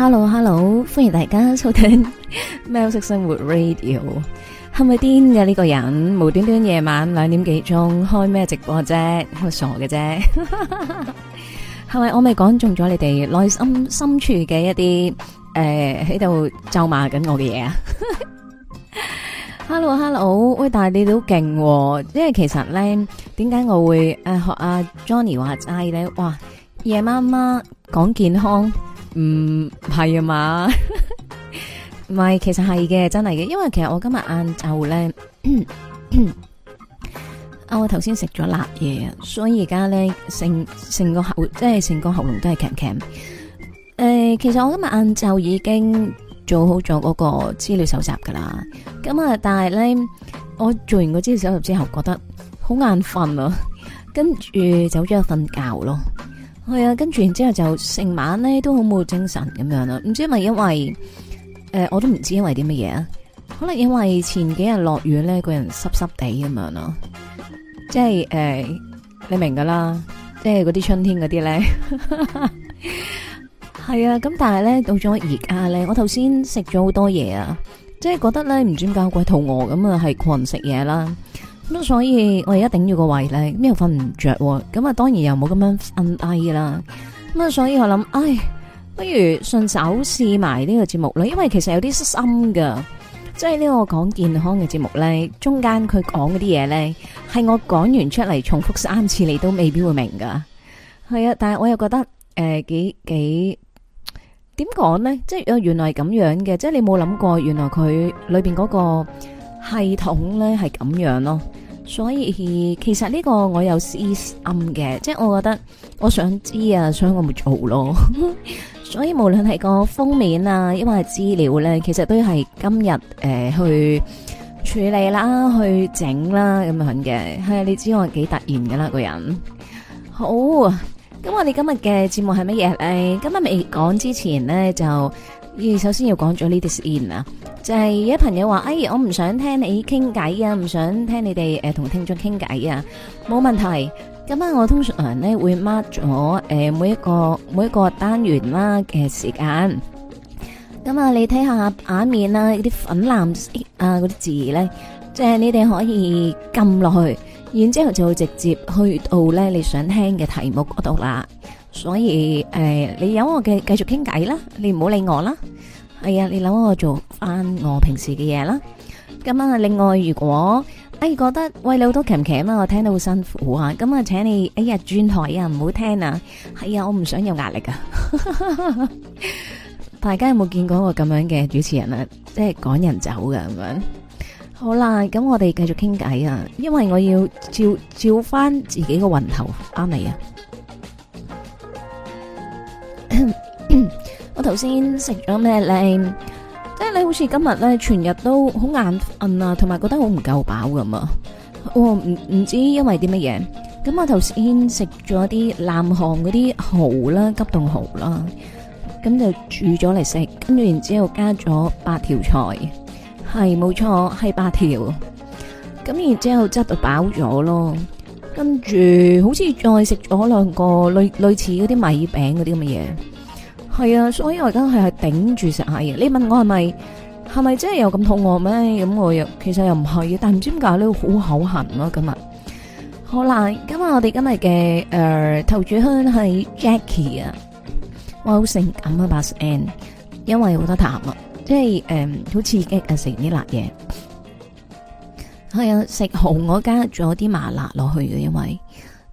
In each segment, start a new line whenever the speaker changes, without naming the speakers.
Hello，Hello，hello，歡迎大家收聽喵式生活 Radio。係咪癲嘅呢個人？無端端夜晚兩點幾鐘開咩直播啫？傻嘅啫。係 咪我咪講中咗你哋內心深處嘅一啲誒喺度咒罵緊我嘅嘢啊， ？Hello，Hello，喂，但係你都勁，哦，因為其實咧，點解我會誒、呃、學阿 Johnny 話齋咧？哇，夜媽媽講健康。唔係啊嘛，唔係，其實係嘅，真係嘅，因為其實我今日晏晝咧，我頭先食咗辣嘢，所以而家咧成成個喉，即係成個喉嚨都係鉗鉗。誒，其實我今日晏晝已經做好咗嗰個資料搜集噶啦，咁啊，但係咧，我做完個資料搜集之後，覺得好眼瞓啊，跟住走咗去瞓覺咯。係啊，跟住然之後就成晚咧都好冇精神咁樣啦，唔知係咪因為誒、呃，我都唔知因為點嘅嘢啊，可能因為前幾日落雨咧，個人濕濕地咁樣咯，即係誒、呃，你明噶啦，即係嗰啲春天嗰啲咧，係 啊，咁但係咧到咗而家咧，我頭先食咗好多嘢啊，即係覺得咧唔知點解好鬼肚餓咁啊，係狂食嘢啦。咁所以，我而家頂住個胃咧，咩又瞓唔着，咁啊當然又冇咁樣瞓低啦。咁啊，所以我諗、嗯，唉，不如順手試埋呢個節目啦。因為其實有啲深噶，即係呢個講健康嘅節目咧，中間佢講嗰啲嘢咧，係我講完出嚟重複三次，你都未必會明噶。係啊，但係我又覺得，誒、呃，幾幾點講咧？即係原來係咁樣嘅，即係你冇諗過，原來佢裏邊嗰個系統咧係咁樣咯。所以其實呢個我有私心嘅，即係我覺得我想知啊，所以我咪做咯。 所以無論係個封面啊，因為資料咧，其實都係今日誒、呃、去處理啦，去整啦咁樣嘅。係你知道我係幾突然噶啦，個人。好，咁我哋今日嘅節目係乜嘢？誒，今日未講之前咧就。咦，首先要講咗呢啲 a in 啊，就係、是、有朋友話，哎，我唔想聽你傾偈啊，唔想聽你哋誒同聽眾傾偈啊，冇問題。咁啊，我通常咧會 mark 咗誒每一個每一個單元啦嘅時間。咁啊，你睇下眼面啦，嗰啲粉藍色啊嗰啲字咧，即、就、係、是、你哋可以撳落去，然之後就會直接去到咧你想聽嘅題目嗰度啦。所以誒，你有我嘅繼續傾偈啦，你唔好理我啦。係啊，你諗我做翻我平時嘅嘢啦。咁啊，另外如果哎覺得喂你好多鉗鉗啊，我聽到好辛苦啊，咁啊，請你哎呀轉台啊，唔好聽啊。係啊，我唔想有壓力啊。大家有冇見過我咁樣嘅主持人啊？即係趕人走嘅咁樣。好啦，咁我哋繼續傾偈啊，因為我要照照翻自己個運頭啱你啊。我頭先食咗咩咧？即係你好似今日咧，全日都好眼瞓啊，同埋覺得好唔夠飽咁啊！我唔唔知因為啲乜嘢。咁我頭先食咗啲南韓嗰啲蠔啦，急凍蠔啦，咁就煮咗嚟食，跟住然之後加咗八條菜，係冇錯係八條。咁然之後真係飽咗咯，跟住好似再食咗兩個類類似嗰啲米餅嗰啲咁嘅嘢。係啊，所以我而家係係頂住食下嘢。你問我係咪係咪真係有咁肚餓咩？咁我又其實又唔係嘅，但唔知點解咧好口痕咯。今日、啊、好啦，今日我哋今日嘅誒頭柱香係 Jackie 啊，哇我好性感啊，巴斯 N，因為好多痰啊，即係誒好刺激啊食呢辣嘢。係啊，食紅，我加咗啲麻辣落去嘅，因為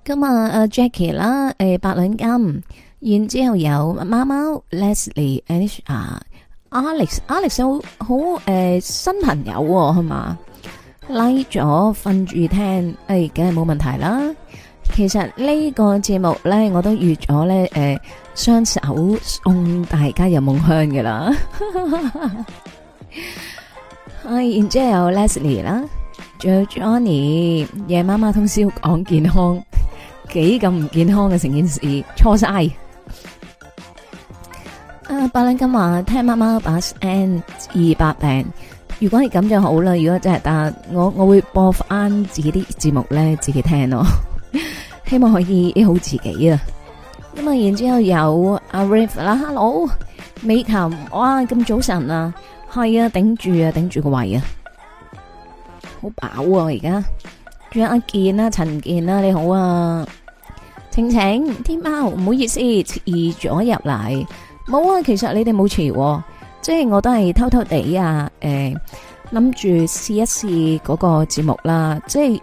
今日誒 Jackie 啦，誒八兩金。然之後有貓貓 Leslie、Anisha、Alex、Alex 好好誒新朋友係嘛？lie 咗瞓住聽，誒梗係冇問題啦。其實呢個節目咧，我都預咗咧誒雙手送大家入夢鄉嘅啦。係然之後有 Leslie 啦，George、Johnny 夜媽媽通宵講健康，幾咁唔健康嘅成件事，錯晒。啊！八兩金話聽媽媽把聲二百病，如果係咁就好啦。如果真係，但我我會播翻自己啲節目咧，自己聽咯。希望可以啲好自己啊。咁、嗯、啊，然之後有阿 Riff 啦、啊，Hello，美琴。哇，咁早晨啊，係啊，頂住啊，頂住個胃啊，好飽啊，而家仲有阿健啊，陳健啊，你好啊，晴晴，天貓，唔好意思遲咗入嚟。冇啊，其實你哋冇遲，即係我都係偷偷地啊，誒諗住試一試嗰個節目啦。即係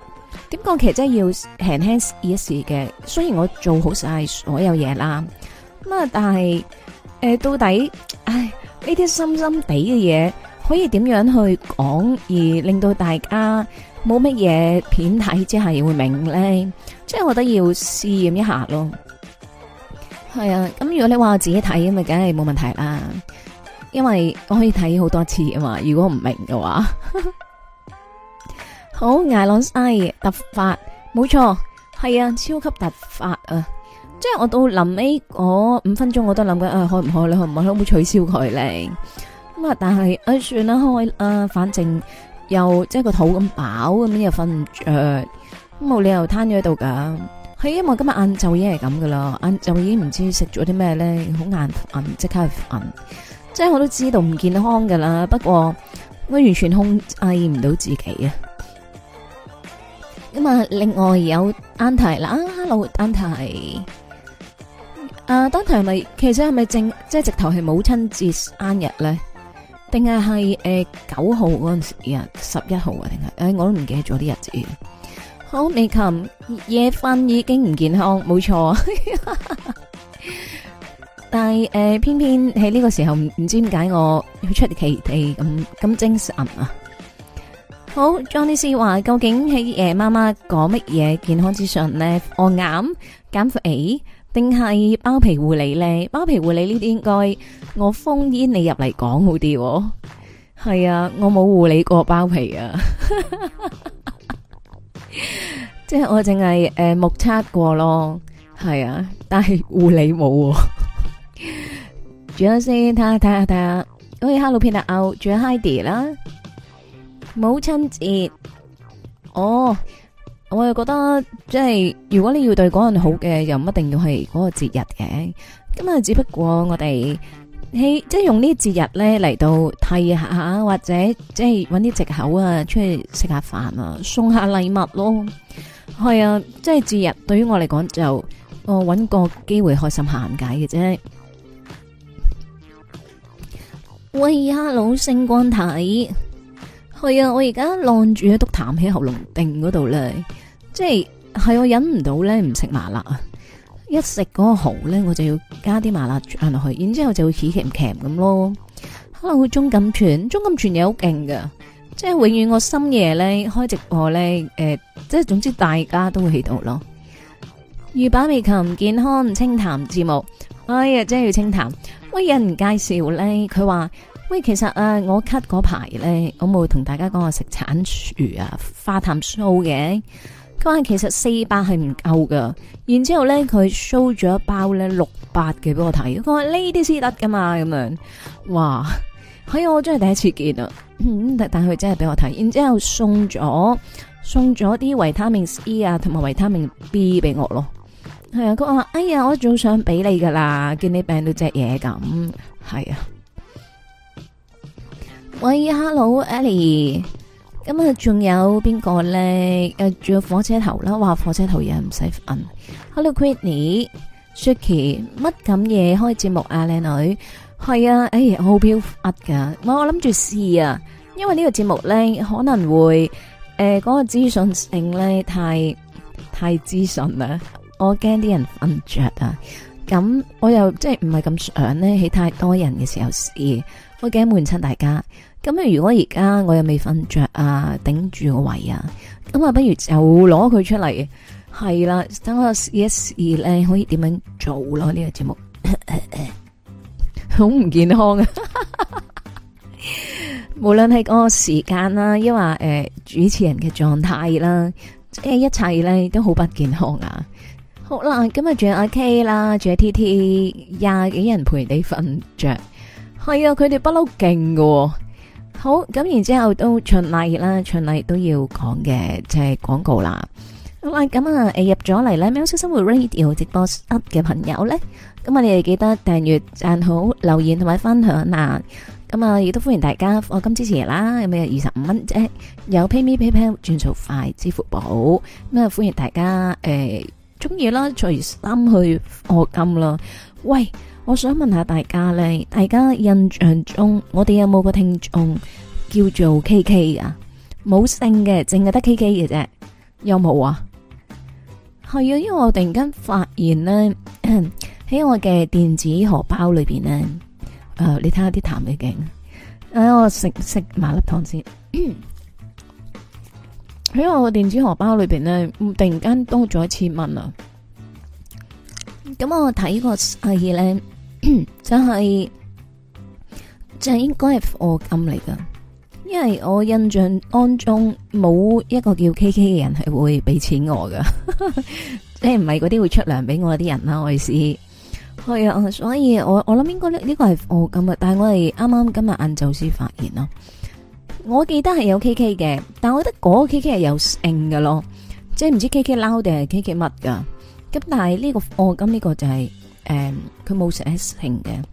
點講，其實真係要輕輕試一試嘅。雖然我做好晒所有嘢啦，咁啊，但係誒到底，唉呢啲深深哋嘅嘢，可以點樣去講而令到大家冇乜嘢片睇之下，即係會明咧？即係我覺得要試驗一下咯。係啊，咁如果你話我自己睇咁咪梗係冇問題啦，因為我可以睇好多次啊嘛。如果唔明嘅話，呵呵好艾朗西突發，冇錯，係啊，超級突發啊！即係我到臨尾嗰五分鐘，我都諗緊啊，開唔開咧？開唔開？可唔可以取消佢咧？咁啊，但係啊，算啦開啊，反正又即係個肚咁飽，咁又瞓唔着，冇理由攤咗喺度噶。係，因為今日晏晝已經係咁噶啦，晏晝已經唔知食咗啲咩咧，好眼瞓，即刻去瞓。即係我都知道唔健康噶啦，不過我完全控制唔到自己啊。咁啊，另外有安提啦，Hello 丹提，啊丹提係咪其實係咪正即係直頭係母親節生日咧？定係係誒九號嗰陣時啊，十一號啊定係？誒、呃，我都唔記得咗啲日子。好美琴，夜瞓已經唔健康，冇錯。 但係誒、呃，偏偏喺呢個時候唔唔知點解，我要出奇地咁咁精神啊！好，Johnny C 話，究竟喺誒、呃、媽媽講乜嘢健康資訊咧？我啱，減肥定係包皮護理咧？包皮護理呢啲應該我封煙你入嚟講好啲，哦。係啊，我冇護理過包皮啊。 即係我淨係誒目測過咯，係啊，但係護理冇喎。住咗先，睇下睇下睇下，好似《看看 okay, Hello, oh, Hello Peter 啊，住咗 Hi Daddy 啦。母親節，哦，我又覺得即係如果你要對嗰人好嘅，又唔一定要係嗰個節日嘅。今日只不過我哋。即係用呢節日咧嚟到睇下，或者即係搵啲藉口啊，出去食下飯啊，送下禮物咯。係啊，即係節日對於我嚟講就我搵個機會開心下眼界嘅啫。喂呀，老星光睇，係啊，我而家晾住喺督痰喺喉嚨定嗰度咧，即係係我忍唔到咧，唔食麻辣啊！一食嗰個蠔咧，我就要加啲麻辣醬落去，然之後就會起鉗鉗咁咯。可能會中錦泉，中錦泉嘢好勁噶，即係永遠我深夜咧開直播咧，誒、呃，即係總之大家都會喺度咯。粵版未琴健康清談節目，哎呀，真係要清談。喂有人介紹咧，佢話喂，其實啊，我咳嗰排咧，我冇同大家講我食產薯啊，化痰素嘅。佢話其實四百係唔夠噶，然之後咧佢 show 咗一包咧六百嘅俾我睇，佢話呢啲先得噶嘛，咁樣，哇，係、哎、我真係第一次見啊，但但佢真係俾我睇，然之後送咗送咗啲維他命 C 啊同埋維他命 B 俾我咯，係啊，佢話哎呀我仲想俾你噶啦，見你病到隻嘢咁，係啊，喂，hello，Ellie。Hello, 咁啊，仲有邊個咧？誒，仲有火車頭啦，話火車頭嘢唔使瞓。Hello，Quinnie，Suki，乜咁嘢開節目啊？靚女，係啊，誒、欸，好飄忽噶。我我諗住試啊，因為呢個節目咧可能會誒嗰、呃那個資訊性咧太太資訊啦，我驚啲人瞓着啊。咁我又即係唔係咁想咧，喺太多人嘅時候試，我驚悶親大家。咁啊！如果而家我又未瞓着啊，頂住個位啊，咁啊，不如就攞佢出嚟係啦。等我 sees 咧，可以點樣做咯、啊？呢、這個節目好唔咳咳健康啊！ 無論係個時間啦、啊，抑或誒、呃、主持人嘅狀態啦，即係一切咧都好不健康啊。好啦，今仲有阿 K 啦，仲有 T T 廿幾人陪你瞓着係啊，佢哋不嬲勁噶。好，咁然之後都循例啦，循例都要講嘅就係廣告啦。好啦，咁啊，誒，入咗嚟咧，喵式生活 radio 直播室嘅朋友咧，咁啊你哋記得訂閱、讚好、留言同埋分享啦。咁啊亦都歡迎大家課金支持啦，有咩二十五蚊啫？有 PayMePayPal 轉數快，支付寶。咁啊歡迎大家誒中意啦，隨心去課金啦。喂！我想問一下大家咧，大家印象中我哋有冇個聽眾叫做 K K 啊？冇姓嘅，淨係得 K K 嘅啫，有冇啊？係啊，因為我突然間發現咧，喺我嘅電子荷包裏邊咧，誒、呃，你睇下啲痰嘅勁，誒、呃，我食食麻辣燙先，喺 我嘅電子荷包裏邊咧，突然間多咗一千蚊啊！咁我睇個係咧。 就係、是、就係、是、應該係課金嚟噶。因為我印象當中冇一個叫 K K 嘅人係會俾錢我噶，即係唔係嗰啲會出糧俾我啲人啦。我意思係啊，所以我我諗應該呢呢個係課金啊，但係我哋啱啱今日晏晝先發現咯。我記得係有 K K 嘅，但係我覺得嗰個 K K 係有姓噶咯，即係唔知 K K 撈定係 K K 乜噶。咁但係呢個課金呢個就係、是。誒，佢冇寫 S 型嘅，嗯，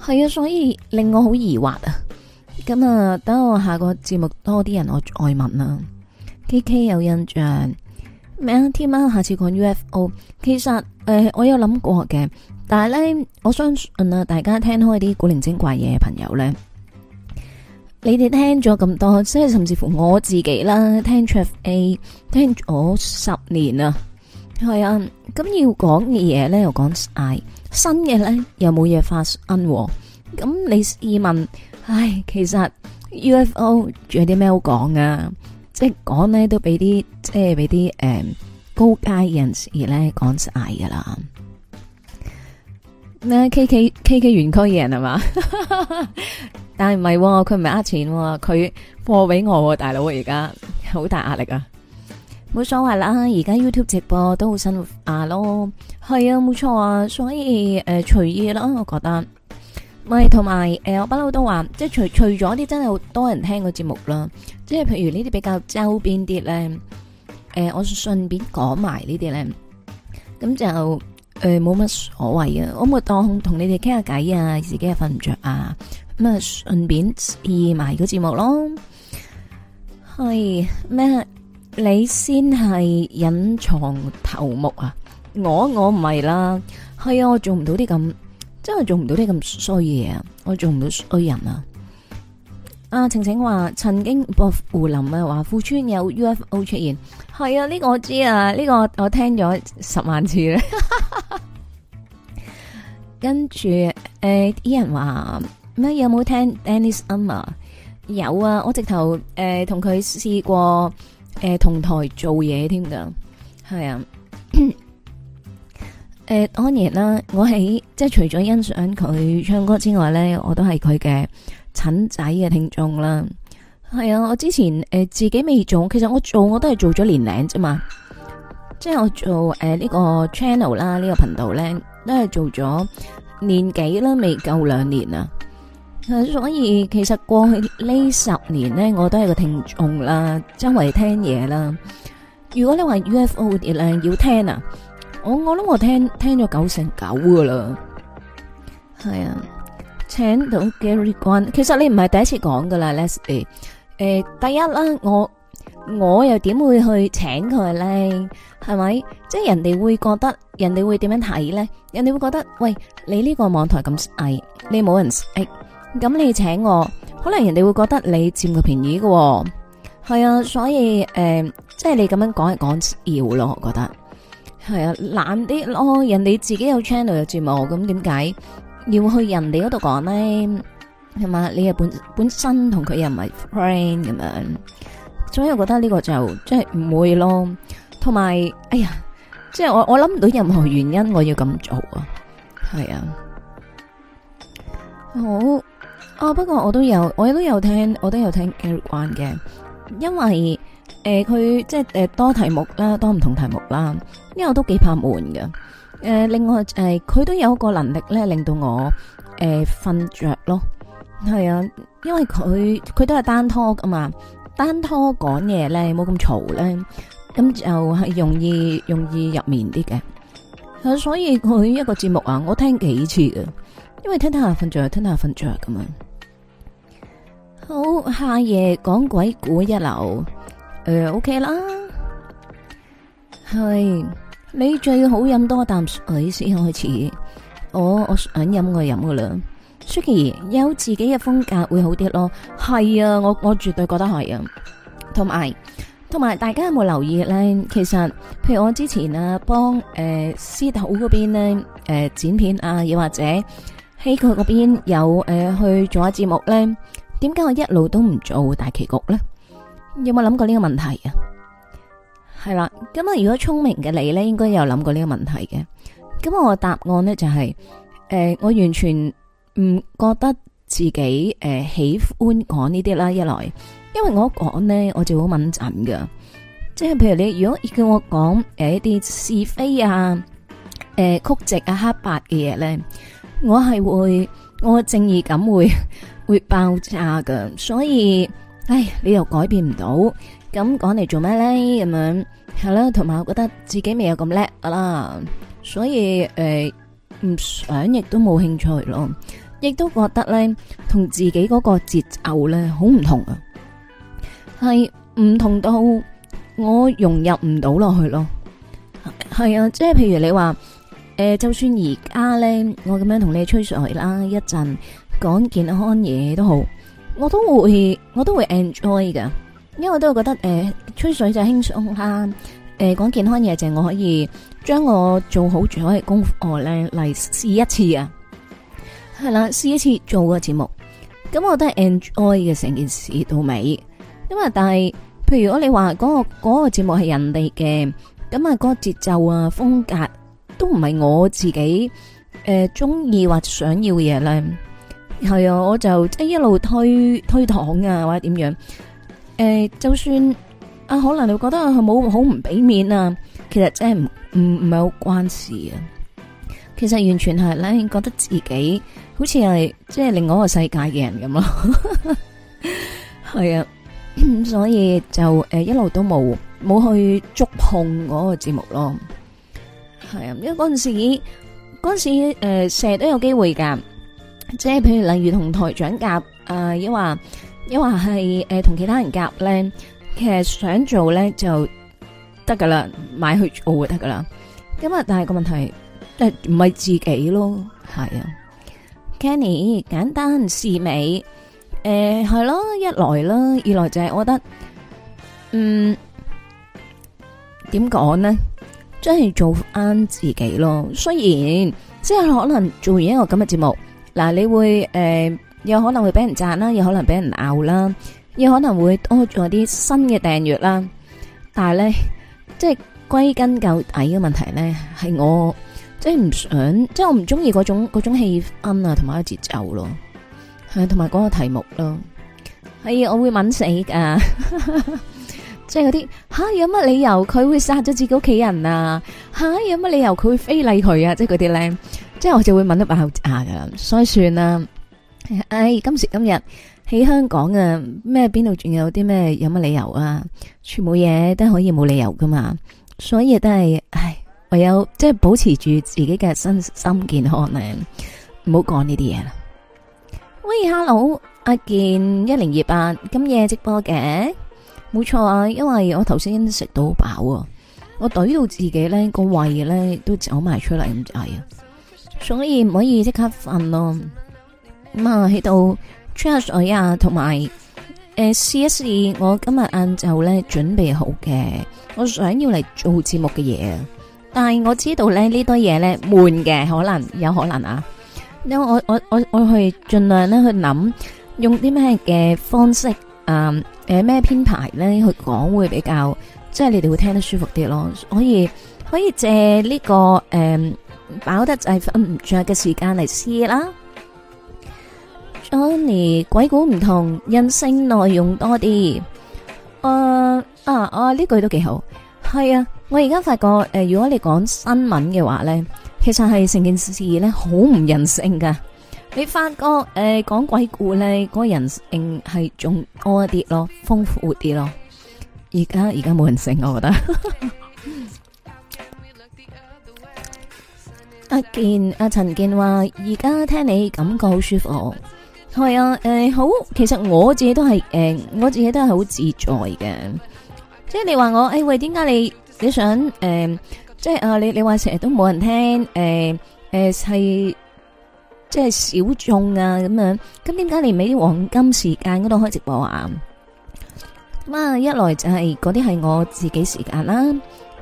係啊，所以令我好疑惑啊。咁啊，等我下個節目多啲人我再問啦。K K 有印象，咩？嗯、啊？天喵，下次講 U F O，其實誒、呃，我有諗過嘅，但係咧，我相信啊，大家聽開啲古靈精怪嘢嘅朋友咧，你哋聽咗咁多，即係甚至乎我自己啦，聽 T F A 聽咗十年啊。係啊，咁要講嘅嘢咧又講晒。新嘅咧又冇嘢發生，啊，咁你試問，唉，其實 UFO 仲有啲咩好講啊？即係講咧都俾啲，即係俾啲誒高階人士咧講晒噶啦。咩？K K K K 園區嘅人係嘛？但係唔係，佢唔係呃錢，佢貨俾我，啊，大佬而家好大壓力啊！冇所謂啦，而家 YouTube 直播都好生活化咯，係啊，冇錯啊，所以誒、呃、隨意啦，我覺得，咪同埋誒，我不嬲,都話，即係除除咗啲真係好多人聽嘅節目啦，即係譬如呢啲比較周邊啲咧，誒、呃，我順便講埋呢啲咧，咁就誒冇乜所謂啊，我咪當同你哋傾下偈啊，自己又瞓唔着啊，咁啊順便試埋個節目咯，係咩？什麼你先係隱藏頭目啊！我我唔係啦，係啊，我做唔到啲咁，真係做唔到啲咁衰嘢啊！我做唔到衰人啊！阿、啊、晴晴話曾經薄扶林啊華富村有 UFO 出現，係啊，呢、這個我知啊，呢、這個我聽咗十萬次啦。 跟住誒啲人話咩有冇聽 Denis、um、Emma？有啊，我直頭誒同佢試過。誒，同台做嘢添噶，係啊，誒，安爺啦，我喺即係除咗欣賞佢唱歌之外咧，我都係佢嘅粉仔嘅聽眾啦。係啊，我之前誒、呃、自己未做，其實我做我都係做咗年零啫嘛，即係我做誒、呃這個這個、呢個 channel 啦，呢個頻道咧都係做咗年幾啦，未夠兩年啊。所以其實過去呢十年咧，我都係個聽眾啦，周圍聽嘢啦。如果你話 UFO 熱量要聽啊，我我諗我聽聽咗九成九噶啦。係啊，請到 Gary 關，其實你唔係第一次講噶啦。Let's 誒誒，第一啦，我我又點會去請佢咧？係咪即係人哋會覺得人哋會點樣睇咧？人哋會覺得喂，你呢個網台咁矮，你冇人誒。咁你請我，可能人哋會覺得你佔佢便宜嘅。哦，係啊，所以誒、呃，即係你咁樣講係講笑咯，我覺得係啊，懶啲咯。哦，人哋自己有 channel 有節目，咁點解要去人哋嗰度講咧？係嘛，你又本本身同佢又唔係 friend 咁樣，所以我覺得呢個就即係唔會咯。同埋，哎呀，即係我我諗唔到任何原因我要咁做啊，係啊，好。哦，不過我都有，我都有聽，我都有聽 Eric One 嘅，因為誒佢即係誒多題目啦，多唔同題目啦，因為我都幾怕悶嘅。誒，另外誒，佢都有個能力咧，令到我誒瞓着咯。係啊，因為佢佢都係單拖噶嘛，單拖講嘢咧冇咁嘈咧，咁就係容易容易入眠啲嘅。所以佢一個節目啊，我聽幾次嘅，因為聽下瞓着，聽下瞓着咁樣。好，夏夜講鬼故一流，誒，O K 啦。係你最好飲多啖水先開始。我我想飲我飲噶啦。suki 有自己嘅風格會好啲咯。係啊，我我絕對覺得係啊。同埋同埋，大家有冇留意咧？其實，譬如我之前啊，幫誒司徒嗰邊咧，誒、呃呃、剪片啊，又或者喺佢嗰邊有誒、呃、去做下節目咧。點解我一路都唔做大棋局咧？有冇諗過呢個問題啊？係啦，咁啊，如果聰明嘅你咧，應該有諗過呢個問題嘅。咁我嘅答案咧就係、是，誒、呃，我完全唔覺得自己誒、呃、喜歡講呢啲啦。一來，因為我講咧，我就好敏感噶，即、就、係、是、譬如你如果叫我講誒一啲是非啊、誒、呃、曲直啊、黑白嘅嘢咧，我係會我正義感會。 會爆炸噶，所以，唉，你又改變唔到，咁趕嚟做咩咧？咁樣，係啦，同埋我覺得自己未有咁叻㗎啦，所以誒，唔、呃、想亦都冇興趣咯，亦都覺得咧同自己嗰個節奏咧好唔同啊，係唔同到我融入唔到落去咯，係啊，即係譬如你話誒、呃，就算而家咧，我咁樣同你吹水啦一陣。講健康嘢都好，我都會我都會 enjoy 噶因為我都覺得誒、呃、吹水就輕鬆下、啊，誒、呃、講健康嘢就係我可以將我做好最好嘅功課咧嚟試一次啊。係啦，試一次做個節目，咁我都係 enjoy 嘅成件事到尾，因為但係譬如如果你話嗰、那個嗰、那個節目係人哋嘅，咁啊嗰個節奏啊風格都唔係我自己誒中意或者想要嘅嘢咧。係啊，我就一路推推搪啊，或者點樣？誒、呃，就算啊，可能你覺得佢冇好唔俾面啊，其實真係唔唔係好關事啊。其實完全係咧，覺得自己好似係即係另外一個世界嘅人咁咯，啊。係 啊，所以就誒、呃、一路都冇冇去觸碰嗰個節目咯。係啊，因為嗰陣時嗰陣時誒成日都有機會噶。即係譬如例如同台長夾，誒、呃，抑或抑或係誒同其他人夾咧，其實想做咧就得噶啦，買去做就得噶啦。咁、嗯、啊，但係個問題，誒唔係自己咯，係啊，Kenny 簡單是美，誒、呃、係咯，一來啦，二來就係我覺得，嗯，點講咧，真係做翻自己咯。雖然即係可能做完一個咁嘅節目。嗱，你會誒、呃，有可能會俾人讚啦，有可能俾人拗啦，有可能會多咗啲新嘅訂閱啦。但係咧，即係歸根究底嘅問題咧，係我即係唔想，即係我唔中意嗰種嗰種氣氛啊，同埋個節奏咯，係同埋嗰個題目咯。係我會悶死噶。 即係嗰啲，吓，有乜理由佢會殺咗自己屋企人啊？吓，有乜理由佢會非禮佢啊？即係嗰啲咧。即係我就會問得把口下噶，所以算啦。唉，今時今日喺香港啊，咩邊度仲有啲咩有乜理由啊？全部嘢都可以冇理由噶嘛。所以都係唉，唯有即係保持住自己嘅身心健康咧、啊，唔好講呢啲嘢啦。喂，Hello，阿健一零二八，28，今夜直播嘅，冇錯啊。因為我頭先食到飽啊，我懟到自己咧個胃咧都走埋出嚟，係啊。所以唔可以即刻瞓咯。咁啊喺度吹下水啊，同埋誒試一試我今日晏晝咧準備好嘅，我想要嚟做節目嘅嘢。但係我知道咧呢堆嘢咧悶嘅，可能有可能啊。因為我我我我會盡量去盡量咧去諗，用啲咩嘅方式啊？誒咩編排咧去講會比較，即係你哋會聽得舒服啲咯。所以可以可以借呢個。誒。呃飽得就係瞓唔着嘅時間嚟試啦。Johnny 鬼故唔同人性內容多啲。誒啊，我呢句都幾好。係啊，我而家發覺，誒，如果你講新聞嘅話咧，其實係成件事咧好唔人性噶。你發覺誒講鬼故咧，嗰人性係仲多一啲咯，豐富啲咯。而家而家冇人性，我覺得。阿健，阿陳健話：而家聽你感覺好舒服，係啊，誒、呃、好。其實我自己都係，誒、呃、我自己都係好自在嘅。即係你話我，誒、哎、喂，點解你你想，誒即係啊？你你話成日都冇人聽，誒誒係，即係、就是、小眾啊咁樣。咁點解你唔喺黃金時間嗰度開直播啊？咁啊，一來就係嗰啲係我自己時間啦。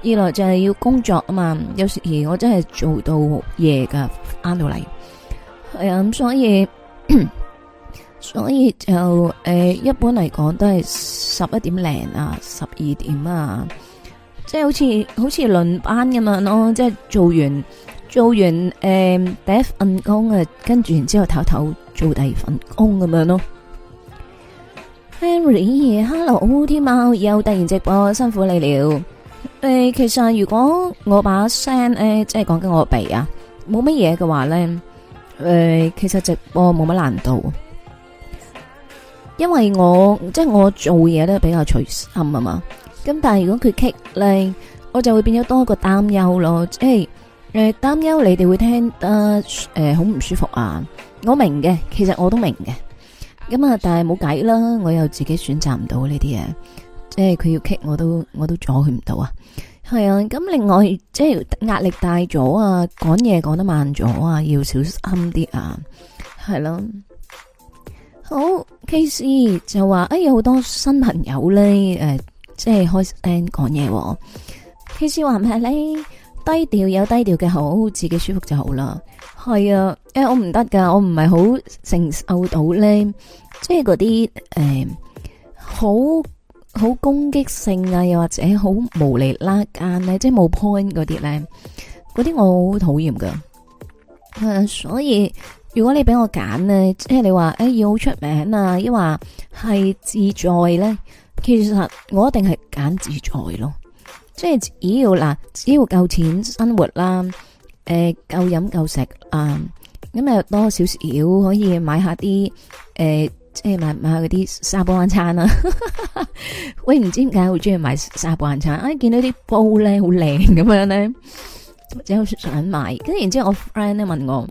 二來就係要工作啊嘛，有時而我真係做到夜噶，翻到嚟係啊咁，所以所以就誒、呃，一般嚟講都係十一點零啊，十二點啊，即係好似好似輪班咁嘛咯，即係做完做完誒第一份工啊、呃、Kong，跟住然之後唞唞做第二份工咁樣咯。Henry，Hello，天喵又突然直播，辛苦你了。誒、呃，其實如果我把聲誒，即係講緊我鼻啊，冇乜嘢嘅話咧，誒、呃，其實直播冇乜難度，因為我即係、就是、我做嘢都比較隨心啊嘛。咁但係如果佢棘咧，我就會變咗多一個擔憂咯，即係誒擔憂你哋會聽得誒好唔舒服啊。我明嘅，其實我都明嘅，咁啊，但係冇計啦，我又自己選擇唔到呢啲嘢。即係佢要 kick，我，我都我都阻佢唔到啊。係啊，咁另外即係壓力大咗啊，講嘢講得慢咗啊，要小心啲啊。係咯、啊，好 K C 就話哎，有好多新朋友咧，誒、哎，即係開聲講嘢。K C 話唔係咧？低調有低調嘅好，自己舒服就好啦。係啊，誒、哎，我唔得噶，我唔係好承受到咧，即係嗰啲誒好。哎好攻擊性啊，又或者好無厘啦間啊，即係冇 point 嗰啲咧，嗰啲我好討厭噶。Uh, 所以如果你俾我揀咧，即係你話誒要好出名啊，亦話係自在咧，其實我一定係揀自在咯。即係只要嗱，只要夠錢生活啦、啊，誒夠飲夠食啊，咁啊多少少可以買一下啲誒。呃即係買買嗰啲沙煲晚餐啦、啊。 喂，唔知點解好中意買沙煲晚餐？哎，見到啲煲咧好靚咁樣咧，即係 想買。跟住然之後，我 friend 咧問我，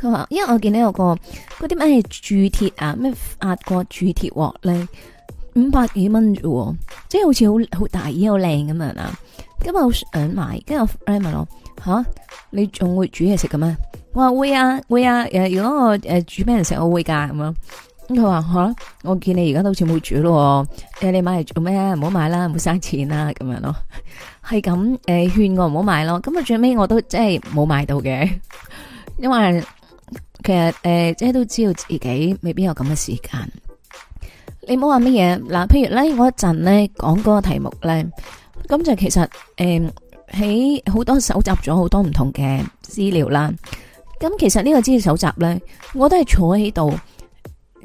佢話：，因為我見到有、個嗰啲咩鑄鐵啊，咩法國鑄鐵鍋咧，五百幾蚊啫，即係好似好好大而好靚咁樣啊，咁啊，我想買。跟住我 friend 問我：，吓、啊，你仲會煮嘢食嘅咩？我話會啊，會啊。誒，如果我誒、呃、煮俾人食，我會噶咁樣。佢話吓，我見你而家都好似冇煮咯。誒，你買嚟做咩啊？唔好買啦，唔好嘥錢啦，咁樣咯。係咁誒，勸、呃、我唔好買咯。咁啊，最尾我都即係冇買到嘅， 因為其實誒、呃，即係都知道自己未必有咁嘅時間。你唔好話乜嘢嗱，譬如咧，我一陣咧講嗰個題目咧，咁就其實誒喺好多搜集咗好多唔同嘅資料啦。咁其實呢個資料搜集咧，我都係坐喺度。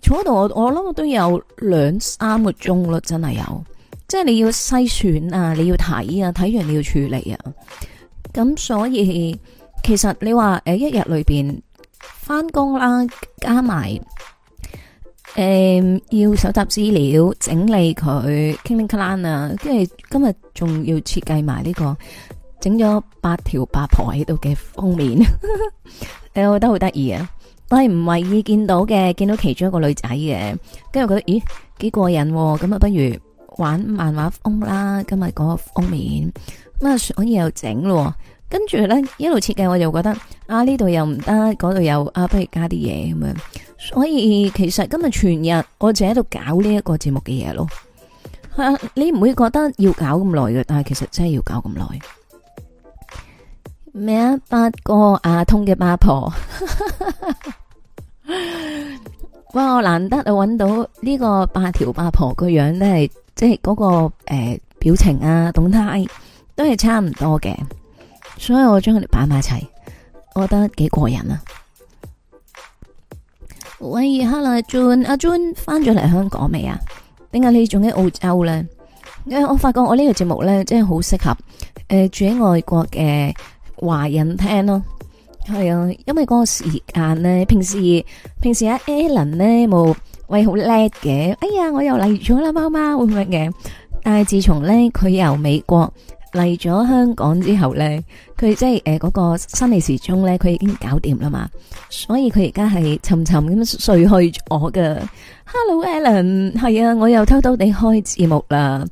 坐嗰度，我我諗我都有兩三個鐘啦，真係有，即係你要篩選啊，你要睇啊，睇完你要處理啊，咁所以其實你話誒一日裏邊翻工啦，加埋誒、嗯、要搜集資料整理佢，kling klang 啊，跟住今日仲要設計埋呢個，整咗八條八婆喺度嘅封面，誒， 我覺得好得意啊！我係唔係意見到嘅，見到其中一個女仔嘅，跟住覺得咦幾過癮，咁啊不如玩漫畫風啦，今日個封面，咁啊所以又整咯，跟住咧一路設計，我就覺得啊呢度又唔得，嗰度又啊不如加啲嘢，咁樣，所以其實今日全日我就喺度搞呢一個節目嘅嘢咯，啊、你唔會覺得要搞咁耐嘅？但係其實真係要搞咁耐。咩啊？八個阿通嘅八婆， 哇！我難得啊，揾到呢個八條八婆個樣咧，係即係嗰個誒表情啊，動態都係差唔多嘅。所以我將佢哋擺埋一齊，我覺得幾過癮啊。喂，hello，John，阿 John 翻咗嚟香港未啊？點解你仲喺澳洲咧？誒、呃，我發覺我呢個節目咧，真係好適合誒、呃、住喺外國嘅。華人聽咯，係啊，因為嗰個時間咧，平時平時阿 Alan 咧冇，喂，好叻嘅，哎呀，我又嚟咗啦，貓貓會唔會嘅？但係自從咧佢由美國嚟咗香港之後咧，佢即係誒嗰個生理時鐘咧，佢已經搞掂啦嘛，所以佢而家係沉沉咁睡去咗噶。Hello，Alan，係啊，我又偷偷地開節目啦。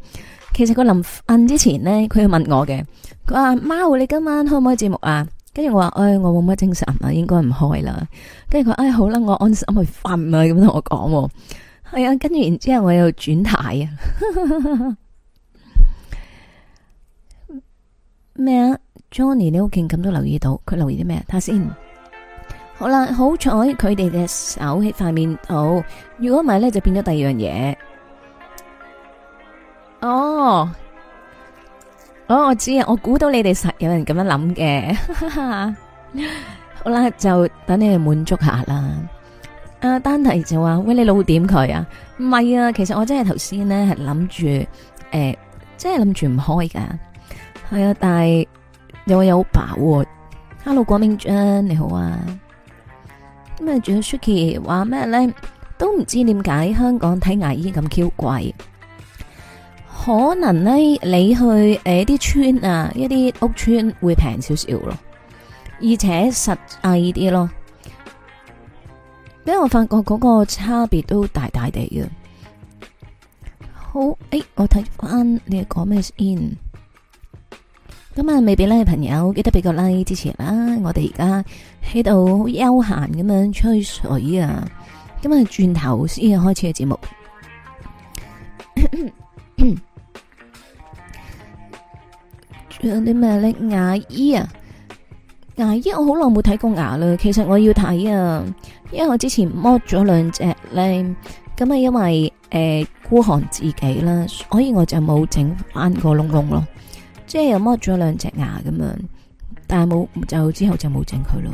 其實佢臨瞓之前咧，佢問我嘅。佢話貓，你今晚開唔開節目啊？跟住我話，誒、哎，我冇乜精神啊，應該唔開啦。跟住佢話，唉、哎，好啦，我安心去瞓啊。」咁同我講。係啊，跟住然之後我又轉軚啊。咩 啊，Johnny，你好勁咁都留意到，佢留意啲咩？睇下先。好啦，好彩佢哋嘅手喺塊面好，如果唔係咧就變咗第二樣嘢。哦。我、哦、我知我 好啊，我估到你哋實有人咁樣諗嘅，好啦，就等你哋滿足下啦。阿丹提就話：喂，你老點佢啊？唔係啊，其實我真係頭先咧係諗住，誒，即係諗住唔開噶。係啊，但係又係有把握。啊、Hello，郭明章你好啊。咁啊，仲有 Suki 話咩咧？都唔知點解香港睇牙醫咁 Q 貴。可能咧，你去誒啲村啊，一啲屋村會平少少咯，而且實際啲咯。俾我發覺嗰個差別都大大地嘅。好，誒，我睇翻你哋講咩 In 咁啊，未俾 like 嘅朋友，記得俾個 like 之前啦。我哋而家喺度好悠閒咁樣吹水啊。今日轉頭先開始嘅節目。咳咳仲有啲咩咧牙醫啊？牙醫我好耐冇睇過牙啦。其實我要睇啊，因為我之前剝咗兩隻咧，咁啊因為誒、呃、孤寒自己啦，所以我就冇整翻個窿窿咯。即係又剝咗兩隻牙咁樣，但係冇就之後就冇整佢咯。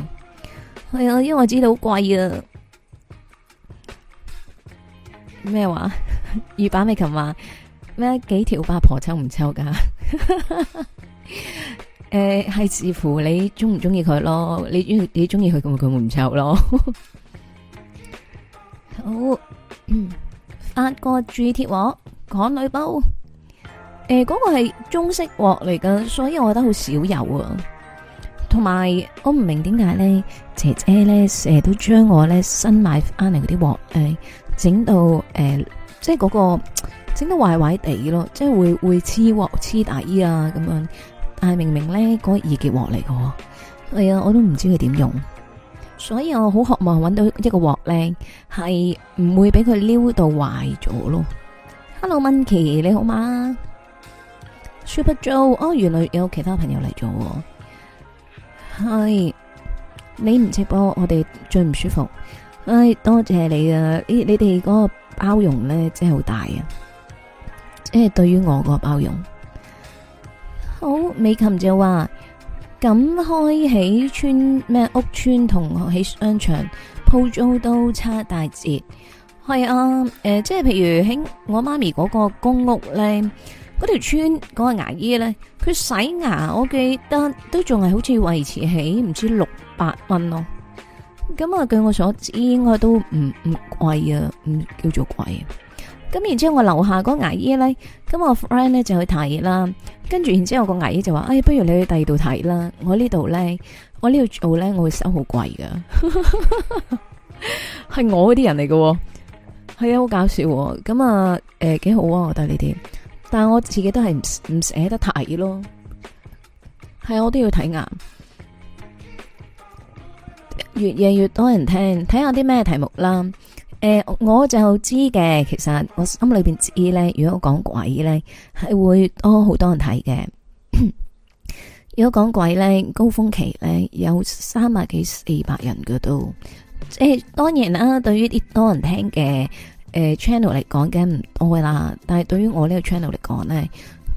係、哎、啊，因為我知道好貴啊。咩話？ 魚板尾琴話咩？幾條八婆抽唔抽噶？ 誒，係、呃、似乎你中唔中意佢咯。你中你中意佢，咁佢唔臭咯。 好，法國鑄鐵鑊，港女煲。誒、呃，嗰、那個係中式鑊嚟㗎，所以我覺得好少油、啊、還有。同埋，我唔明點解咧，姐姐咧成日都將我咧新買返嚟嗰啲鑊誒整到誒、呃，即係嗰、那個整到壞壞地咯，即係會會黐鑊黐底啊咁樣。但係明明咧，嗰個二極鑊嚟個，係啊，我都唔知佢點用，所以我好渴望搵到一個鑊咧係唔會俾佢撩到壞咗咯。Hello，Minky，你好嘛？Super Joe，哦，原來有其他朋友嚟咗，係你唔直播，我哋最唔舒服。哎，多謝你啊！咦、欸，你哋嗰個包容咧真係好大啊，即係對於我個包容。好，美琴就話咁開起村咩屋村，同起商場鋪租都差大截。係啊，誒、呃，即係譬如喺我媽咪嗰個公屋咧，嗰條村嗰、嗰個牙醫咧，佢洗牙，我記得都仲係好似維持起唔知六百蚊咯。咁啊，據我所知，應該都唔唔貴啊，唔叫做貴啊。咁然之後我樓下嗰牙醫咧，咁我 friend 咧就去睇啦，跟住然之後個牙醫就話：哎，不如你去第二度睇啦，我呢度咧，我呢度做咧我會收好貴噶，係 我嗰啲人嚟喎，哦，係啊，好搞笑，哦，咁啊，誒、呃，幾好啊，我覺得呢啲，但係我自己都係唔唔捨得睇咯，係啊，我都要睇牙，越夜越多人聽，睇下啲咩題目啦。誒、呃，我就知嘅，其實我心裏邊知咧。如果講鬼咧，係會多好多人睇嘅。 如果講鬼咧，高峰期咧有三百幾四百人嘅都。誒、呃，當然啦，對於啲多人聽嘅誒 channel 嚟講梗唔多啦。但係對於我個道呢個 channel 嚟講咧，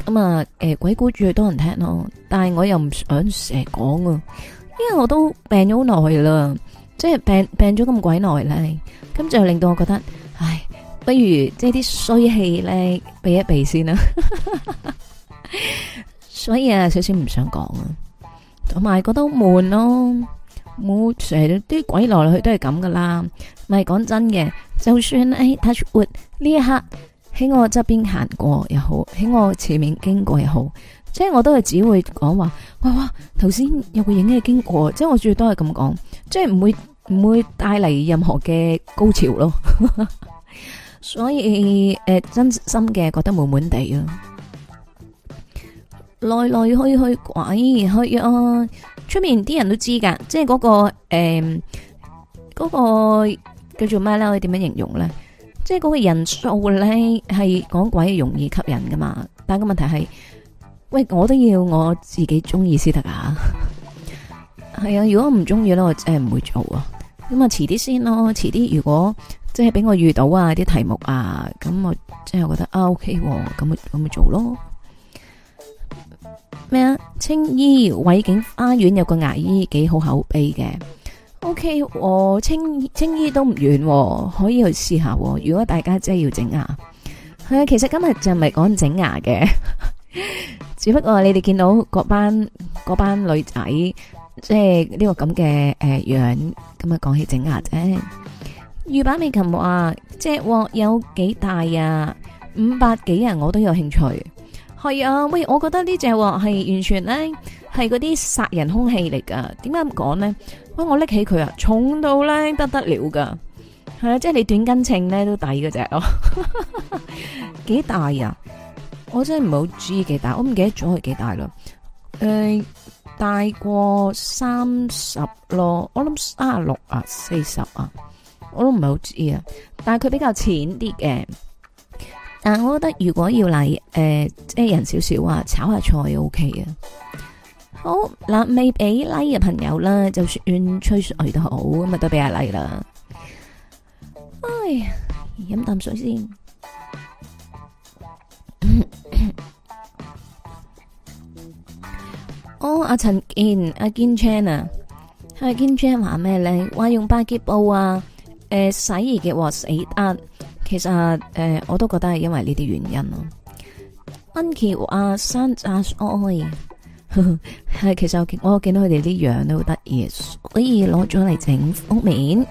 咁、呃、啊，誒、呃、鬼故事多人聽咯。但係我又唔想成日講啊，因為我都病咗好耐啦。即係病病咗咁鬼耐咧，咁就令到我覺得，唉，不如即係啲衰氣咧避一避先啦。 所以啊，少少唔想講啊，同埋覺得悶咯，冇成日啲鬼來來去去都係咁噶啦。咪講真嘅，就算誒 Touch Wood 呢一刻喺我側邊行過又好，喺我前面經過又好。即係我都係只會講話，哇哇，頭先有個影嘅經過，即係我最多係咁講，即係唔會唔會帶嚟任何嘅高潮咯。 所以誒、呃，真心嘅覺得悶悶地啊，來來去去鬼去啊，出面啲人都知噶，即係、那、嗰個誒，嗰、呃那個叫做咩咧？我哋點樣形容咧？即係嗰個人數咧，係講鬼容易吸引噶嘛，但係個問題係。喂，我都要我自己中意先得噶，係 啊、哎！如果唔中意咧，我真係唔會做啊。咁啊，遲啲先咯。遲啲如果即係俾我遇到啊啲題目啊，咁我即係覺得啊 OK，咁咪咁咪做咯。咩啊？青衣偉景花園有個牙醫幾好口碑嘅，OK，喎、哦。青青衣都唔遠、啊，可以去試下、啊。如果大家真係要整牙，係、哎、啊，其實今日就唔係講整牙嘅。 只不過你哋見到嗰班那班女仔，即係呢個咁嘅誒樣，今日講起整牙啫。預版美琴話，隻鑊有幾大啊？五百幾人我都有興趣。係啊，喂，我覺得呢隻鑊係完全咧係嗰啲殺人空氣嚟噶。點解咁講呢？喂我我拎起佢啊，重到咧不得，得了噶。係啊，即係你短斤秤咧都抵嗰隻咯。幾 大啊？我真係唔好知幾大，我唔記得咗佢幾大啦。誒、呃，大過三十咯，我諗卅六啊，四十啊，我都唔係好知啊。但係佢比較淺啲嘅，但係我覺得如果要嚟，誒、即、呃、係人少少啊，炒下菜 OK 啊。好，嗱未俾 like 嘅朋友啦，就算吹水都好，咁啊都俾個 like 啦。哎，飲啖水先。 哦，阿陳健，阿健穿啊，阿健穿話咩咧？話用巴級布啊，誒、欸，洗而嘅死得，其實誒、啊啊，我都覺得係因為呢啲原因咯。Ankie 話生炸 oi，係，其實我見到佢哋啲樣都好得意，可以攞咗嚟整封面。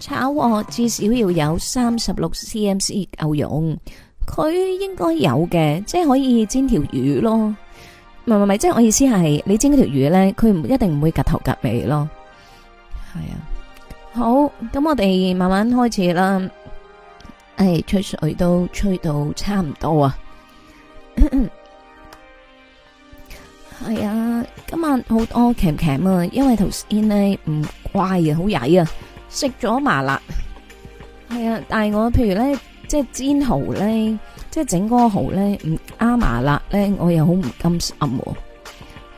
炒鑊至少要有三十六 cmc，夠用。佢應該有嘅，即係可以煎條魚咯。唔係，唔係，即係、即係、我意思係，你煎嗰條魚咧，佢唔一定唔會夾頭夾尾咯。係啊，好，咁我哋慢慢開始啦。誒、哎，吹水都吹到差唔多啊。係咳咳啊，今晚好多鉗鉗啊，因為頭先呢唔乖，乖啊，好曳啊，食咗麻辣。係啊，但係我譬如咧。即係煎蠔咧，即係整嗰個蠔咧，唔啱麻辣咧，我又好唔甘心喎。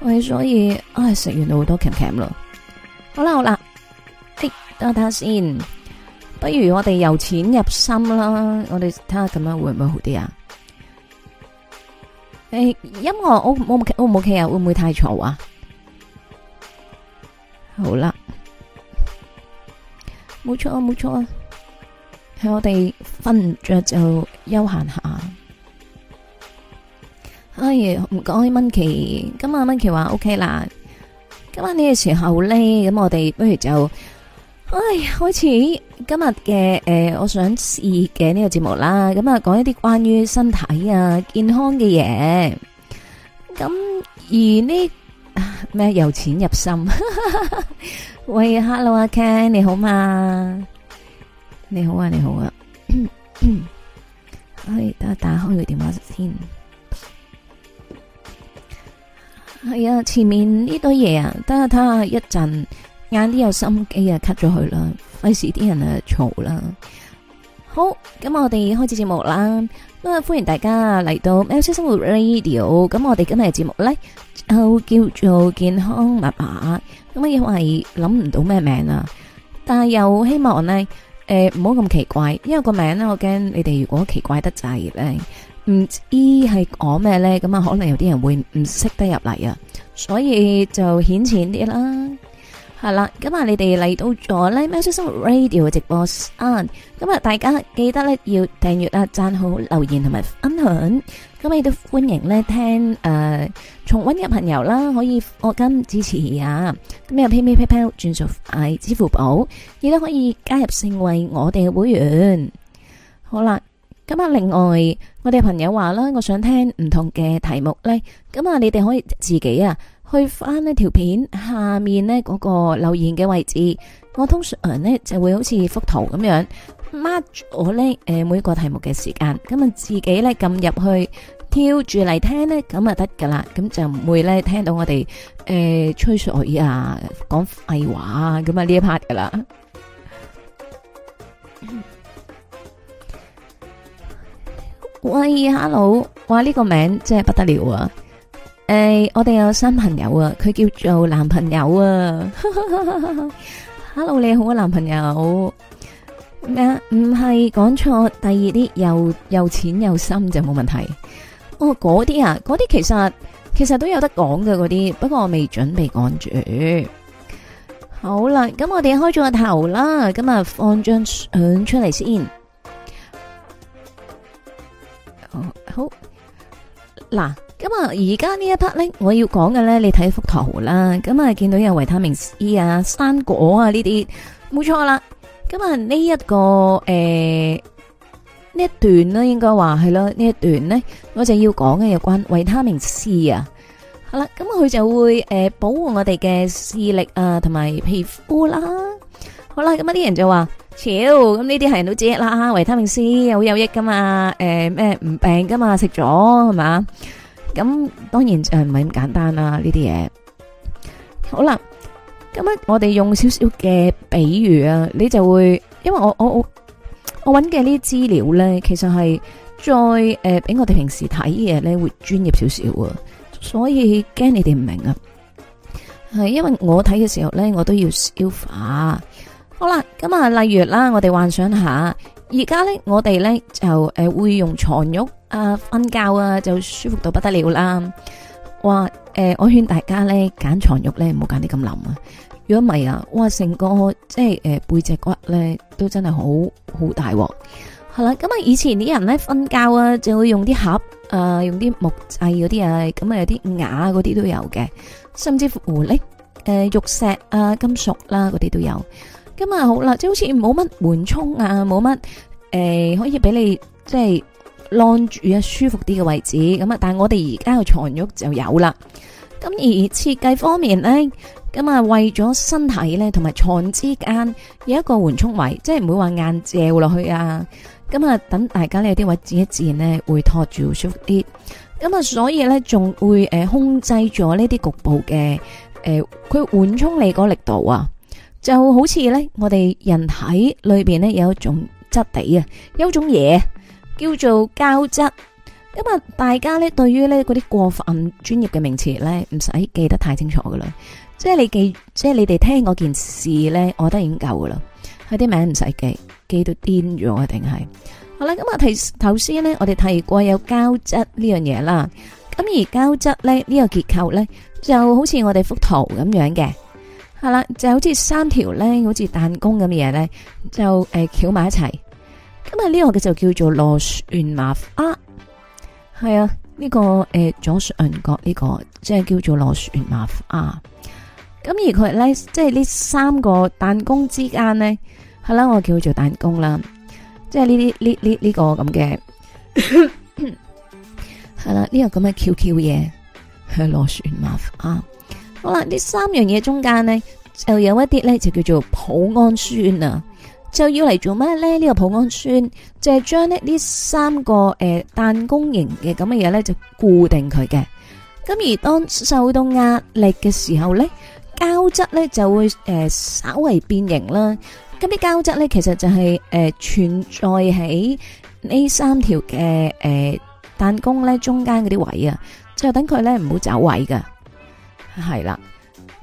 我所以唉，食完多燕燕好多鉗鉗啦。好啦好啦，誒、欸，等下先。不如我哋由淺入深啦，我哋睇下咁樣會唔會好啲啊？誒、欸，音樂 OK 唔 OK 啊，會唔會太嘈啊？好啦，冇錯冇錯。沒錯啊。我哋瞓唔着，就休閒下。哎，唔該，蚊奇，今日蚊奇話 O K 啦。今晚呢個時候咧，咁我哋不如就，哎，開始今日嘅，誒，我想試嘅呢個節目啦。咁啊，講一啲關於身體啊、健康嘅嘢。咁而呢咩由淺入深？喂，Hello，阿 Ken，你好嘛？你好啊，你好啊，可以等下打開佢電話先。係啊，前面呢堆嘢啊，等下睇下一陣，晏啲有心機啊，cut 咗佢啦。費事啲人啊嘈啦。好，咁我哋開始節目啦。咁、嗯、啊，歡迎大家嚟到喵式生活 radio。咁我哋今日嘅節目咧，就叫做健康密碼。咁啊，因為諗唔到咩名啦，但係又希望咧。誒，唔好咁奇怪，因為個名咧，我驚你哋如果奇怪得滯咧，唔知係講咩咧，咁啊可能有啲人會唔識得入嚟啊，所以就顯淺啲啦。係啦，咁啊，你哋嚟到咗《喵式生活 Radio》嘅直播室，咁啊大家記得咧要訂閱啊、讚好、留言同埋分享。咁你都歡迎咧聽誒、呃、重溫嘅朋友啦，可以我跟支持啊！咁有 PayMe、PayPal 轉數快，支付寶亦都可以加入成為我哋嘅會員。好啦，咁啊另外我哋朋友話啦，我想聽唔同嘅題目咧，咁、嗯、啊你哋可以自己啊。去翻呢條片下面咧嗰個留言嘅位置，我通常咧就會好似幅圖咁樣 mark 我咧誒每個題目嘅時間，咁啊自己咧撳入去跳住嚟聽咧，咁啊得噶啦，咁就唔會咧聽到我哋誒吹水啊、講廢話啊咁啊呢一 part 噶啦。喂，Hello，哇呢個名真係不得了啊！誒、欸，我哋有新朋友啊，佢叫做男朋友啊。 Hello，你好啊，男朋友。咩？唔係講錯，第二啲又又淺又深就冇問題。哦，嗰啲啊，嗰啲其實其實都有得講嘅嗰啲，不過我未準備講住。好啦，咁我哋開咗個頭啦，咁啊放張相出嚟先。哦，好。嗱。咁啊，而家呢一 part 咧，我要講嘅咧，你睇幅圖啦。咁啊，見到有維他命 C 啊、生果啊呢啲，冇錯啦。咁啊，呢一個誒呢一段咧，應該話係咯，呢一段咧，我就要講嘅有關維他命 C 啊。好啦，咁啊，佢就會誒保護我哋嘅視力啊，同埋皮膚啦。好啦，咁啊，啲人就話，超，咁呢啲係人都知啦。維他命 C 好有益噶嘛，誒咩唔病噶嘛，食咗係嘛。咁當然誒唔係咁簡單啦呢啲嘢。好啦，咁啊，我哋用少少嘅比喻啊，你就會因為我我我我揾嘅呢啲資料咧，其實係再誒比我哋平時睇嘢咧會專業少少啊，所以驚你哋唔明啊，係因為我睇嘅時候咧，我都要消化。好啦，咁啊，例如啦，我哋幻想下，而家咧，我哋咧就誒會用床褥。啊！瞓覺啊，就舒服到不得了啦。哇！誒、呃，我勸大家咧，揀床褥咧，唔好揀啲咁冧啊。如果唔係啊，哇，成個即係誒、呃、背脊骨咧，都真係好好大鑊。係啦，咁啊，以前啲人咧瞓覺啊，就會用啲盒啊、呃，用啲木製嗰啲啊，咁啊，有啲瓦嗰啲都有嘅，甚至乎呢，誒、呃、玉石啊、金屬啦嗰啲都有。咁、嗯、啊、嗯嗯，好啦，即係好似冇乜緩衝啊，冇乜誒，可以俾你即係。晾住啊，舒服啲嘅位置咁啊，但係我哋而家嘅床褥就有啦。咁而設計方面呢，咁啊為咗身體呢同埋床之間有一個緩衝位，即係唔會話硬借落去啊。咁啊，等大家呢有啲位置一自然呢會托住舒服啲。咁啊，所以呢，仲會誒控制咗呢啲局部嘅誒，佢、呃、緩衝你個力度啊，就好似呢，我哋人體裏邊呢有一種質地啊，有一種嘢。叫做膠質，咁啊，大家咧對於咧啲過分專業嘅名詞咧，唔使記得太清楚噶啦，即係你記，即係你哋聽嗰件事咧，我覺得已經夠噶啦，佢啲名唔使記，記到癲咗定係，好啦，咁啊提頭先咧，我哋提過有膠質呢樣嘢啦，咁而膠質咧呢個結構咧，就好似我哋幅圖咁樣嘅，係啦，就好似三條咧，好似彈弓咁嘅嘢咧，就誒翹埋一齊。咁呢個嘅就叫做螺旋麻花啊，係啊呢、呢個誒左上角呢個即係叫做螺旋麻花啊。咁而佢咧即係呢三個彈弓之間咧，係啦、啊、我叫佢做彈弓啦，即係呢啲呢呢呢個咁嘅，係啦呢個咁嘅 Q Q 嘢係螺旋麻花啊。好啦，呢三樣嘢中間咧就有一啲咧就叫做脯氨酸啊。就要嚟做咩咧？呢、這個普安酸就係將呢三個誒彈、呃、弓型嘅咁嘅嘢咧，就固定佢嘅。咁而當受到壓力嘅時候咧，膠質咧就會誒、呃、稍微變形啦。咁啲膠質咧其實就係、是、誒、呃、存在喺、呃、呢三條嘅誒彈弓咧中間嗰啲位啊，就等佢咧唔好走位噶，係啦。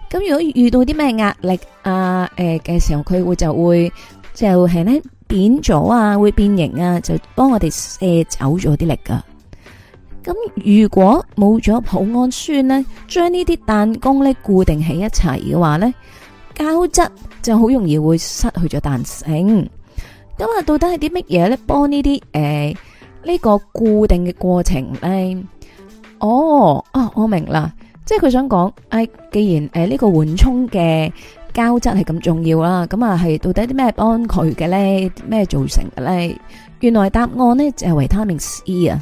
咁如果遇到啲咩壓力啊誒嘅、呃、時候，佢會就會。就係咧扁咗啊，會變形啊，就幫我哋卸走咗啲力噶。咁如果冇咗脯氨酸咧，將呢啲彈弓咧固定喺一齊嘅話咧，膠質就好容易會失去咗彈性。咁啊，到底係啲乜嘢咧？幫呢啲誒呢個固定嘅過程咧？哦，啊，我明啦，即係佢想講，誒、哎，既然誒呢、呃這個緩衝嘅。膠質係咁重要啦，咁啊係到底啲咩幫佢嘅呢？咩造成嘅呢？原來答案呢就係維他命 C 啊！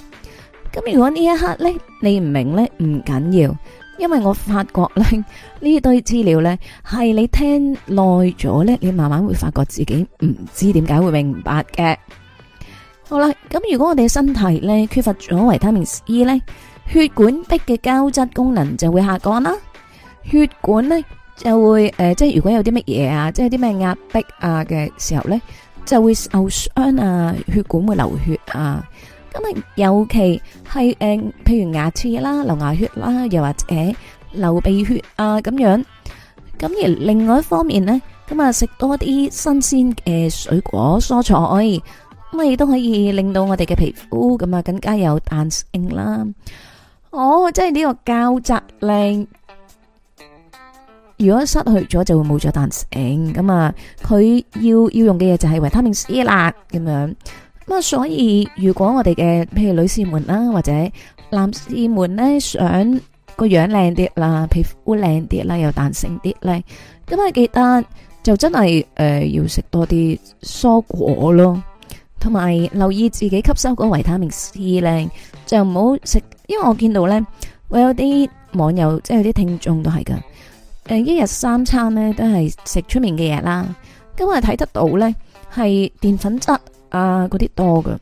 咁如果呢一刻呢你唔明呢唔緊要，因為我發覺呢呢一堆資料呢係你聽耐咗呢，你慢慢會發覺自己唔知點解會明白嘅。好啦，咁如果我哋嘅身體呢缺乏咗維他命 C 呢，血管壁嘅膠質功能就會下降啦，血管呢。就會誒、呃，即係如果有啲乜嘢，啊，即係啲咩壓迫啊嘅時候咧，就會受傷啊，血管會流血啊。咁、嗯、啊，尤其係誒、呃，譬如牙齒啦，流牙血啦，又或者、呃、流鼻血啊咁樣。咁而另外一方面咧，咁、嗯、啊食多啲新鮮嘅水果蔬菜，咁啊亦都可以令到我哋嘅皮膚咁啊更加有彈性啦。哦，即係呢個膠質靚如果失去咗就會冇咗彈性咁啊，佢要要用嘅嘢就係維他命 C 啦，咁樣咁啊。所以如果我哋嘅，譬如女士們啦，或者男士們咧，想個樣靚啲啦，皮膚靚啲啦，又彈性啲咧，咁啊，記得就真係誒要食多啲蔬果咯，同埋留意自己吸收嗰維他命 C 咧，就唔好食。因為我見到咧，我有啲網友即係有啲聽眾都係噶。誒、呃，一日三餐咧都係食出面嘅嘢啦。咁我睇得到咧，係澱粉質啊嗰啲多㗎。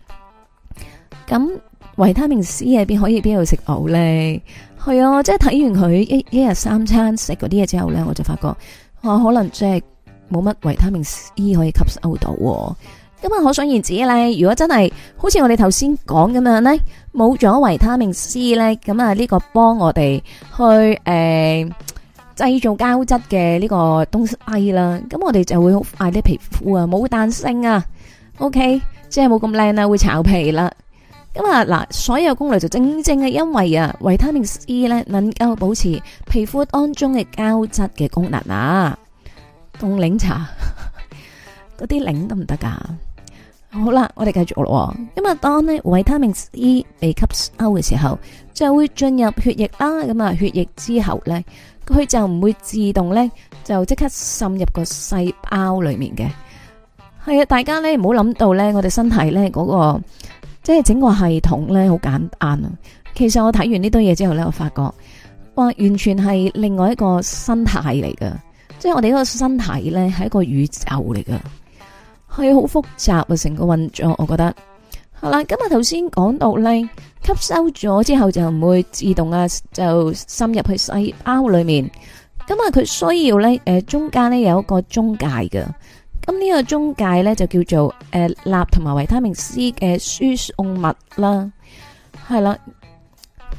咁維他命 C 係邊可以邊度食好咧？係啊，即係睇完佢一一日三餐食嗰啲嘢之後咧，我就發覺、啊、可能即係冇乜維他命 C 可以吸收到。咁啊，可想而知呢，如果真係好似我哋頭先講咁樣咧，冇咗維他命 C 咧，咁啊呢個幫我哋去誒。呃製造膠質嘅呢個東西啦，咁我哋就會好快啲皮膚啊冇彈性啊。O K，即係冇咁靚啦，會炒皮啦。咁啊嗱，所有功能就正正係因為啊，維他命 C 咧能夠保持皮膚當中嘅膠質嘅功能啊。凍檸茶嗰啲檸得唔得噶？好啦，我哋繼續咯。咁啊，當呢維他命 C 被吸收嘅時候，就會進入血液啦。咁啊，血液之後咧。佢就唔會自動咧，就即刻滲入個細胞裏面嘅。係啊，大家咧唔好諗到咧，我哋身體咧嗰個即係整個系統咧好簡單啊。其實我睇完呢堆嘢之後咧，我發覺哇，完全係另外一個身體嚟噶。即係我哋嗰個身體咧係一個宇宙嚟噶，係好複雜啊！成個運作，我覺得好啦。今日頭先講到咧。吸收咗之後就唔會自動啊，就深入去細胞裏面。咁、嗯、啊，佢需要咧，誒、呃、中間咧有一個中介㗎。咁、嗯、呢、這個中介咧就叫做誒鈉同埋維他命 C 嘅輸送物啦，係啦。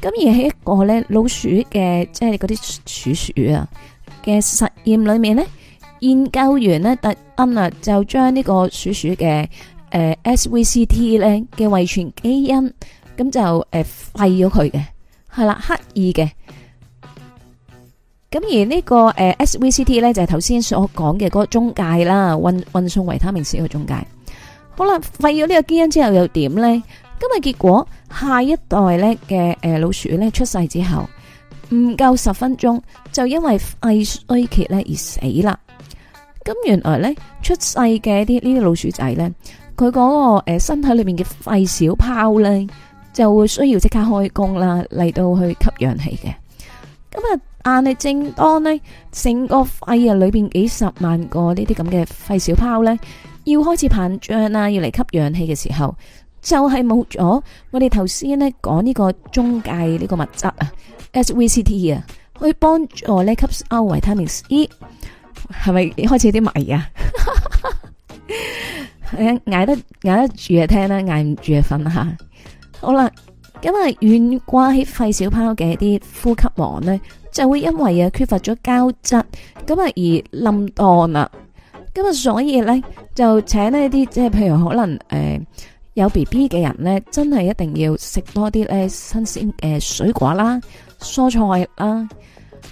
咁、嗯、而喺一個咧老鼠嘅即係嗰啲鼠鼠啊嘅實驗裏面咧，研究員咧特恩啊就將呢個鼠鼠嘅誒、呃、S V C T 咧嘅遺傳基因。咁就誒廢咗佢嘅係啦，刻意嘅。咁而、這個呃、呢個誒 S V C T 咧就係頭先所講嘅嗰個中介啦，運運送維他命 C 嘅中介。好啦，廢咗呢個基因之後又點咧？今日結果下一代咧嘅誒老鼠咧出世之後，唔夠十分鐘就因為肺衰竭咧而死啦。咁原來咧出世嘅啲呢啲老鼠仔咧，佢嗰、那個誒、呃、身體裏面嘅肺小泡咧。就會需要即刻開工啦，嚟到去吸氧氣嘅。咁啊，但係正當呢，成個肺啊裏邊幾十萬個呢啲咁嘅肺小泡咧，要開始膨脹啦，要嚟吸氧氣嘅時候，就係冇咗我哋頭先咧講呢講個中介呢個物質啊，S V C T 啊，去幫助咧吸收維他命 E，係咪開始有啲迷啊？挨 得挨得住嘅聽啦，挨唔住嘅瞓啦吓。好啦，咁為軟掛起肺小泡嘅啲呼吸網咧，就會因為啊缺乏咗膠質，咁啊而冧檔啦。咁啊，所以咧就請呢啲即係譬如可能誒、呃、有 B B 嘅人咧，真係一定要食多啲咧新鮮嘅水果啦、蔬菜啦，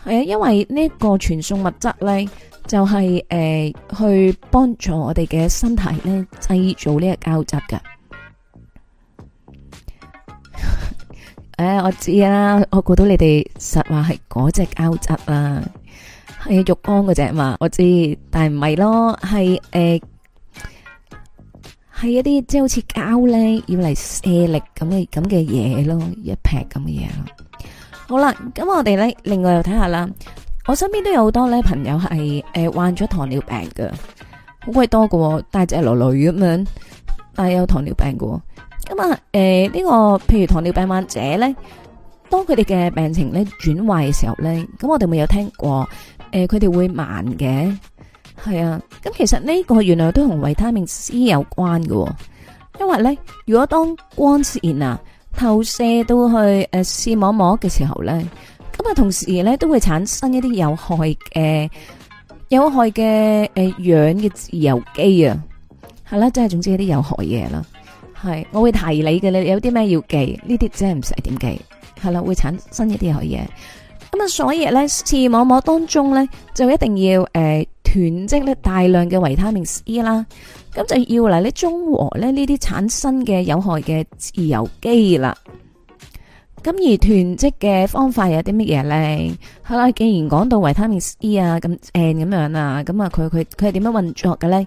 係啊，因為呢個傳送物質咧就係、是、誒、呃、去幫助我哋嘅身體咧製造呢個膠質㗎。誒、哎，我知、啊、我啦，我估到你哋實話係嗰隻膠質啦，係浴缸嗰隻嘛，我知，但唔係咯，係誒，係、呃、一啲即係好似膠咧，要嚟卸力咁嘅咁嘅嘢咯，一劈咁嘅嘢咯。好啦，咁我哋咧，另外又睇下啦，我身邊都有好多咧朋友係誒、呃、患咗糖尿病噶，好鬼多噶、啊，大隻羅羅魚咁樣，但係有糖尿病噶。咁啊，誒，呢、呃這個譬如糖尿病患者咧，當佢哋嘅病情咧轉壞嘅時候咧，咁我哋咪有聽過？誒、呃，佢哋會盲嘅，係啊。咁其實呢、這個原來都同維他命 C 有關嘅、哦，因為咧，如果當光線啊透射到去誒視網膜嘅時候咧，咁啊，同時咧都會產生一啲有害嘅、有害嘅誒氧嘅自由基啊，係啦，即係總之一啲有害嘢啦。係，我會提你嘅，你有啲咩要記？呢啲真係唔使點記，係啦，會產生一啲害嘢。咁啊，所以咧，視網膜當中咧，就一定要誒囤積咧大量嘅維他命 C 啦。咁就要嚟咧中和咧呢啲產生嘅有害嘅自由基啦。咁而囤積嘅方法有啲乜嘢咧？係啦，既然講到維他命 C 啊，咁誒咁樣啊，咁、嗯、啊，佢佢佢係點樣運作嘅咧？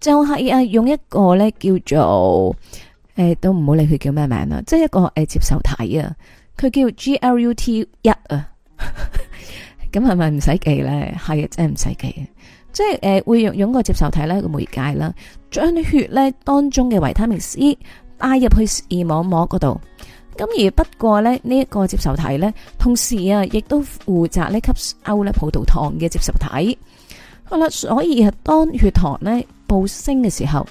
就係、是、啊，用一個咧叫做。誒，都唔好理佢叫咩名啦，即係一個誒接受體啊，佢叫 G L U T 一啊，咁係咪唔使記咧？係啊，真係唔使記，即係誒會用用個接受體咧個媒介啦，將血咧當中嘅維他命 C 帶入去視網膜嗰度。咁而不過咧呢一個接受體咧、 這個，同時啊亦都負責呢吸收咧葡萄糖嘅接受體。好啦，所以當血糖咧暴升嘅時候。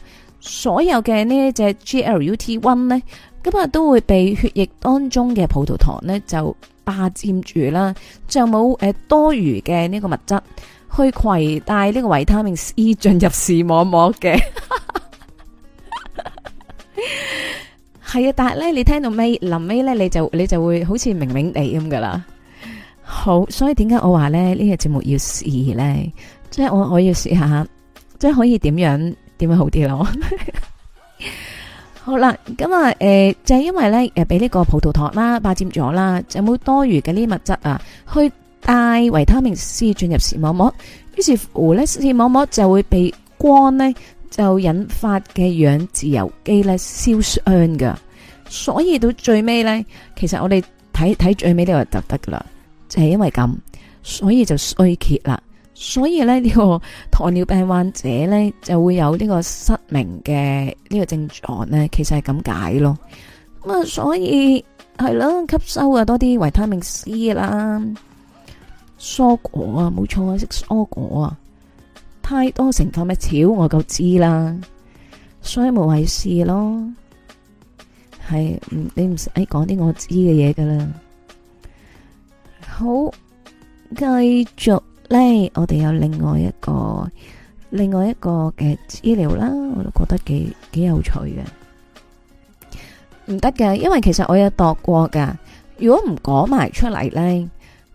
所有嘅呢一隻 GLUT one 咧，今日都會被血液當中嘅葡萄糖咧就霸佔住啦，就冇誒、呃、多餘嘅呢個物質去攜帶呢個維他命 C 進入視網膜嘅。係 啊， 但係咧你聽到尾臨尾咧你就你就會好似明明地咁噶啦。好，所以點解我話咧呢，這個節目要試咧？即、就、係、是、我，我要試、就是、可以試下，即係可以點樣？點樣好啲咯？ 好啦，咁啊，誒、呃，就係、是、因為咧，誒，俾呢個葡萄糖啦霸佔咗啦，就冇多餘嘅呢啲物質啊，去帶維他命 C 進入視網膜，於是乎咧，視網膜就會被光呢就引發嘅氧自由基咧燒傷噶，所以到最尾咧，其實我哋睇睇最尾呢個就得噶啦，就係、是、因為咁，所以就衰竭啦。所以咧，呢、這個糖尿病患者咧就會有呢個失明嘅呢、這個症狀咧，其實係咁解咯。咁、嗯、啊，所以係啦，吸收啊多啲維他命 C 啦，蔬果啊，冇錯啊，食蔬果啊，太多成分咪少，我夠知啦，所以冇係事咯，係唔你唔使講啲我知嘅嘢噶啦，好繼續。咧，我哋有另外一個另外一個嘅資料啦，我都覺得幾幾有趣嘅，唔得嘅，因為其實我有度過噶，如果唔講埋出嚟，咧，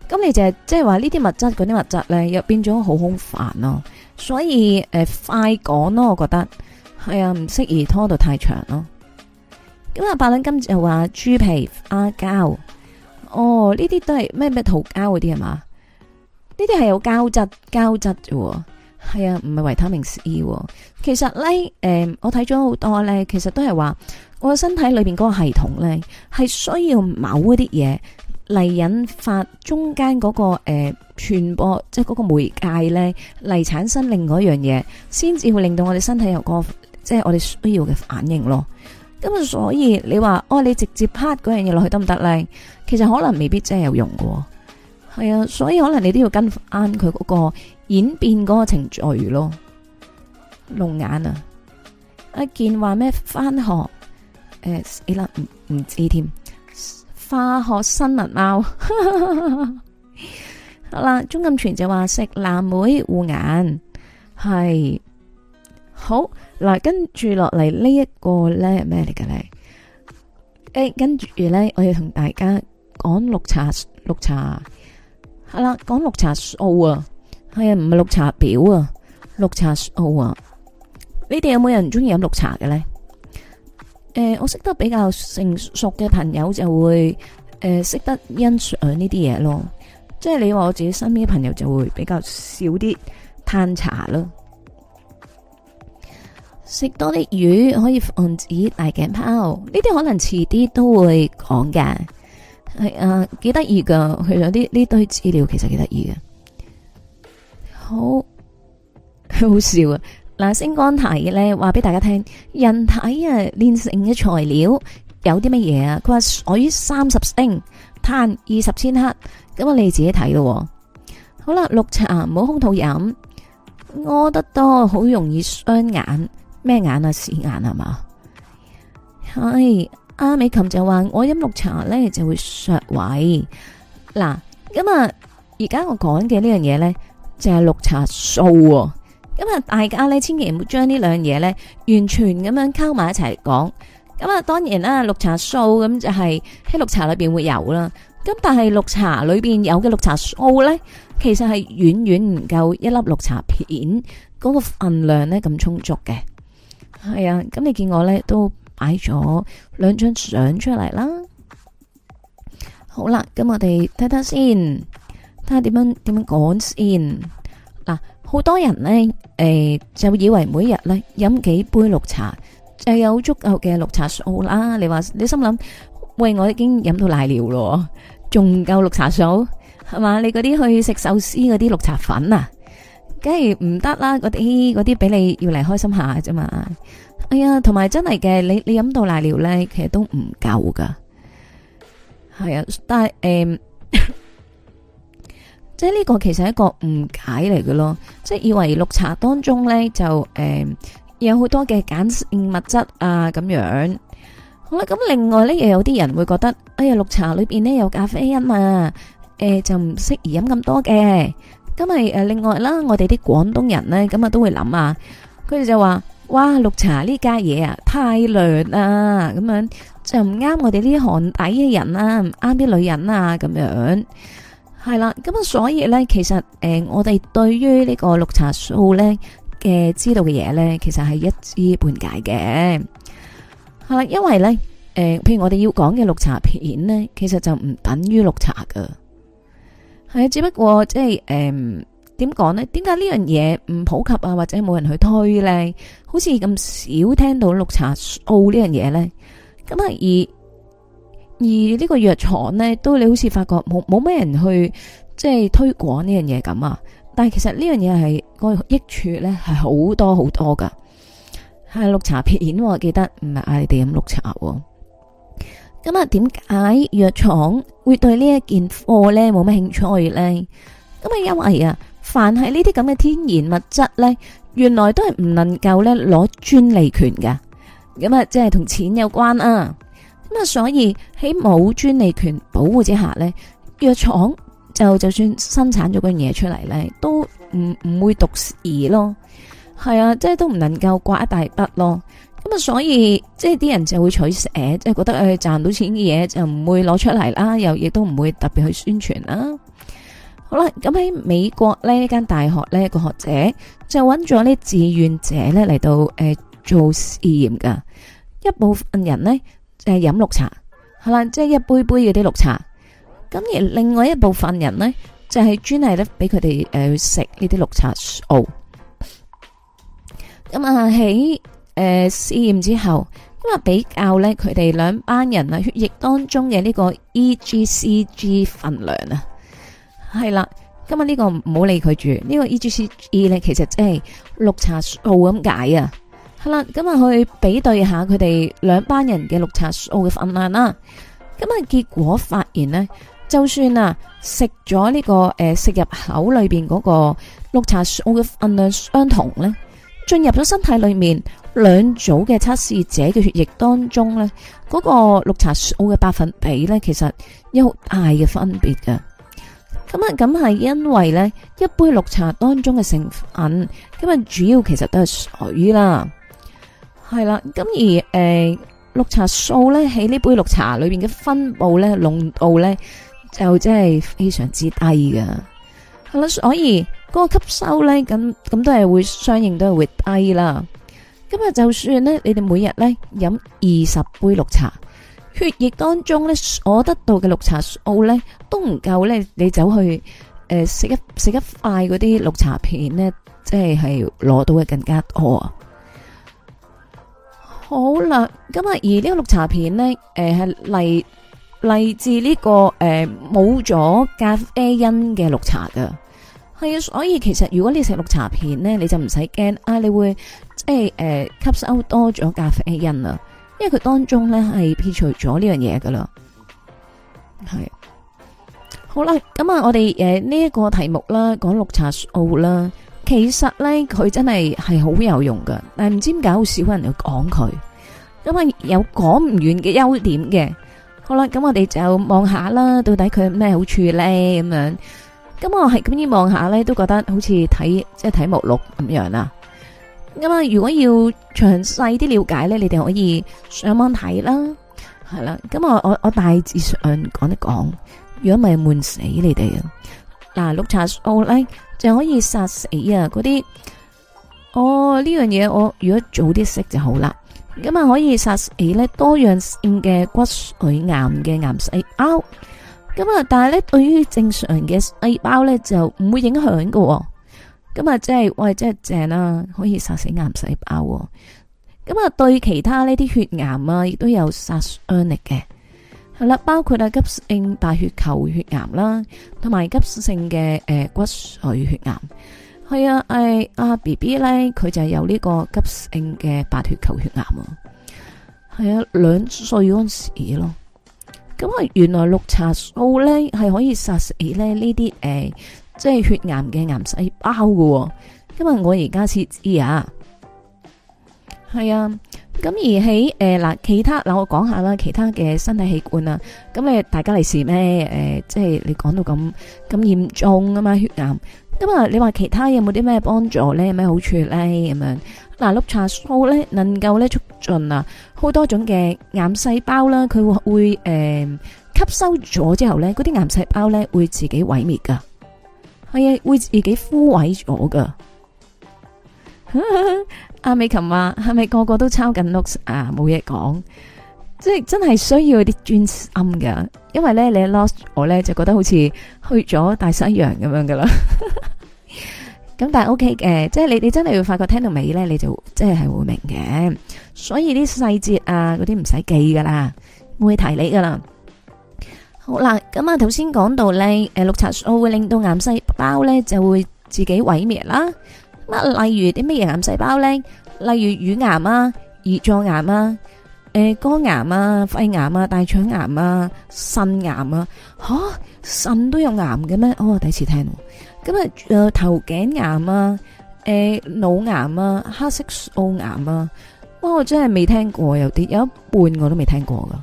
咁你就即係話呢啲物質嗰啲物質咧又變咗好好煩咯，所以誒快講咯，我覺得係啊，唔適宜拖到太長咯。咁阿伯倫金就話豬皮阿膠，哦呢啲都係咩咩桃膠嗰啲係嘛？呢啲係有膠質膠質嘅，係啊、哦，唔係維他命 C、哦。其實呢，誒、呃，我睇咗好多呢其實都係話我身體裏邊嗰個系統呢，係需要某一啲嘢嚟引發中間嗰、那個誒傳、呃、播，即係嗰個媒介呢，嚟產生另外一樣嘢，先至會令到我哋身體有個即係、就是、我哋需要嘅反應咯。咁所以你話我、哦、你直接拍 t 嗰樣嘢落去得唔得呢？其實可能未必真係有用嘅。係啊，所以可能你都要跟翻佢嗰個演變嗰個程序咯。龍眼啊，阿健話咩翻學誒？你、欸、啦唔唔知添化學生物貓 好啦。鍾錦全就話食藍莓護眼係好。嗱，跟住落嚟呢一個咧咩嚟嘅咧？誒，跟住咧我要同大家講綠茶，綠茶。係啦，講綠茶素啊，係啊，唔係綠茶表啊，綠茶素啊。你哋有冇人中意飲綠茶嘅咧？誒、呃，我識得比較成熟嘅朋友就會誒、呃、識得欣賞呢啲嘢咯，即係你話我自己身邊嘅朋友就會比較少啲嘆茶咯。食多啲魚可以防止大頸泡，呢啲可能遲啲都會講嘅。係啊，幾得意噶，佢有啲呢堆資料其實幾得意嘅，好好笑啊！嗱，星光題咧，話俾大家聽，人體啊煉成嘅材料有啲乜嘢啊？佢話水三十升，碳二十千克，咁啊你自己睇咯。好啦，綠茶唔好空肚飲，屙、呃、得多好容易傷眼，咩眼啊？屎眼係嘛？係。阿美琴就話我飲綠茶咧就會削胃，嗱咁啊而家我講嘅呢樣嘢咧就係綠茶素，咁啊大家咧千祈唔好將呢兩樣嘢咧完全咁樣溝埋一齊講，咁啊當然啦綠茶素咁就係喺綠茶裏邊會有啦，咁但係綠茶裏邊有嘅綠茶素咧其實係遠遠唔夠一粒綠茶片嗰個份量咧咁充足嘅。係啊，咁你見我咧都。擺咗兩張相出嚟啦，好啦，咁我哋睇睇先，睇下點樣點樣講先。嗱，好多人呢，誒、欸、就以為每日呢飲幾杯綠茶就有足夠嘅綠茶素啦。你話你心諗，喂，我已經飲到瀨尿咯，仲夠綠茶素係嘛？你嗰啲去食壽司嗰啲綠茶粉啊，梗係唔得啦。嗰啲嗰啲俾你要嚟開心下啫嘛。哎呀，同埋真係嘅，你你飲到奶尿呢，其實都唔夠噶係啊，但係誒，即係呢個其實係一個誤解嚟嘅咯，即係以為綠茶當中呢，就誒有好多嘅鹼性物質啊咁樣。好啦，咁另外呢，又有啲人會覺得，哎呀，綠茶裏邊呢有咖啡因啊，誒就唔適宜飲咁多嘅。咁咪誒，另外啦，我哋啲廣東人呢，咁啊都會諗啊，佢哋就話。哇！綠茶呢家嘢啊，太涼啦，咁樣就唔啱我哋呢啲寒底嘅人啦、啊，唔啱啲女人呀、啊。咁樣係啦。咁啊，所以咧，其實誒、呃，我哋對於呢個綠茶素咧嘅知道嘅嘢咧，其實係一知半解嘅。係啦，因為咧，誒、呃，譬如我哋要講嘅綠茶片咧，其實就唔等於綠茶噶，係，只不過即係誒。呃點講呢？點解呢樣嘢唔普及啊？或者冇人去推呢？好似咁少聽到綠茶素呢樣嘢呢？咁、嗯、啊，而而呢個藥廠呢，都你好似發覺冇冇咩人去即係推廣呢樣嘢咁啊。但係其實呢樣嘢係個益處呢，係好多好多噶。係綠茶片、啊、我記得唔係嗌你哋飲綠茶。咁啊，點、嗯、解、嗯、藥廠會對呢一件貨呢冇咩興趣呢？咁啊，因為啊！凡係呢啲咁嘅天然物質咧，原來都係唔能夠咧攞專利權㗎。咁啊即係同錢有關啊，咁啊所以喺冇專利權保護之下咧，藥廠就就算生產咗嗰嘢出嚟咧，都唔唔會獨市咯，係啊，即係都唔能夠刮一大筆咯，咁啊所以即係啲人就會取捨，即係覺得誒、哎、賺到錢嘅嘢就唔會攞出嚟啦，又亦都唔會特別去宣傳啦。好啦，咁喺美國呢一間大學咧，一個學者就揾咗啲志願者咧嚟到誒、呃、做試驗噶。一部分人呢，就飲、是、綠茶，係啦，即、就、係、是、一杯杯嘅啲綠茶。咁而另外一部分人呢，就係專係咧俾佢哋誒食呢啲綠茶素。咁啊喺誒試驗之後，因為比較呢，佢哋兩班人啊血液當中嘅呢個 E G C G 份量啊。係啦，今日呢個唔好理佢住呢個 EGCG 咧，其實即係綠茶素咁解啊。係啦，咁啊去比對下佢哋兩班人嘅綠茶素嘅份量啦。咁啊，結果發現呢，就算啊食咗呢個誒、呃、食入口裏邊嗰、那個綠茶素嘅份量相同呢，進入咗身體裏面兩組嘅測試者嘅血液當中呢，嗰個綠茶素嘅百分比呢，其實有好大嘅分別噶。咁啊，咁係因為呢一杯綠茶當中嘅成分，咁啊，主要其實都係水啦，係啦。咁而誒、呃，綠茶素呢，喺呢杯綠茶裏面嘅分布呢，濃度呢，就真係非常之低噶。係啦，所以個吸收呢，咁咁都係會相應都係會低啦。咁啊就算呢，你哋每日呢飲二十杯綠茶，血液當中咧，所得到嘅綠茶素咧都唔夠咧，你走去誒食、呃、一食一塊嗰啲綠茶片咧，即係攞到嘅更加多。好啦，咁啊，而呢個綠茶片咧，誒係嚟嚟自呢、這個誒冇咗咖啡因嘅綠茶噶，係啊，所以其實如果你食綠茶片咧，你就唔使驚啊，你會、啊、即係誒、呃、吸收多咗咖啡因啊。因為佢當中咧係撇除咗呢樣嘢噶啦，係，好啦，咁啊，我哋誒呢一個題目啦，講綠茶素啦，其實咧佢真係係好有用噶，但係唔知點解好少人去講佢，因為有講唔完嘅優點嘅。好啦，咁我哋就望下啦，到底佢有咩好處咧？咁樣，咁我係咁樣望下咧，都覺得好似睇即係睇目錄咁樣啦。咁啊，如果要詳細啲了解咧，你哋可以上網睇啦，係啦。咁啊，我我大致上講一講、啊哦，如果唔係悶死你哋啊。嗱，綠茶素咧就可以殺死啊嗰啲。哦，呢樣嘢我如果早啲識就好啦。咁啊，可以殺死咧多樣性嘅骨髓癌嘅癌細胞。咁啊，但係咧，對於正常嘅細胞咧，就唔會影響噶。咁啊，即係喂，即係正啊，可以殺死癌細胞。咁啊，對其他呢啲血癌啊，亦都有殺傷力嘅。係啦，包括啊急性白血球血癌啦，同埋急性嘅誒骨髓血癌。係啊，誒啊 B B 咧，佢就係有呢個急性嘅白血球血癌喎，係啊，兩歲嗰時咯。咁啊，原來綠茶素咧係可以殺死咧呢啲誒。即係血癌嘅癌細胞噶、哦，因為我而家先知啊，係啊。咁而喺誒嗱，其他嗱、呃、我講下啦，其他嘅身體器官啦。咁你大家嚟試咩？誒、呃，即係你講到咁咁嚴重啊嘛，血癌。咁、嗯、啊、呃，你話其他有冇啲咩幫助咧？有咩好處咧？咁樣嗱、呃，綠茶素咧，能夠咧促進啊，好多種嘅癌細胞啦，佢會誒、呃、吸收咗之後咧，嗰啲癌細胞咧會自己毀滅噶。係啊，會自己枯萎咗噶。阿 美琴話：係咪個個都抄緊 notes 啊？冇嘢講，即係真係需要啲專心嘅。因為咧，你一 lost 我咧，就覺得好似去咗大西洋咁樣噶啦。咁 但係 OK 嘅，即係你你真係會發覺聽到尾咧，你就即係會明嘅。所以啲細節啊，嗰啲唔使記噶啦，會提你噶啦。好啦，咁啊，頭先講到咧，誒，綠茶素會令到癌細胞，咧就會自己毀滅啦。咁啊，例如啲咩嘢癌細胞咧，例如乳癌啊、胰臟癌啊、誒，肝癌啊、肺癌啊、大腸癌啊、腎癌啊，吓，腎都有癌嘅咩？哦，第一次聽。咁啊，誒，頭頸癌啊，誒，腦癌啊，黑色素癌啊，哇，我真係未聽過，有啲有一半我都未聽過噶。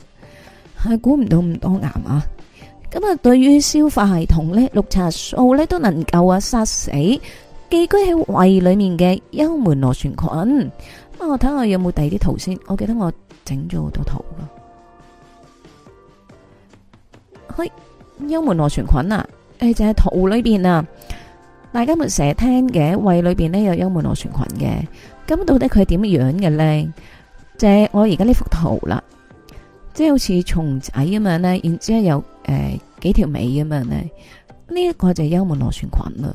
係估唔到咁多癌啊！咁啊，對於消化系統咧，綠茶素咧都能夠啊殺死寄居喺胃裏面嘅幽門螺旋菌。咁我睇下有冇第二啲圖先。我記得我整咗好多圖噶。開幽門螺旋菌啊！誒，就係、是、圖裏邊啊，大家咪成日聽嘅，胃裏邊呢有幽門螺旋菌嘅。咁到底佢點樣嘅咧？就係、是、我而家呢幅圖啦。即係好似蟲仔咁樣咧，然之後有誒、呃、幾條尾咁樣咧。呢、這、一個就係幽門螺旋菌啦，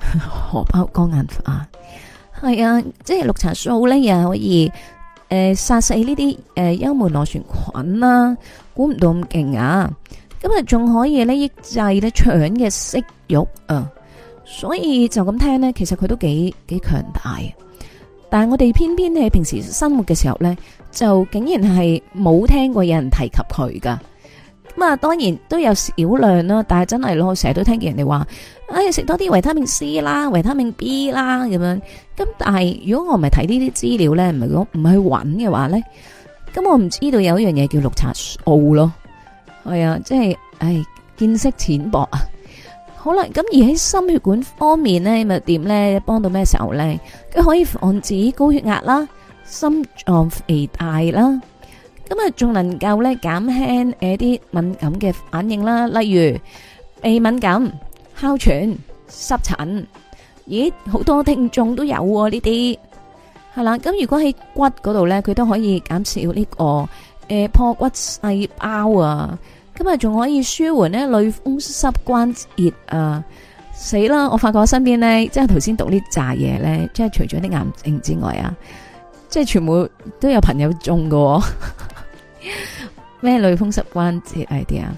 荷包光眼花係啊。即係綠茶素咧，又可以誒、呃、殺死呢啲誒幽門螺旋菌啦。估唔到咁勁啊！咁咪仲可以咧抑制咧腸嘅息肉啊，所以就咁聽咧，其實佢都幾幾強大。但係我哋偏偏喺平時生活嘅時候咧。就竟然係冇聽過有人提及佢噶，咁啊當然都有少量啦，但係真係咯，我成日都聽見人哋話，呀，食多啲維他命 C 啦，維他命 B 啦咁樣，咁但係如果我唔係睇呢啲資料咧，唔係唔去搵嘅話咧，咁我唔知道有一樣嘢叫綠茶素咯，係啊，即係唉見識淺薄啊。好啦，咁而喺心血管方面咧，咪點咧幫到咩時候咧？佢可以防止高血壓啦。心臟肥大啦，咁啊，仲能夠咧減輕誒啲敏感嘅反應啦，例如鼻敏感、哮喘、濕疹。咦，好多聽眾都有呢啲係啦。咁如果喺骨嗰度咧，佢都可以減少呢、這個誒、啊、破骨細胞啊。咁啊，仲可以舒緩呢類風濕關節啊。死啦！我發覺我身邊咧，即係頭先讀呢扎嘢咧，即係除咗啲癌症之外啊。即係全部都有朋友中㗎咩？類風濕關節係啲啊，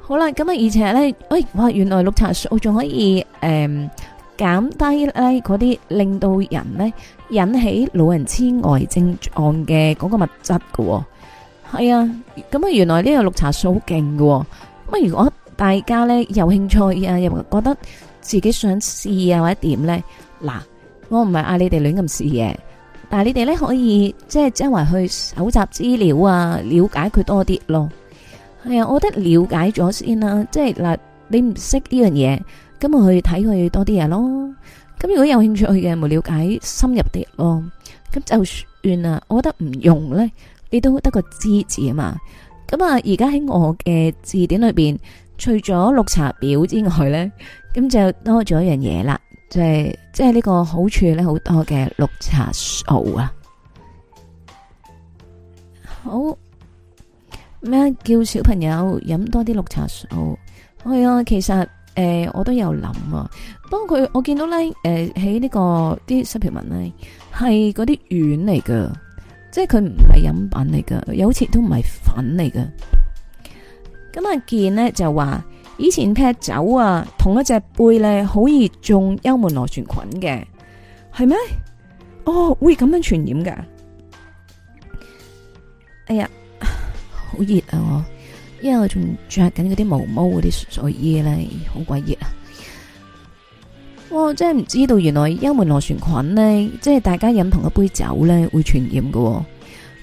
好啦。咁啊，而且咧，喂哇，原來綠茶素仲可以誒減低咧嗰啲令到人咧引起老人痴呆症狀嘅嗰個物質㗎係啊。咁啊，原來呢個綠茶素好勁㗎。咁啊，如果大家咧有興趣啊，又覺得自己想試啊，或者點咧，嗱，我唔係嗌你哋亂咁試嘅。但係你哋咧可以即係周圍去搜集資料啊，了解佢多啲咯。係啊，我覺得了解咗先啦，即係嗱，你唔識呢樣嘢，咁我去睇佢多啲嘢咯。咁如果有興趣嘅，咪了解深入啲咯。咁就算啦，啊，我覺得唔用咧，你都得個知字啊嘛。咁啊，而家喺我嘅字典裏邊，除咗綠茶表之外咧，咁就多咗一樣嘢啦。即係即係呢個好處咧，好多嘅綠茶素啊好！好咩？叫小朋友飲多啲綠茶素，係啊！其實誒、呃，我都有諗啊。不過佢我見到咧，誒、呃，喺、這個、呢個啲 supplement 咧，係嗰啲丸嚟嘅，即係佢唔係飲品嚟嘅，又好似都唔係粉嚟嘅。咁啊，見呢就話。以前劈酒啊，同一隻杯咧，好易中幽門螺旋菌嘅。係咩？哦，會咁樣傳染嘅？哎呀，好熱啊我，因為我仲着緊嗰啲毛毛嗰啲，所以咧、啊，好鬼熱啊！我真係唔知道，原來幽門螺旋菌咧，即係大家飲同一杯酒咧會傳染喎！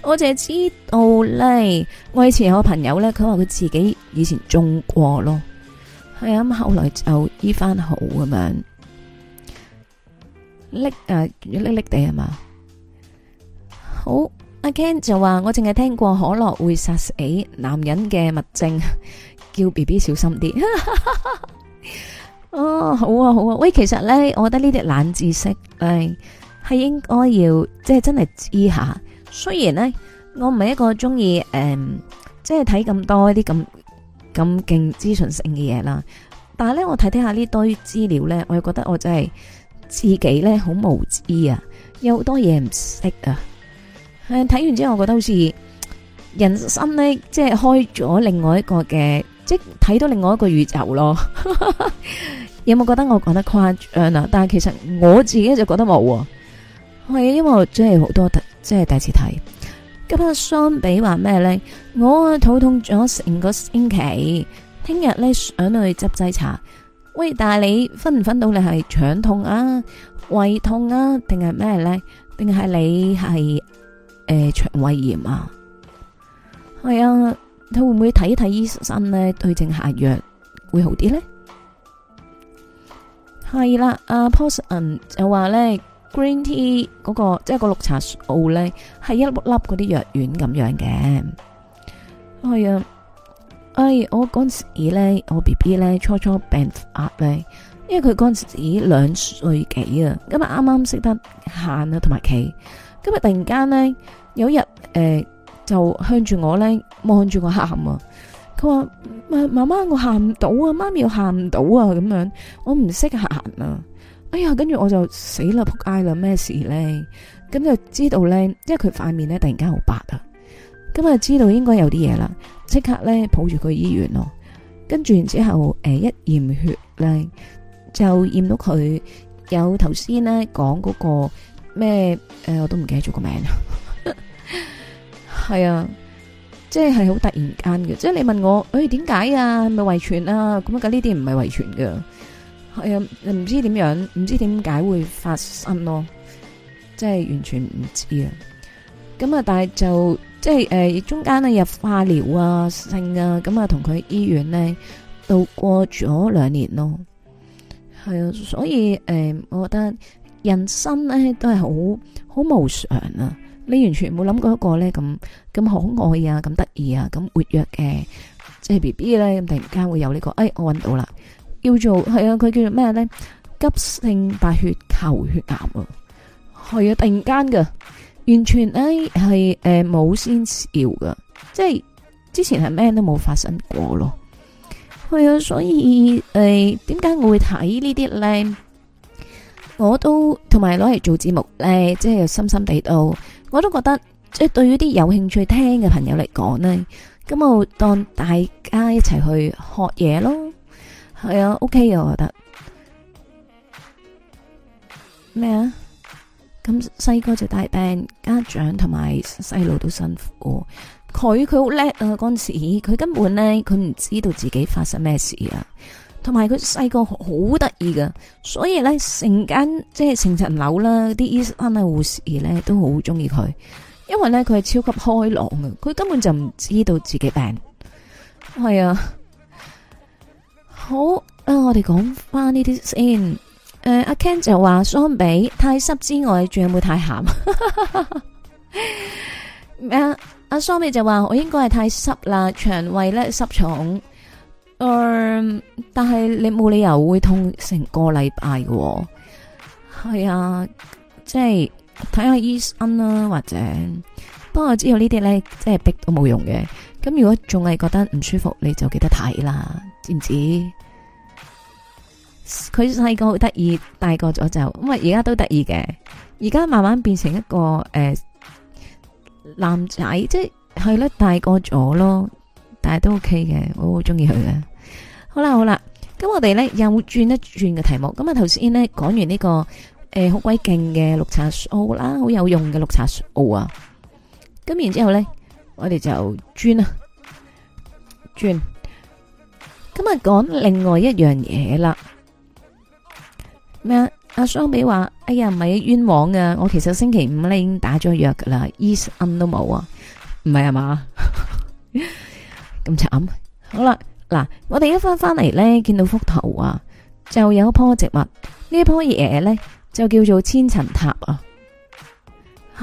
我淨係知道咧，我以前有個朋友咧，佢話佢自己以前中過咯。係啊，咁、嗯、後來就醫翻好咁樣，叻、啊、要叻叻地係嘛。好，阿、啊、Ken 就話我淨係聽過可樂會殺死男人嘅物證，叫 BB 小心啲。哦、 啊，好啊，好啊，喂，其實咧，我覺得呢啲冷知識，係、嗯、係應該要即係、就是、真係知下。雖然咧，我唔係一個中意誒，即係睇咁多啲咁。咁勁資訊性嘅嘢啦，但係咧，我睇睇下呢堆資料咧，我又覺得我真係自己咧好無知啊，有好多嘢唔識啊。睇、嗯、完之後，我覺得好似人生咧，即係開咗另外一個嘅，即係睇到另外一個宇宙咯。 有冇覺得我講得誇張啊？但係其實我自己就覺得冇、啊，係因為我真係好多，即係第一次睇。今日相比話咩呢？我肚痛咗成個星期，聽日呢，想去執劑茶。喂，但係你分唔分到你係腸痛啊、胃痛啊，定係咩呢？定係你係誒腸胃炎啊？係啊，你會唔會睇一睇醫生呢？對症下藥會好啲呢？係啦、啊，阿 p o r s o n 就話呢。green tea 嗰個即係個綠茶素咧，係一粒粒嗰啲藥丸咁樣嘅，係啊，哎，我嗰陣時咧，我 B B 咧初初病壓咧，因為佢嗰陣時兩歲幾啊，今日啱啱識得行啊同埋企，今日突然間咧有一日誒就向住我咧望住我喊啊，佢話媽媽媽我喊唔到啊，媽咪我喊唔到啊咁樣，我唔識行啊。哎呀，跟住我就死啦撲街啦，咩事咧？咁就知道咧，因為佢塊面咧突然間好白啊，咁啊知道應該有啲嘢啦，即刻咧抱住佢去醫院咯。跟住之後誒，一驗血咧就驗到佢有頭先咧講嗰個咩誒、呃，我都唔記得咗個名。係 啊，即係好突然間嘅，即係你問我，誒點解啊？係咪遺傳啊？咁樣呢啲唔係遺傳嘅。誒，唔、哎、知點樣，唔知點解會發生咯，即係完全唔知啊！咁啊，但係就即係誒、呃，中間咧入化療啊、性啊，咁啊同佢醫院咧，度過咗兩年咯。係啊，所以誒、呃，我覺得人生咧都係好好無常啊！你完全冇諗過一個咧咁咁可愛啊，咁得意啊，咁活躍嘅，即係 B B 咧，咁突然間會有呢、這個，誒、哎，我搵到啦！叫做係啊，佢叫做咩呢？急性白血球血癌啊，係啊，突然間嘅，完全呢，係誒冇先兆噶，即係之前係咩都冇發生過咯，係啊，所以誒點解我會睇呢啲呢？我都同埋攞嚟做節目呢，即係深深地到，我都覺得即係對於啲有興趣聽嘅朋友嚟講呢，咁我當大家一齊去學嘢咯。係啊，OK 啊，我覺得咩、OK、啊？咁細個就帶病，家長同埋細路都辛苦。佢佢好叻啊！嗰陣時佢根本咧，佢唔知道自己發生咩事啊。同埋佢細個好得意噶，所以咧成間即係成層樓啦，啲醫生啊護士咧都好中意佢，因為咧佢係超級開朗啊！佢根本就唔知道自己病，係啊。好啊！我哋講翻呢啲先。誒、啊，阿 Ken 就話桑比太濕之外，仲有冇太咸咩 啊？阿桑比就話我應該係太濕啦，腸胃咧濕重。嗯，但係你冇理由會痛成個禮拜喎。係啊，即係睇下醫生啦，或者不過只有呢啲咧，即係逼都冇用嘅。咁如果仲係覺得唔舒服，你就記得睇啦。知唔知，佢細個好得意，大個咗就咁啊！而家都得意嘅，而家慢慢變成一個誒男仔，即係咧大個咗咯，但係都 OK 嘅，我好中意佢嘅。好啦好啦，咁我哋咧又轉一轉嘅題目，咁啊頭先咧講完呢個誒好鬼勁嘅綠茶素啦，好有用嘅綠茶素啊，咁然之後咧我哋就轉啊轉。咁啊，講另外一樣嘢啦。咩啊？阿雙比話：哎呀，唔係冤枉噶、啊，我其實星期五咧已經打咗藥噶啦，醫生都冇啊，唔係係嘛咁慘。好啦，嗱，我哋一翻翻嚟咧，見到幅圖啊，就有一棵植物，棵植物呢棵嘢咧，就叫做千層塔啊。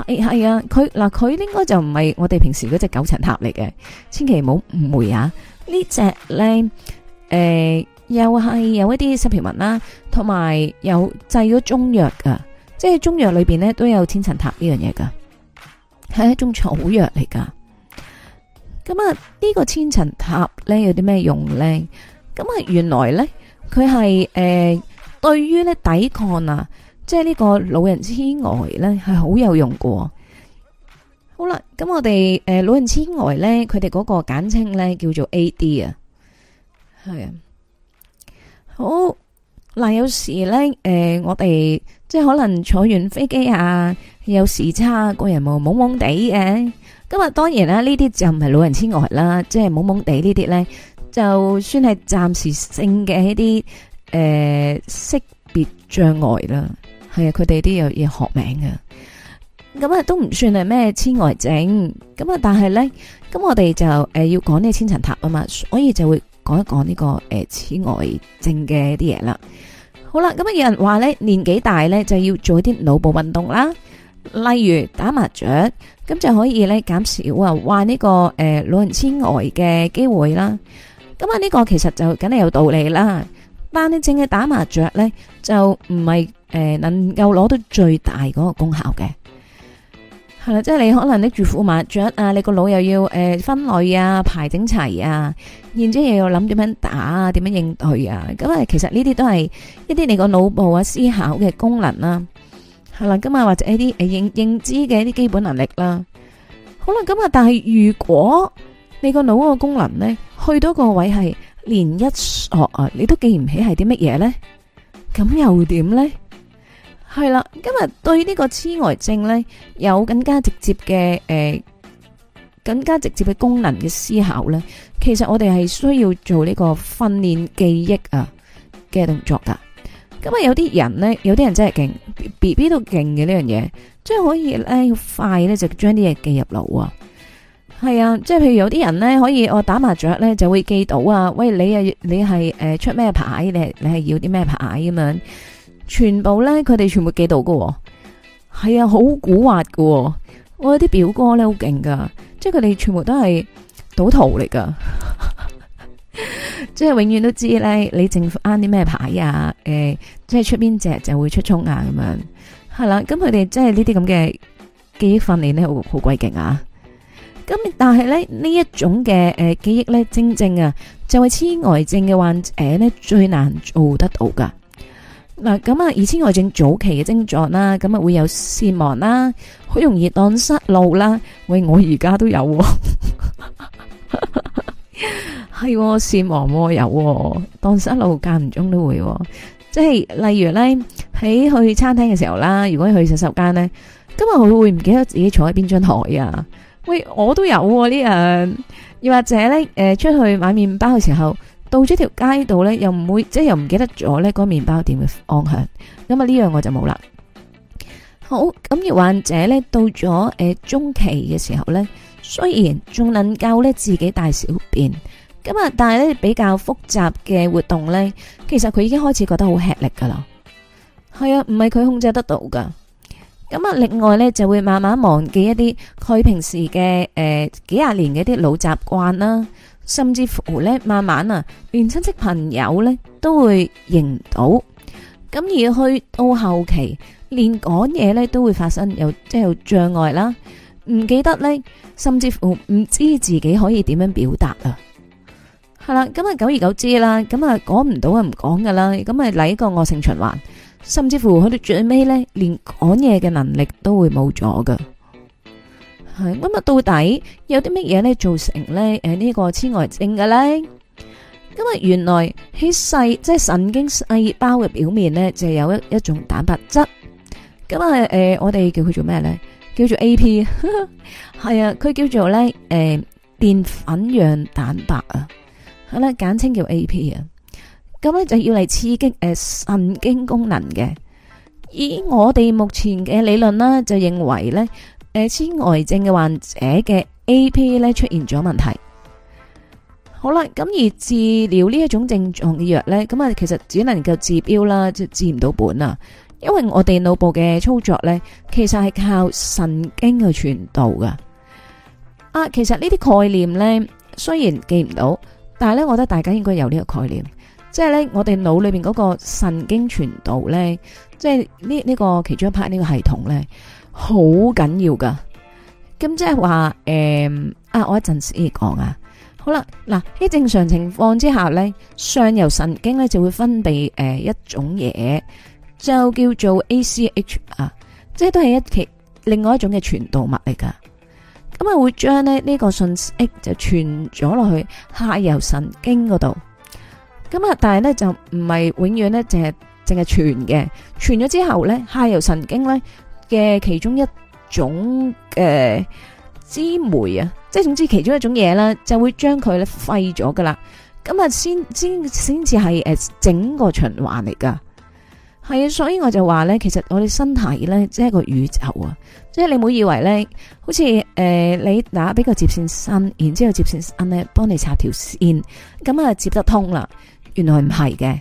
係係啊，佢嗱佢應該就唔係我哋平時嗰隻九層塔嚟嘅，千祈唔好誤會啊。這個、呢隻咧。誒，又係有一啲濕皮紋啦，同埋有，有製咗中藥噶，即係中藥裏邊咧都有千層塔呢樣嘢噶，係一種草藥嚟噶。咁啊，呢、呢個千層塔咧有啲咩用咧？咁啊，原來咧佢係誒對於咧抵抗啊，即係呢個老人痴呆咧係好有用噶。好啦，咁我哋誒、呃、老人痴呆咧，佢哋嗰個簡稱咧叫做 AD 啊。係啊，好嗱。有時咧，誒、呃，我哋即係可能坐完飛機啊，有時差個人冇懵懵地嘅、啊。咁啊當然啦，呢啲就唔係老人痴呆啦，即係懵懵地呢啲咧，就算係暫時性嘅一啲誒，識別障礙啦。係啊，佢哋都有嘢學名嘅，咁啊都唔算係咩痴呆症。咁啊，但係咧，咁我哋就誒要講呢千層塔啊嘛，所以就會。講一講呢、這個誒、呃、癡呆症嘅啲嘢啦，好啦，咁啊有人話咧年紀大咧就要做啲腦部運動啦，例如打麻雀，咁就可以咧減少啊患呢個誒、呃、老人癡呆嘅機會啦。咁啊呢個其實就梗係有道理啦，但你淨係打麻雀咧就唔係誒能夠攞到最大嗰個功效嘅。係啦，即係你可能拎住副麻雀啊，你個腦又要誒分類啊，排整齊啊，然之後又要諗點樣打啊，點樣應對啊，咁啊，其實呢啲都係一啲你個腦部啊思考嘅功能啦，係啦，咁啊或者一啲誒認認知嘅一啲基本能力啦，好啦，咁啊，但係如果你個腦個功能咧去到個位係連一學啊，你都記唔起係啲乜嘢咧，咁又點咧？係啦，今日對呢個痴呆症咧有更加直接嘅誒、呃，更加直接嘅功能嘅思考咧，其實我哋係需要做呢個訓練記憶啊嘅動作噶。咁啊，有啲人咧，有啲人真係勁，BB 都勁嘅呢樣嘢，即係可以咧要快咧就將啲嘢記入腦啊。係啊，即係譬如有啲人咧可以我打麻雀咧就會記到啊。喂，你啊你係誒出咩牌？你係你係要啲咩牌咁樣？全部咧，佢哋全部記到噶、哦，係啊，好古惑噶。我有啲表哥咧好勁噶，即係佢哋全部都係賭徒嚟噶，即 係永遠都知咧你淨翻啲咩牌啊，誒、呃，即係出邊隻就會出沖啊咁樣，係啦、啊。咁佢哋即係呢啲咁嘅記憶訓練咧，好好鬼勁啊。咁但係咧呢一種嘅誒、呃、記憶咧，正正啊就係、是、痴呆、呃、症嘅患者咧最難做得到噶。嗱，咁啊，二千外症早期嘅症狀啦，咁啊會有健忘啦，好容易當失路啦。喂，我而家都有，係健忘有，當失路間唔中都會。即係例如咧，喺去餐廳嘅時候啦，如果去洗手間咧，今日佢會唔記得自己坐喺邊張台啊？喂，我都有呢樣。又或者咧，誒，出去買麵包嘅時候。到咗條街度咧，又唔會即係又唔記得咗咧嗰個麵包店嘅方向，咁啊呢樣我就冇啦。好，咁，患者咧到咗誒中期嘅時候咧，雖然仲能夠咧自己大小便，咁啊但係咧比較複雜嘅活動咧，其實佢已經開始覺得好吃力噶啦。係啊，唔係佢控制得到噶。咁啊，另外咧就會慢慢忘記一啲佢平時嘅誒幾廿年嘅啲老習慣啦。甚至乎咧，慢慢啊，連親戚朋友咧都會認唔到，咁而去到後期，連講嘢咧都會發生有即係障礙啦，唔記得咧，甚至乎唔知自己可以點樣表達啊，係啦，咁啊久而久之啦，咁啊講唔到啊唔講噶啦，咁啊嚟一個惡性循環，甚至乎佢哋最尾咧連講嘢嘅能力都會冇咗噶。係咁啊！到底有啲乜嘢咧造成咧？誒，呢個痴呆症嘅咧？咁啊，原來喺細，即係神經細胞嘅表面咧，就有一一種蛋白質。咁啊，誒，我哋叫佢做咩咧？叫做 AP，係啊，佢叫做咧，誒，澱粉樣蛋白啊，係啦，簡稱叫 AP 啊。咁咧就要嚟刺激誒神經功能嘅。以我哋目前嘅理論啦，就認為咧。誒，痴呆症嘅患者嘅 A.P. 咧出現咗問題，好啦。好啦，咁而治療呢一種症狀嘅藥呢，咁啊，其實只能夠治標啦，就治唔到本啊。因為我哋腦部嘅操作呢，其實係靠神經去傳導噶。啊，其實呢啲概念呢，雖然記唔到，但係呢，我覺得大家應該有呢個概念，即係呢，我哋腦裏面嗰個神經傳導呢，即係呢呢個其中一 part 呢個系統呢，好緊要噶，咁即係話誒啊，我一陣時講啊。好啦，嗱喺正常情況之下咧，上游神經咧就會分泌誒一種嘢，就叫做 A C H 啊，即係都係一期另外一種嘅傳導物嚟噶。咁啊會將咧呢個信息就傳咗落去下游神經嗰度。咁啊，但係咧就唔係永遠咧，淨係淨係傳嘅，傳咗之後咧下游神經咧。嘅其中一種嘅枝酶啊，即係總之其中一種嘢啦，就會將佢咧廢咗噶啦。咁啊，先先先至係誒整個循環嚟噶，係啊。所以我就話咧，其實我哋身體咧即係一個宇宙啊，即係你唔好以為咧，好似誒、呃、你打俾個接線生，然之後接線生咧幫你插條線，咁啊接得通啦。原來唔係嘅，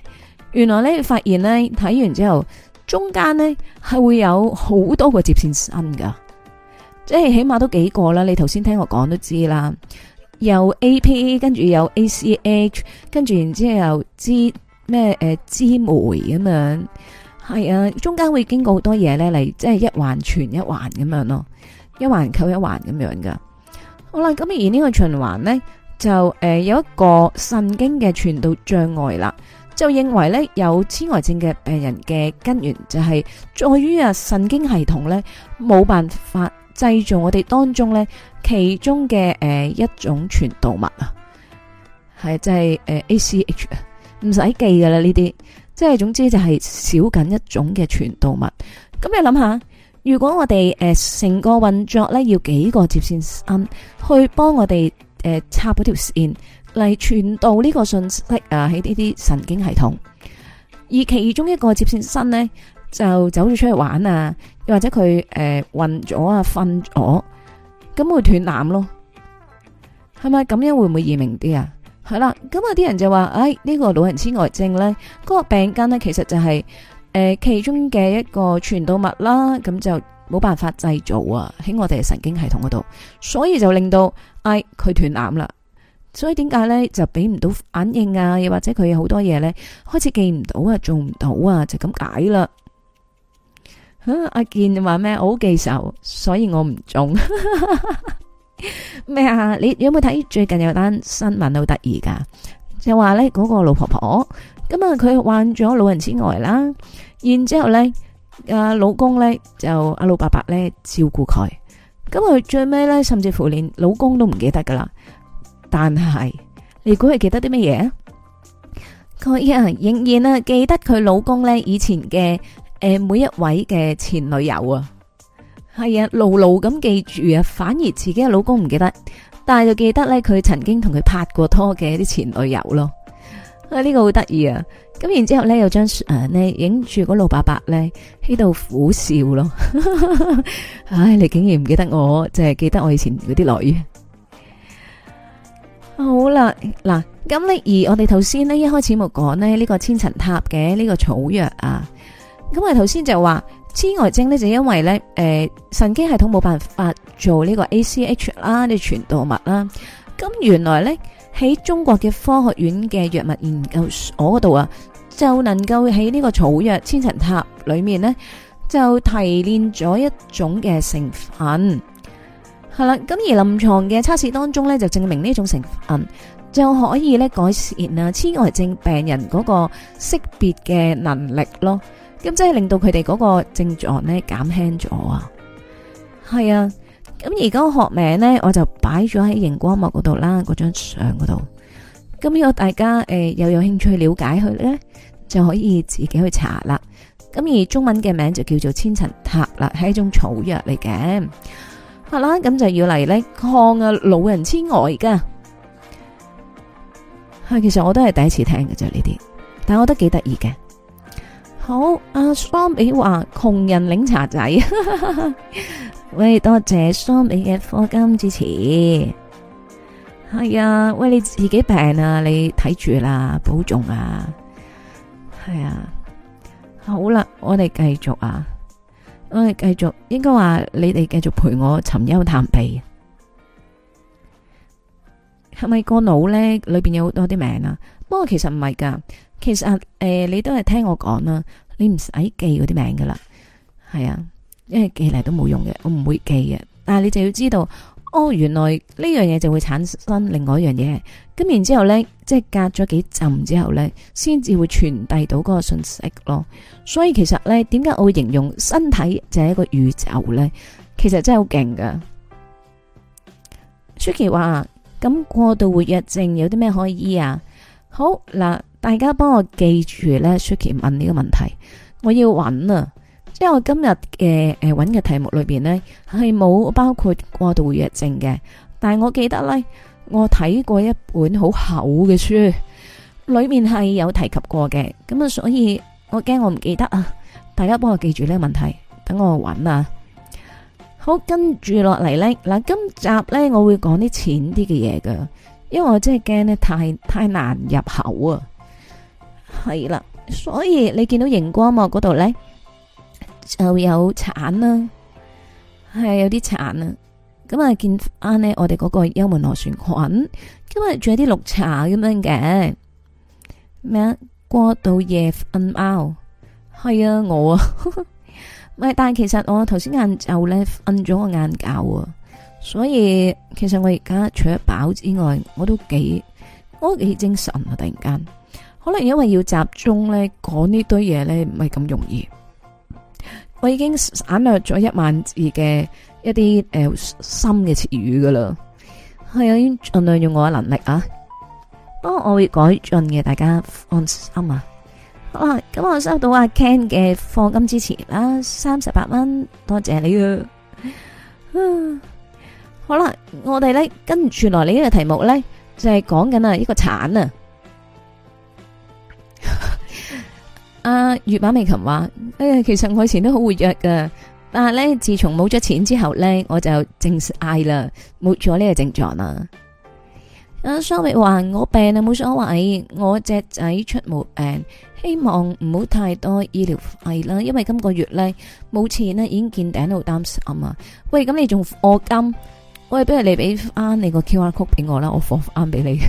原來咧發現咧睇完之後。中間呢係會有好多個接線生噶，即係起碼都幾個啦。你頭先聽我講都知啦，有 AP 跟住有 ACH，跟住然之後有支咩誒支酶咁樣。係啊，中間會經過好多嘢呢嚟，即係一環傳一環咁樣咯，一環扣一環咁樣噶。好啦，咁而呢個循環呢就誒、呃、有一個神經嘅傳導障礙啦。就認為咧有痴呆症嘅病人嘅根源就係在於啊神經系統咧冇辦法製造我哋當中咧其中嘅誒、呃、一種傳導物啊，係即係誒 A C H 啊，唔使記噶啦呢啲，即係總之就係少緊一種嘅傳導物。咁、嗯、你諗下，如果我哋誒成個運作咧要幾個接線生去幫我哋誒、呃、插嗰條線？嚟傳導呢個信息啊，喺呢啲神經系統，而其中一個接線生呢，就走咗出去玩啊，又或者佢誒暈咗啊，瞓、呃、咗，咁會斷纜咯，係咪咁樣會唔會易明啲啊？係啦，咁啊啲人就話，哎呢、這個老人痴呆症呢，嗰、那個病根呢，其實就係、是、誒、呃、其中嘅一個傳導物啦，咁就冇辦法製造啊喺我哋嘅神經系統嗰度，所以就令到哎佢斷纜啦。所以點解咧就俾唔到反應啊？又或者佢好多嘢咧開始記唔到啊，做唔到啊，就咁、是、解啦。吓，阿健話咩？我好記仇，所以我唔中咩 啊？你有冇睇最近有單新聞好得意噶？就話咧嗰個老婆婆，咁啊佢患咗老人痴呆啦，然之後咧，誒老公咧就阿老伯伯咧照顧佢，咁佢最尾咧甚至乎連老公都唔記得噶啦。但係，你估佢記得啲乜嘢啊？佢啊，仍然啊記得佢老公咧以前嘅、誒、呃、每一位嘅前女友啊，係啊，牢牢咁記住啊，反而自己嘅老公唔記得，但係就記得咧佢曾經同佢拍過拖嘅啲前女友咯。啊，呢、這個好得意啊！咁然之後咧，又將誒影住嗰老伯伯咧喺度苦笑咯。唉、 哎，你竟然唔記得我，就係、是、記得我以前嗰啲女。好啦，嗱，咁咧而我哋頭先咧一開始冇講呢呢個千層塔嘅呢個草藥啊，咁啊頭先就話痴呆症咧就因為咧誒、呃、神經系統冇辦法做呢個 A C H 啦啲傳導物啦，咁原來咧喺中國嘅科學院嘅藥物研究所嗰度啊，就能夠喺呢個草藥千層塔裏面咧就提煉咗一種嘅成分。係啦，咁而臨床嘅測試當中咧，就證明呢種成分就可以咧改善啊痴呆症病人嗰個識別嘅能力咯，咁即係令到佢哋嗰個症狀咧減輕咗啊。係啊，咁而嗰個學名咧，我就擺咗喺熒光幕嗰度啦，嗰張相嗰度。咁如果大家誒、呃、又有興趣了解佢咧，就可以自己去查啦。咁而中文嘅名就叫做千層塔啦，係一種草藥嚟嘅。好啦，咁、嗯、就要嚟呢抗啊老人痴呆噶。係其實我都係第一次聽嘅啫呢啲，但我都幾得意嘅。好，阿 Sammy 話窮人領茶仔，喂， 多謝 Sammy 嘅課金支持。係、哎、啊，喂，你自己病啊，你睇住啦，保重啊，係、哎、啊。好啦，我哋繼續啊。我哋繼續，應該話你哋繼續陪我尋幽探秘，係咪個腦咧裏邊有好多啲名啊？不過其實唔係噶，其實誒、呃，你都係聽我講啦，你唔使記嗰啲名噶啦，係啊，因為記嚟都冇用嘅，我唔會記嘅，但係你就要知道。哦，原來呢樣嘢就會產生另外一樣嘢，咁然之後咧，即係隔咗幾陣之後呢，先至會傳遞到嗰個信息咯。所以其實呢，點解我會形容身體就係一個宇宙呢？其實真係好勁噶。Suki 話：咁過度活躍症有啲咩可以醫啊？好，嗱，大家幫我記住呢。Suki 問呢個問題，我要揾啊！因為我今日嘅，誒揾嘅題目裏邊咧，係冇包括過度活躍症嘅，但係我記得呢，我睇過一本好厚嘅書，裏面係有提及過嘅。咁啊，所以我驚我唔記得啊，大家幫我記住呢個問題，等我揾啊。好，跟住落嚟呢，嗱，今集呢，我會講啲淺啲嘅嘢㗎，因為我真係驚呢太太難入口啊。係啦，所以你見到熒光幕嗰度呢。就有殘啦，係有啲殘啊！咁啊，見翻呢，我哋嗰個幽門螺旋菌，今日仲有啲綠茶咁樣嘅咩？過到夜瞓貓？係啊，我啊，咪 但係其實我頭先晏晝咧瞓咗個晏覺啊，所以其實我而家除咗飽之外，我都幾我都幾精神啊！突然間，可能因為要集中咧講呢堆嘢咧，唔係咁容易。我已經省略咗一萬字嘅一啲誒深嘅詞語噶啦，係盡量用我嘅能力啊，不過我會改進嘅，大家放心啊。好啦，咁我收到阿 Ken 嘅課金支持啦，三十八蚊，多謝你。嗯，好啦，我哋咧跟住來呢個題目咧就係講緊啊呢個鏟啊。阿、啊、月馬美琴話：誒、哎，其實我以前都好活躍噶，但係咧自從冇咗錢之後咧，我就正式嗌啦，冇咗呢個症狀啦。阿蘇亦話：我病啊冇所謂，我隻仔出冇病，希望唔好太多醫療費啦，因為今個月咧冇錢咧已經見頂，都好擔心啊。喂，咁你仲課金？喂，不如你俾翻你個 Q R code 俾我啦，我放啱俾你，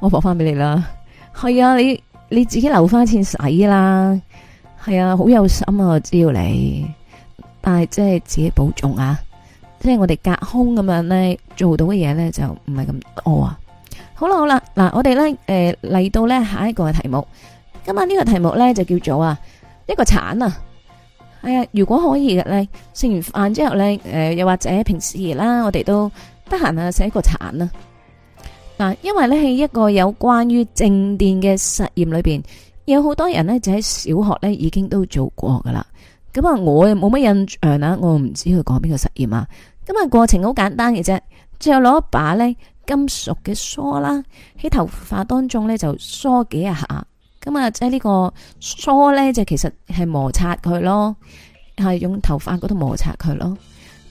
我放翻俾你啦。係啊，你。你自己留翻錢使啦，係啊，好有心啊，我只要你，但係即係自己保重啊，即係我哋隔空咁樣咧做到嘅嘢咧就唔係咁多啊。好啦好啦，嗱我哋咧誒嚟到咧下一個嘅題目，今日呢個題目咧就叫做啊一個鏟啊，係啊，如果可以嘅咧，食完飯之後咧誒、呃，又或者平時啦，我哋都得閒啊，寫一個鏟啊。嗱，因為咧係一個有關於靜電嘅實驗裏邊，有好多人咧就喺小學咧已經都做過噶啦。咁啊，我又冇乜印象啦，我唔知佢講邊個實驗啊。咁啊，過程好簡單嘅啫，最後攞一把咧金屬嘅梳啦，喺頭髮當中咧就梳幾下。咁啊，即係呢個梳咧，就其實係摩擦佢咯，係用頭髮嗰度摩擦佢咯。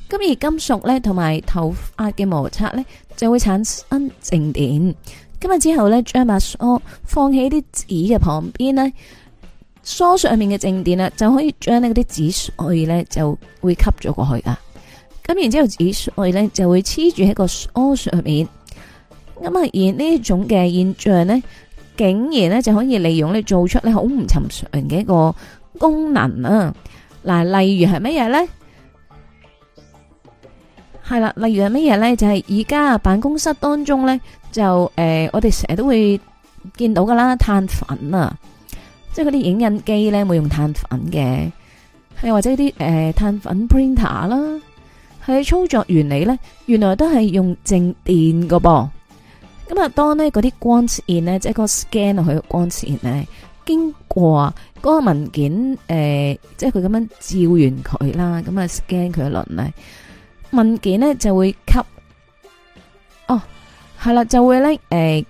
咁而金屬咧同埋頭髮嘅摩擦咧就會產生靜電，今日之後咧將把梳放喺啲紙嘅旁邊咧，梳上面嘅靜電啊就可以將呢啲紙碎咧就會吸咗過去啦。咁然之後紙碎咧就會黐住喺個梳上面。咁啊而呢種嘅現象咧竟然咧就可以利用咧做出咧好唔尋常嘅一個功能啊！嗱，例如係乜嘢咧？係啦，例如係乜嘢咧？就係而家辦公室當中咧，就誒、呃，我哋成日都會見到噶啦，碳粉啊，即係嗰啲影印機咧會用碳粉嘅，係或者啲誒、呃、碳粉 printer 啦、啊，佢操作原理咧，原來都係用靜電噶噃。咁、嗯、啊，當咧嗰啲光線咧，即係個 scan 去光線咧，經過嗰個文件誒、呃，即係佢咁樣照完佢啦，咁啊 scan 佢一輪咧。文件咧就會吸哦，係啦，就會咧誒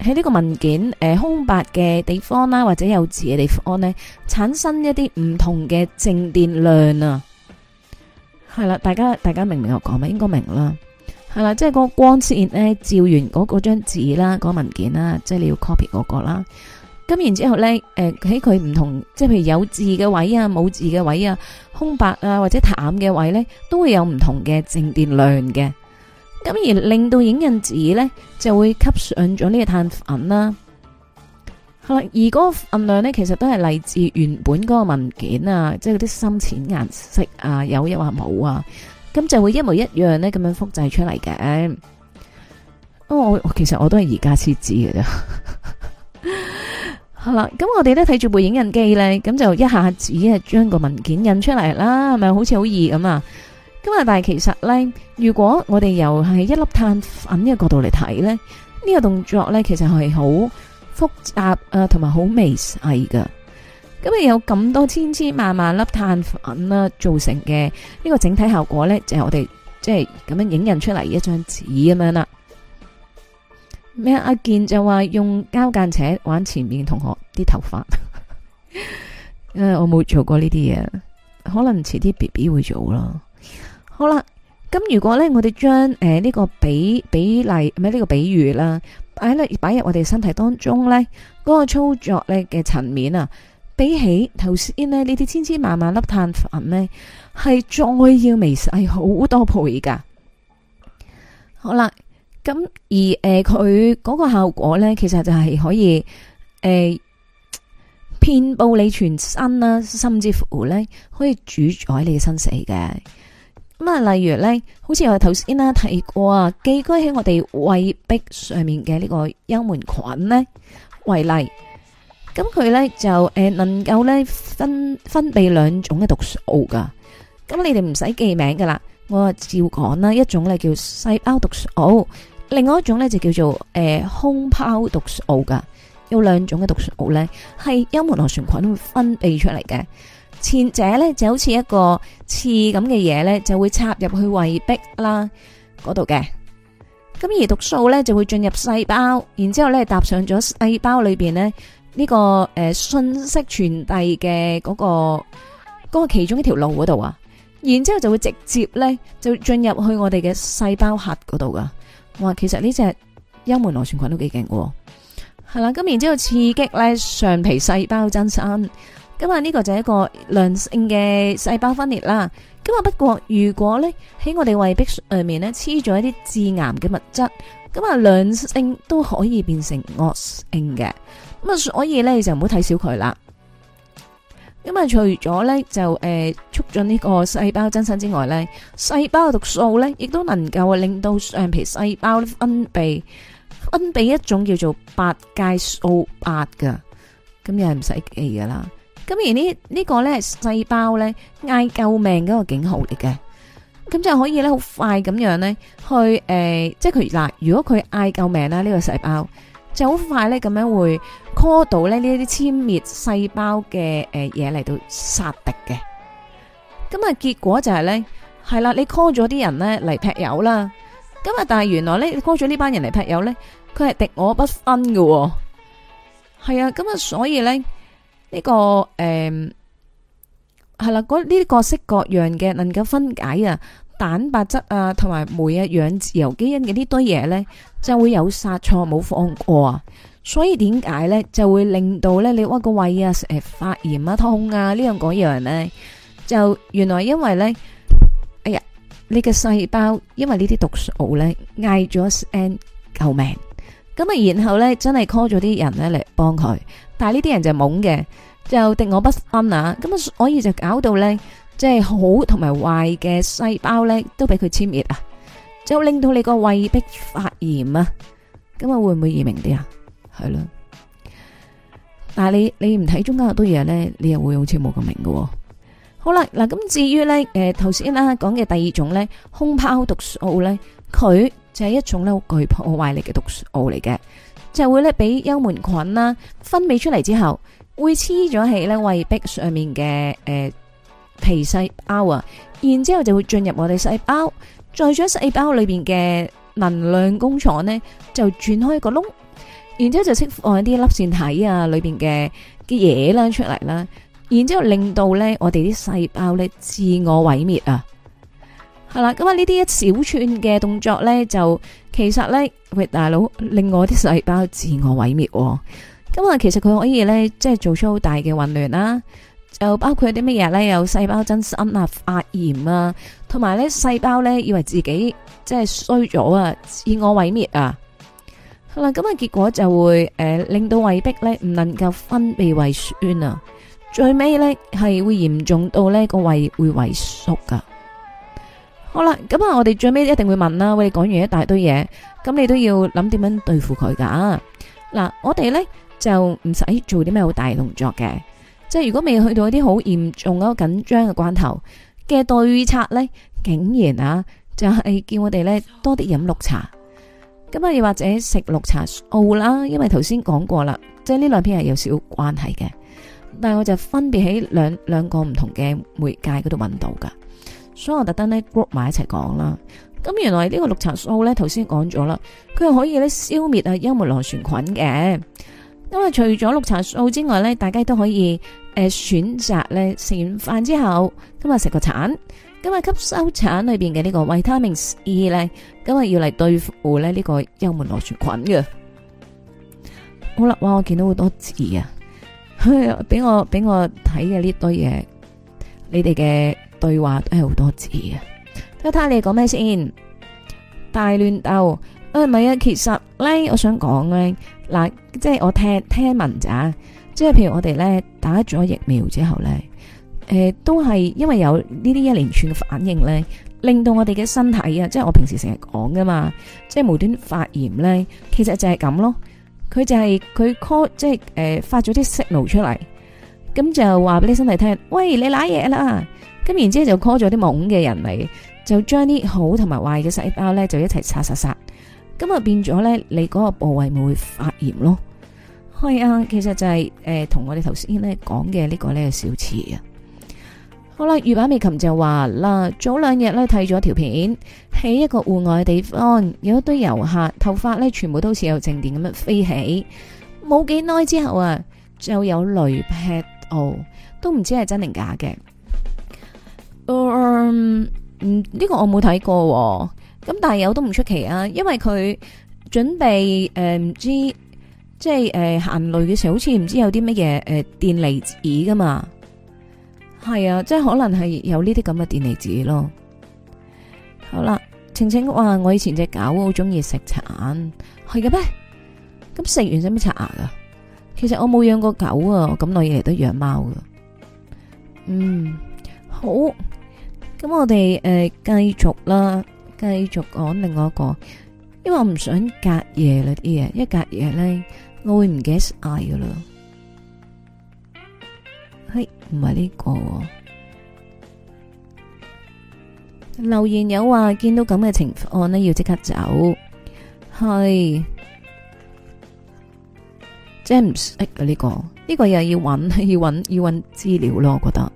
喺呢、呃、個文件誒、呃、空白嘅地方啦，或者有字嘅地方咧，產生一啲唔同嘅靜電量啊。係啦，大家大家明唔明我講咩？應該明啦。係啦，即係個光線咧照完嗰、那、嗰、個、張紙啦，嗰、那個、文件啦，即係你要 copy 嗰個啦。咁然之後咧，誒喺佢唔同，即係譬如有字嘅位啊、冇字嘅位啊、空白啊或者淡嘅位咧，都會有唔同嘅靜電量嘅。咁而令到影印紙咧，就會吸上咗呢個碳粉啦。係、啊、啦，而嗰個暗亮咧，其實都係嚟自原本嗰個文件啊，即係嗰啲深淺顏色啊，有抑或冇啊，咁、啊、就會一模一樣咧咁樣複製出嚟嘅、啊哦。我其實我都係而家先知嘅啫。呵呵好啦，咁我哋咧睇住部影印機咧，咁就一下子咧將個文件印出嚟啦，係咪好似好易咁啊？咁啊，但係其實咧，如果我哋由係一粒碳粉嘅角度嚟睇咧，呢個動作咧其實係好複雜啊，同埋好微細噶。咁啊，有咁多千千萬萬粒碳粉啦，造成嘅呢個整體效果咧，就係我哋即係咁樣影印出嚟一張紙咁樣啦。咩阿健就話用膠間尺玩前面同學啲頭髮， 我冇做過呢啲嘢，可能遲啲 B B 會做囉。好啦，咁如果咧，我哋將誒呢個比比例咩呢個比喻啦，喺擺入我哋身體當中咧，嗰、嗰個操作咧嘅層面啊，比起頭先呢，呢啲千千萬萬粒碳粉咧，係再要微細好多倍噶。好啦。咁而誒，佢嗰個效果咧，其實就係可以誒，遍布你全身啦，甚至乎咧，可以主宰你嘅生死嘅。咁啊，例如咧，好似我頭先啦提過啊，寄居喺我哋胃壁上面嘅呢個幽門菌咧，為例，咁佢咧就誒能夠咧分分泌兩種嘅毒素噶。咁你哋唔使記名噶啦，我照講啦，一種咧叫細胞毒素。另外一種咧就叫做誒、呃，空泡毒素噶。有兩種嘅毒素呢，毒咧係幽門螺旋菌會分泌出嚟嘅。前者咧就好似一個刺咁嘅嘢咧，就會插入去胃壁啦嗰度嘅。咁而毒素咧就會進入細胞，然之後咧搭上咗細胞裏邊咧呢、這個誒、呃、信息傳遞嘅嗰個、嗰個其中一條路嗰度啊。然之後就會直接咧就進入去我哋嘅細胞核嗰度噶。哇，其實呢隻幽門螺旋菌都幾勁喎，係啦，咁然之後刺激咧上皮細胞增生，咁啊呢個就係一個良性嘅細胞分裂啦，咁、嗯、啊不過如果咧喺我哋胃壁上面咧黐咗一啲致癌嘅物質，咁、嗯、啊良性都可以變成惡性嘅，咁、嗯、啊所以咧就唔好睇小佢啦。因為除咗咧就誒促進呢個細胞增生之外咧，細胞毒素咧亦都能夠令到上皮細胞分泌分泌一種叫做白介素八噶，咁又係唔使記噶啦。咁而呢呢個咧細胞咧嗌救命嗰個警號嚟嘅，咁就可以咧好快咁樣咧去誒，即係佢嗱，如果佢嗌救命啦呢個細胞。就好快咧，咁樣會 call 到咧呢一啲殲滅細胞嘅誒嘢嚟到殺敵嘅。咁啊，結果就係咧，係啦，你 call 咗啲人咧嚟劈友啦。咁啊，但係原來咧你 call 咗呢班人嚟劈友咧，佢係敵我不分噶。係啊，咁啊，所以咧呢個誒係啦，嗰呢啲各式各樣嘅能夠分解啊蛋白質啊同埋酶啊、氧自由基因嘅呢堆嘢咧。就會有殺錯冇放過啊，所以點解咧就會令到咧你屈個胃啊誒發炎啊痛啊呢樣嗰樣咧，就原來因為咧哎呀，你嘅細胞因為呢啲毒素咧嗌咗一聲救命，咁啊，然後咧真係 call 咗啲人咧嚟幫佢，但係呢啲人就懵嘅，就敵我不分啊，咁啊，所以就搞到咧即係好同埋壞嘅細胞咧都俾佢殲滅啊。就令到你個胃壁發炎啊，咁啊會唔會易明啲啊？係咯，但係你你唔睇中間好多嘢咧，你又會好似冇咁明喎。好啦，嗱咁，至於咧，誒，頭先啦講嘅第二種咧，空泡毒素咧，佢就係一種咧好具破壞力嘅毒素嚟嘅，就會咧俾幽門菌啦分泌出嚟之後，會黐咗喺咧胃壁上面嘅誒、呃、皮細胞啊，然之後就會進入我哋細胞。再將細胞裏邊嘅能量工廠咧就轉開一個窿，然之後就釋放一啲粒線體啊裏邊嘅啲嘢啦出嚟啦，然之後令到咧我哋啲細胞咧自我毀滅啊，係、嗯、啦，咁啊呢啲一小串嘅動作咧就其實咧喂大佬令我啲細胞自我毀滅、啊，咁、嗯、啊、嗯嗯、其實佢可以咧即係做出好大嘅混亂啦、啊。又包括啲乜嘢咧？有細胞增生啊、發炎啊，同埋咧細胞咧以為自己即係衰咗啊，自我毀滅啊。好啦，咁嘅結果就會誒、呃、令到胃壁咧唔能夠分泌胃酸啊。最尾咧係會嚴重到咧個胃會萎縮噶、啊。好啦，咁啊，我哋最尾一定會問啦，我哋講完一大堆嘢，咁你都要諗點樣對付佢噶？嗱，我哋咧就唔使做啲咩好大動作嘅。即係如果未去到一啲好嚴重、嗰緊張嘅關頭嘅對策呢，竟然啊，就係、是、叫我哋呢多啲飲綠茶，咁啊，又或者食綠茶素、so、啦。因為頭先講過啦，即係呢兩篇係有少少關係嘅，但係我就分別喺兩兩個唔同嘅媒介嗰度搵到噶，所以我特登呢 group 埋一齊講啦。咁原來呢個綠茶素、so、呢，頭先講咗啦，佢係可以呢消滅啊幽門螺旋菌嘅。因為除咗綠茶素之外咧，大家都可以誒選擇咧食完飯之後，今日食個橙，今日吸收橙裏邊嘅呢個維他命 C 咧，今日要嚟對付咧呢個幽門螺旋菌嘅。好啦，哇！我見到好多字啊，俾我俾我睇嘅呢堆嘢，你哋嘅對話都係好多字啊！睇睇你哋講咩先？大亂鬥啊！係咪啊，其實咧，我想講咧。嗱，即係我聽聽聞咋，即係譬如我哋咧打咗疫苗之後咧，誒、呃，都係因為有呢啲一連串嘅反應咧，令到我哋嘅身體啊，即係我平時成日講噶嘛，即係無端發炎咧，其實就係咁咯，佢就係、是、佢 call 即係誒、呃、發咗啲 signal 出嚟，咁就話俾你身體聽，喂，你瀨嘢啦，咁然之後就 call 咗啲懵嘅人嚟，就將啲好同埋壞嘅細胞咧就一齊殺殺殺。咁啊變咗咧，你嗰個部位咪會發炎咯？係啊，其實就係、是、誒，同、呃、我哋頭先咧講嘅呢個咧少少似啊。好啦，御坂美琴就話啦，早兩日咧睇咗條片，喺一個戶外嘅地方，有一堆遊客，頭髮咧全部都似有靜電咁樣飛起，冇幾耐之後啊，就有雷劈哦、呃，都唔知係真定假嘅。嗯，呢、嗯這個我冇睇過。咁但係有都唔出奇啊，因為佢準備誒，唔、呃、知即係誒、呃、行雷嘅時候，好似唔知有啲乜嘢誒電離子噶嘛？係啊，即係可能係有呢啲咁嘅電離子咯。好啦，晴晴話我以前隻狗好中意食橙，係嘅咩？咁食完使咩刷牙啊？其實我冇養過狗啊，我咁耐以嚟都養貓噶。嗯，好，咁我哋誒繼續啦。繼續講另外一個，因為我唔想隔夜啦啲嘢，因為隔夜咧我會唔記得嗌噶啦。係唔係呢個？留言有話見到咁嘅情況咧，要即刻走。係 James，誒呢個呢個又要揾，要揾，要揾資料咯，我覺得。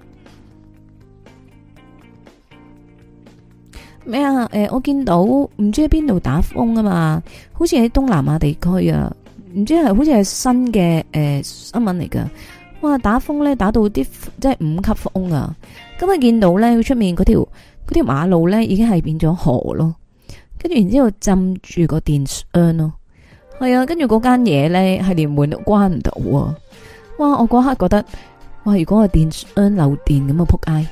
咩啊？誒、呃，我見到唔知喺邊度打風啊嘛，好似喺東南亞地區啊，唔知係好似係新嘅誒、呃、新聞嚟噶。哇，打風咧打到啲即係五級風啊！今日見到咧，佢出面嗰條嗰條馬路咧已經係變咗河咯，跟住然之後浸住個電箱咯，係啊，跟住嗰間嘢咧係連門都關唔到啊。哇！我嗰刻覺得，哇！如果個電箱漏電咁啊扑街！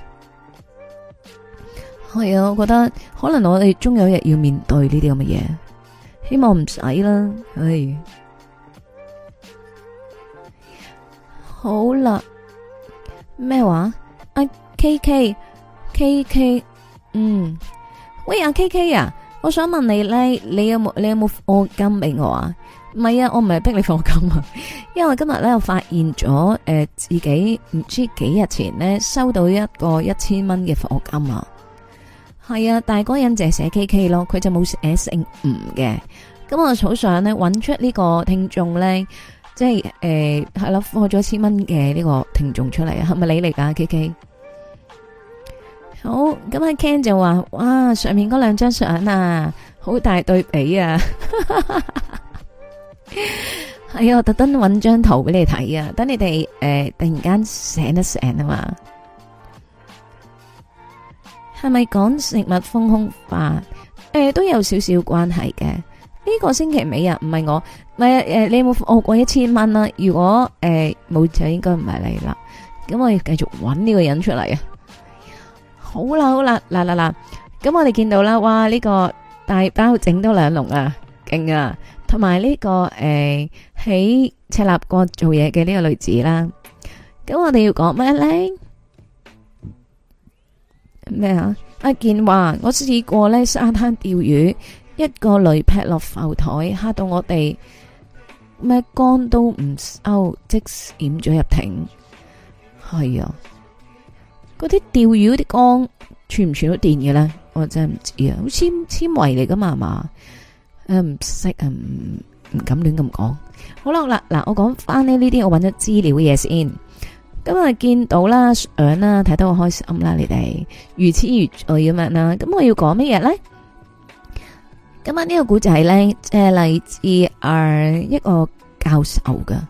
係啊，我覺得可能我哋終有一日要面對呢啲咁嘅嘢。希望唔使啦。唉，好啦，咩話？阿、啊、K K K K，嗯，喂阿、啊、K K 啊，我想問你咧，你有冇你有冇課金俾我啊？唔係啊，我唔係逼你課金啊，因為今日咧我發現咗誒、呃，自己唔知幾日前咧收到一個一千蚊嘅課金啊。係啊，大嗰人就係寫 K K 咯，佢就冇寫 S 唔嘅。咁我好想咧，揾出呢個聽眾咧，即係誒係咯，花咗千蚊嘅呢個聽眾出嚟，啊，係咪你嚟噶 K K？好，咁阿 Ken 就話，哇，上面嗰兩張相啊，好大對比啊！係 啊，我特登揾張圖俾你睇啊，等你哋誒、呃、突然間醒一醒啊嘛！係咪講食物豐胸化？誒、欸，都有少少關係嘅。呢、這個星期尾日唔係我，唔係誒，你有冇澳過一千蚊啦，如果誒冇、呃、就應該唔係你啦。咁我要繼續揾呢個人出嚟啊！好啦好啦，嗱嗱嗱，咁我哋見到啦，哇呢、這個大包整到兩籠啊，勁啊、這個！同、呃、埋呢個誒喺赤鱲角做嘢嘅呢個女子啦，咁我哋要講咩咧？咩啊？阿健話我試過咧沙灘釣魚，一個雷劈落浮台，嚇到我哋咩竿都唔收，即閃咗入艇。係啊，嗰啲釣魚嗰啲竿傳唔傳到電嘅咧？我真係唔知啊，好似纖維嚟噶嘛，係嘛？誒唔識啊，唔唔敢亂咁講。好啦，嗱嗱，我講翻呢呢啲，我搵咗資料嘅嘢先。咁啊，見到啦，相啦，睇得我開心啦，你哋如痴如醉咁樣啦，咁我要講乜嘢咧？今晚呢個古仔咧，誒，嚟自，誒一個教授噶，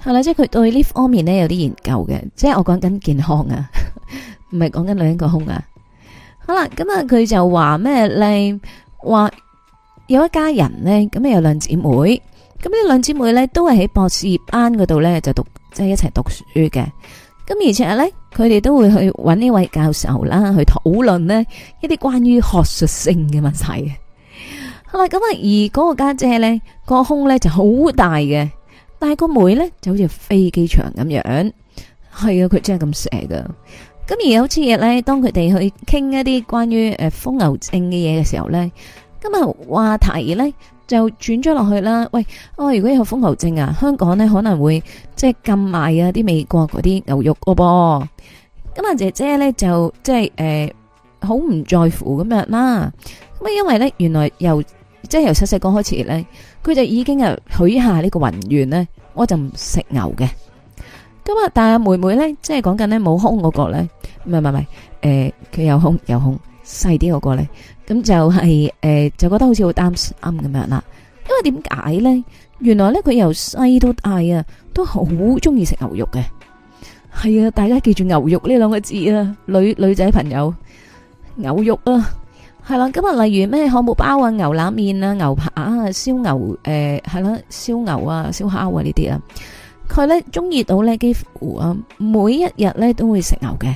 係啦，即係佢對呢方面咧有啲研究嘅，即係我講緊健康啊，唔係講緊女人個胸啊，好啦，咁啊，佢就話咩咧？話有一家人咧，咁啊有兩姊妹，咁呢兩姊妹咧都係喺博士班嗰度咧就讀。即係一齊讀書嘅，咁而且咧，佢哋都會去揾呢位教授啦，去討論咧一啲關於學術性嘅問題嘅。好啦，咁啊，而嗰個家姐咧個胸咧就好大嘅，但係個妹咧就好似飛機場咁樣，係啊，佢真係咁寫噶。咁而好似日咧，當佢哋去傾一啲關於誒瘋牛症嘅嘢嘅時候咧。今日話題呢就轉咗落去啦。喂，哦，如果有瘋牛症啊，香港呢可能會即係禁賣啊啲美國嗰啲牛肉個噃。咁、嗯、啊，姐姐呢就即係誒好唔在乎咁樣啦。咁啊，因為呢，原來由即係由細細個開始呢，佢就已經啊許下呢個宏願呢，我就唔食牛嘅。咁、嗯、啊，但係妹妹呢，即係講緊呢，冇空嗰個呢，唔係唔係唔係，誒佢、呃、有空有空。細啲嗰個呢，咁就係誒，就覺得好似好擔心咁樣啦。因為點解咧？原來咧佢由細到大啊，都好中意食牛肉嘅。係啊，大家記住牛肉呢兩個字啊，女女仔朋友，牛肉啊，係啦。今日例如咩漢堡包啊、牛腩麵啊、牛扒啊、燒牛誒，係啦，燒牛啊、燒烤啊呢啲啊，佢咧中意到咧，幾乎啊每一日咧都會食牛嘅。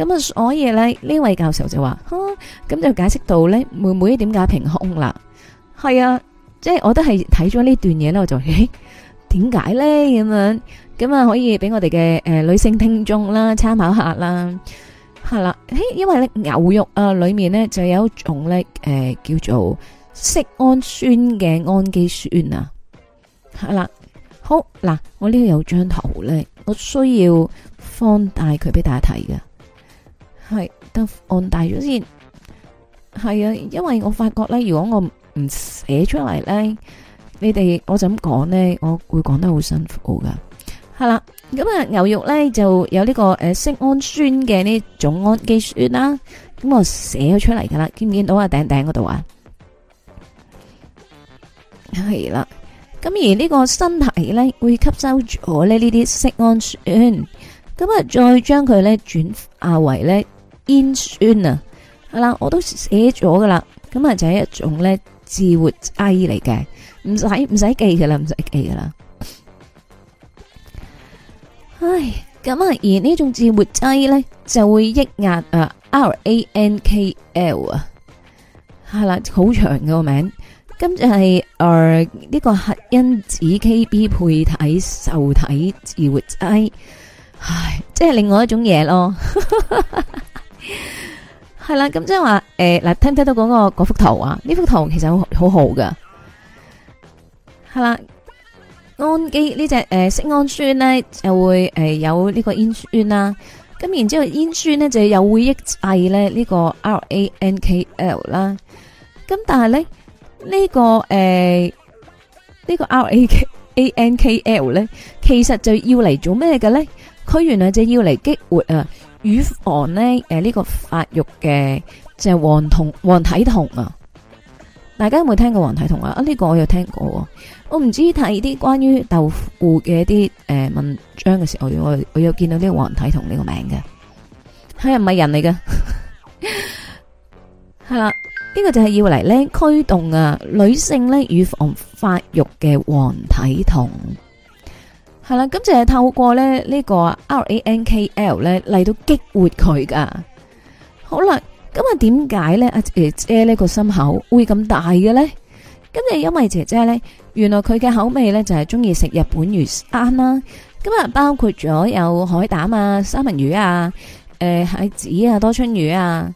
咁啊，所以咧，呢位教授就話，咁就解釋到咧，妹妹點解平胸啦，係啊，即係我都係睇咗呢段嘢咧，我就，點解咧咁樣咁啊？可以俾我哋嘅誒女性聽眾啦，參考下啦，係啦、啊，因為咧牛肉啊，裏面咧就有一種咧誒、呃、叫做色氨酸嘅氨基酸啊，係、啊、啦，好嗱，我呢度有張圖咧，我需要放大佢俾大家睇㗎。係得按大咗先，係啊，因為我發覺咧，如果我唔寫出嚟咧，你哋我就咁講咧，我會講得好辛苦噶。係啦，咁啊，牛肉咧就有呢個誒色氨酸嘅呢種氨基酸啦，咁我寫咗出嚟噶啦，見唔見到啊頂頂嗰度啊？係啦，咁而呢個身體咧會吸收咗咧呢啲色氨酸，咁啊再將佢咧轉化為咧。煙酸啊，係啦，我都寫咗噶啦，咁啊就係一種咧激活劑嚟嘅，唔使唔使記噶啦，唔使記噶啦。唉，咁啊而呢種激活劑咧就會抑壓啊 RANKL 啊，係啦，好長個名，跟住係啊呢個核因子 KB 配體受體激活劑，唉，即係另外一種嘢咯。係啦，咁即係話誒，嗱、呃，聽唔聽到嗰、嗰個嗰幅圖啊？呢幅圖其實好好好好噶，係、呃呃啊這個、啦，氨基呢只誒色氨酸咧就會誒有呢個煙酸啦，咁然之後煙酸咧就有會抑制咧呢個 RANKL 啦，咁但係咧呢個誒呢個 RANKANKL 咧，其實就要嚟做咩嘅咧？佢原來就要嚟激活啊！乳房呢誒呢、啊這個發育嘅就係黃酮黃體酮啊！大家有冇聽過黃體酮啊？啊呢、這個我有聽過、啊，我唔知睇啲關於豆腐嘅一啲誒、呃、文章嘅時候，我有我，有我有見到呢個黃體酮呢個名嘅，係唔係人嚟嘅？係 啦，呢、這個就係要嚟咧驅動啊！女性咧乳房發育嘅黃體酮。係啦，咁就係透過咧呢個 RANKL 咧嚟到激活佢噶。好啦，咁啊點解咧？阿姐姐呢個心口會咁大嘅咧？咁就因為姐姐咧，原來佢嘅口味咧就係中意食日本魚生啦。咁啊，包括咗有海膽啊、三文魚啊、誒蟹子啊、多春魚啊。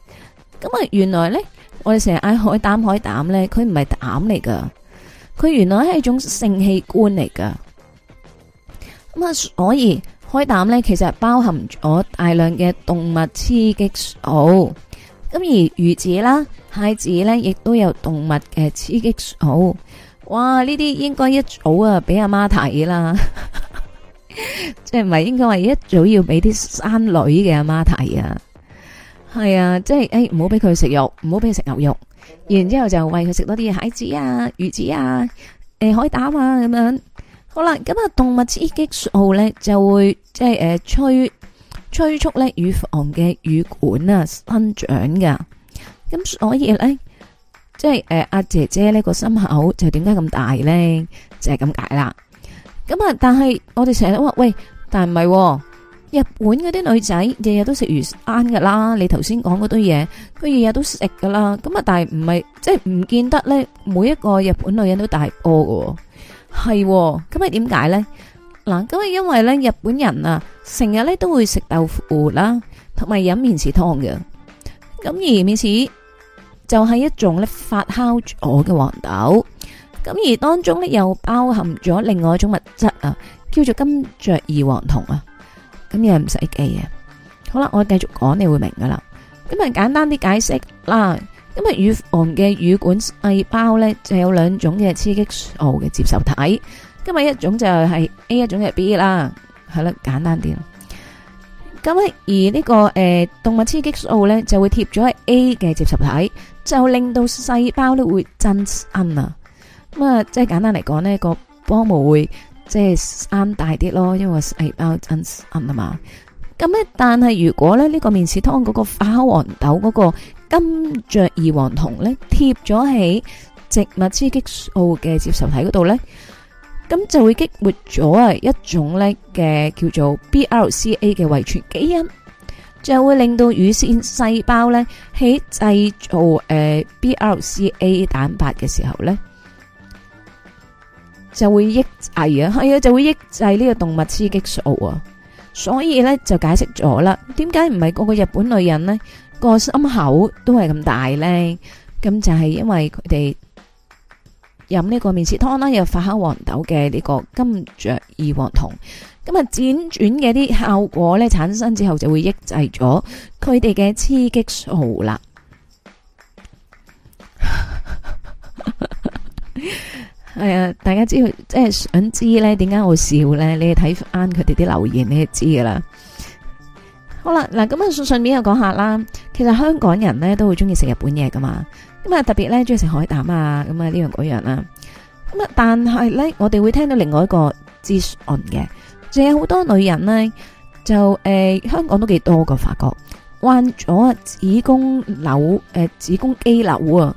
咁啊，原來咧我哋成日嗌海膽海膽咧，佢唔係膽嚟噶，佢原來係一種性器官嚟噶。咁啊，所以海膽咧其實包含咗大量嘅動物刺激素，咁而魚子啦、蟹子咧亦都有動物嘅刺激素。哇！呢啲應該一早啊俾阿媽睇啦，即係唔係應該話一早要俾啲生女嘅阿媽睇啊？係啊，即係誒，唔好俾佢食肉，唔好俾佢食牛肉，然之後就餵佢食多啲蟹子啊、魚子啊、誒、哎、海膽啊咁樣。好啦，咁啊，動物雌激素咧就會即係誒催催促咧乳房嘅乳管啊生長噶，咁所以咧即係誒阿姐姐呢個心口就點解咁大咧？就係咁解啦。咁啊，但係我哋成日都話喂，但係唔係日本嗰啲女仔日日都食魚生噶啦，你頭先講嗰堆嘢，佢日日都食噶啦。咁啊，但係唔係即係唔見得咧，每一個日本女人都大波噶。係，咁係點解咧？嗱，咁係因為咧日本人啊，成日咧都會食豆腐啦，同埋飲麵豉湯嘅。咁而麵豉就係一種咧發酵咗嘅黃豆，咁而當中咧又包含咗另外一種物質啊，叫做金雀異黃酮啊。咁又唔使記啊。好啦，我繼續講你會明噶啦。咁啊，簡單啲解釋啦。咁啊，乳房嘅乳管細胞咧就有兩種嘅雌激素嘅接受體，咁啊一種就係 A，一種係 B 啦，係啦簡單啲。咁咧而呢個誒動物雌激素咧就會貼咗喺 A 嘅接受體，就令到細胞咧會增生啊。咁啊即係簡單嚟講咧個波會即係增大啲咯，因為細胞增生啊嘛。咁咧但係如果咧呢個麵豉湯嗰個花黃豆嗰個。金雀二黃酮咧貼咗喺植物雌激素嘅接受體嗰度咧，咁就會激活咗啊一種咧嘅叫做 BRCA 嘅遺傳基因，就會令到乳腺細胞咧喺製造誒 BRCA 蛋白嘅時候咧，就會抑制啊，係啊，就會抑制呢個動物雌激素啊，所以咧就解釋咗啦，點解唔係個個日本女人咧？個心口都係咁大呢，咁就係因為佢哋飲呢個麵豉湯啦，有發酵黃豆嘅呢個金雀異黃酮，咁啊輾轉嘅啲效果呢，產生之後就會抑制咗佢哋嘅雌激素啦。係 啊，大家只要即係想知呢，點解我笑呢，你睇翻佢哋啲留言，你就知噶啦。好啦，嗱，咁啊，順順便又講下啦。其實香港人咧都會中意食日本嘢噶嘛，咁啊特別咧中意食海膽啊，咁啊呢樣嗰樣啦。咁啊，但係咧，我哋會聽到另外一個資訊嘅，就、有好多女人咧，就誒、呃、香港都幾多個發覺，患咗子宮瘤，誒、呃、子宮肌瘤啊。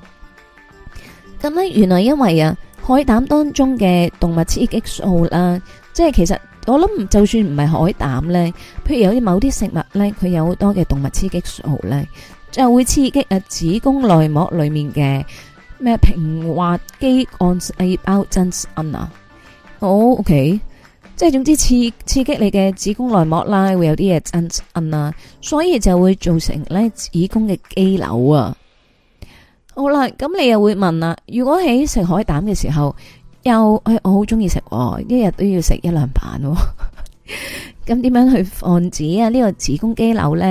咁、嗯、咧，原來因為啊海膽當中嘅動物雌激素啦，即係其實。我諗就算唔係海膽呢，譬如有啲某啲食物呢，佢有好多嘅動物刺激素呢，就會刺激啊子宮內膜裏面嘅咩平滑肌按細胞增生啊。好，OK，即係總之刺刺激你嘅子宮內膜啦，會有啲嘢增生啊，所以就會造成呢子宮嘅肌瘤啊。好啦，咁你又會問啦，如果喺食海膽嘅時候，又誒、哎，我好中意食，一日都要食一兩盤。咁、哦、點 樣去防止啊？呢個子宮肌瘤呢？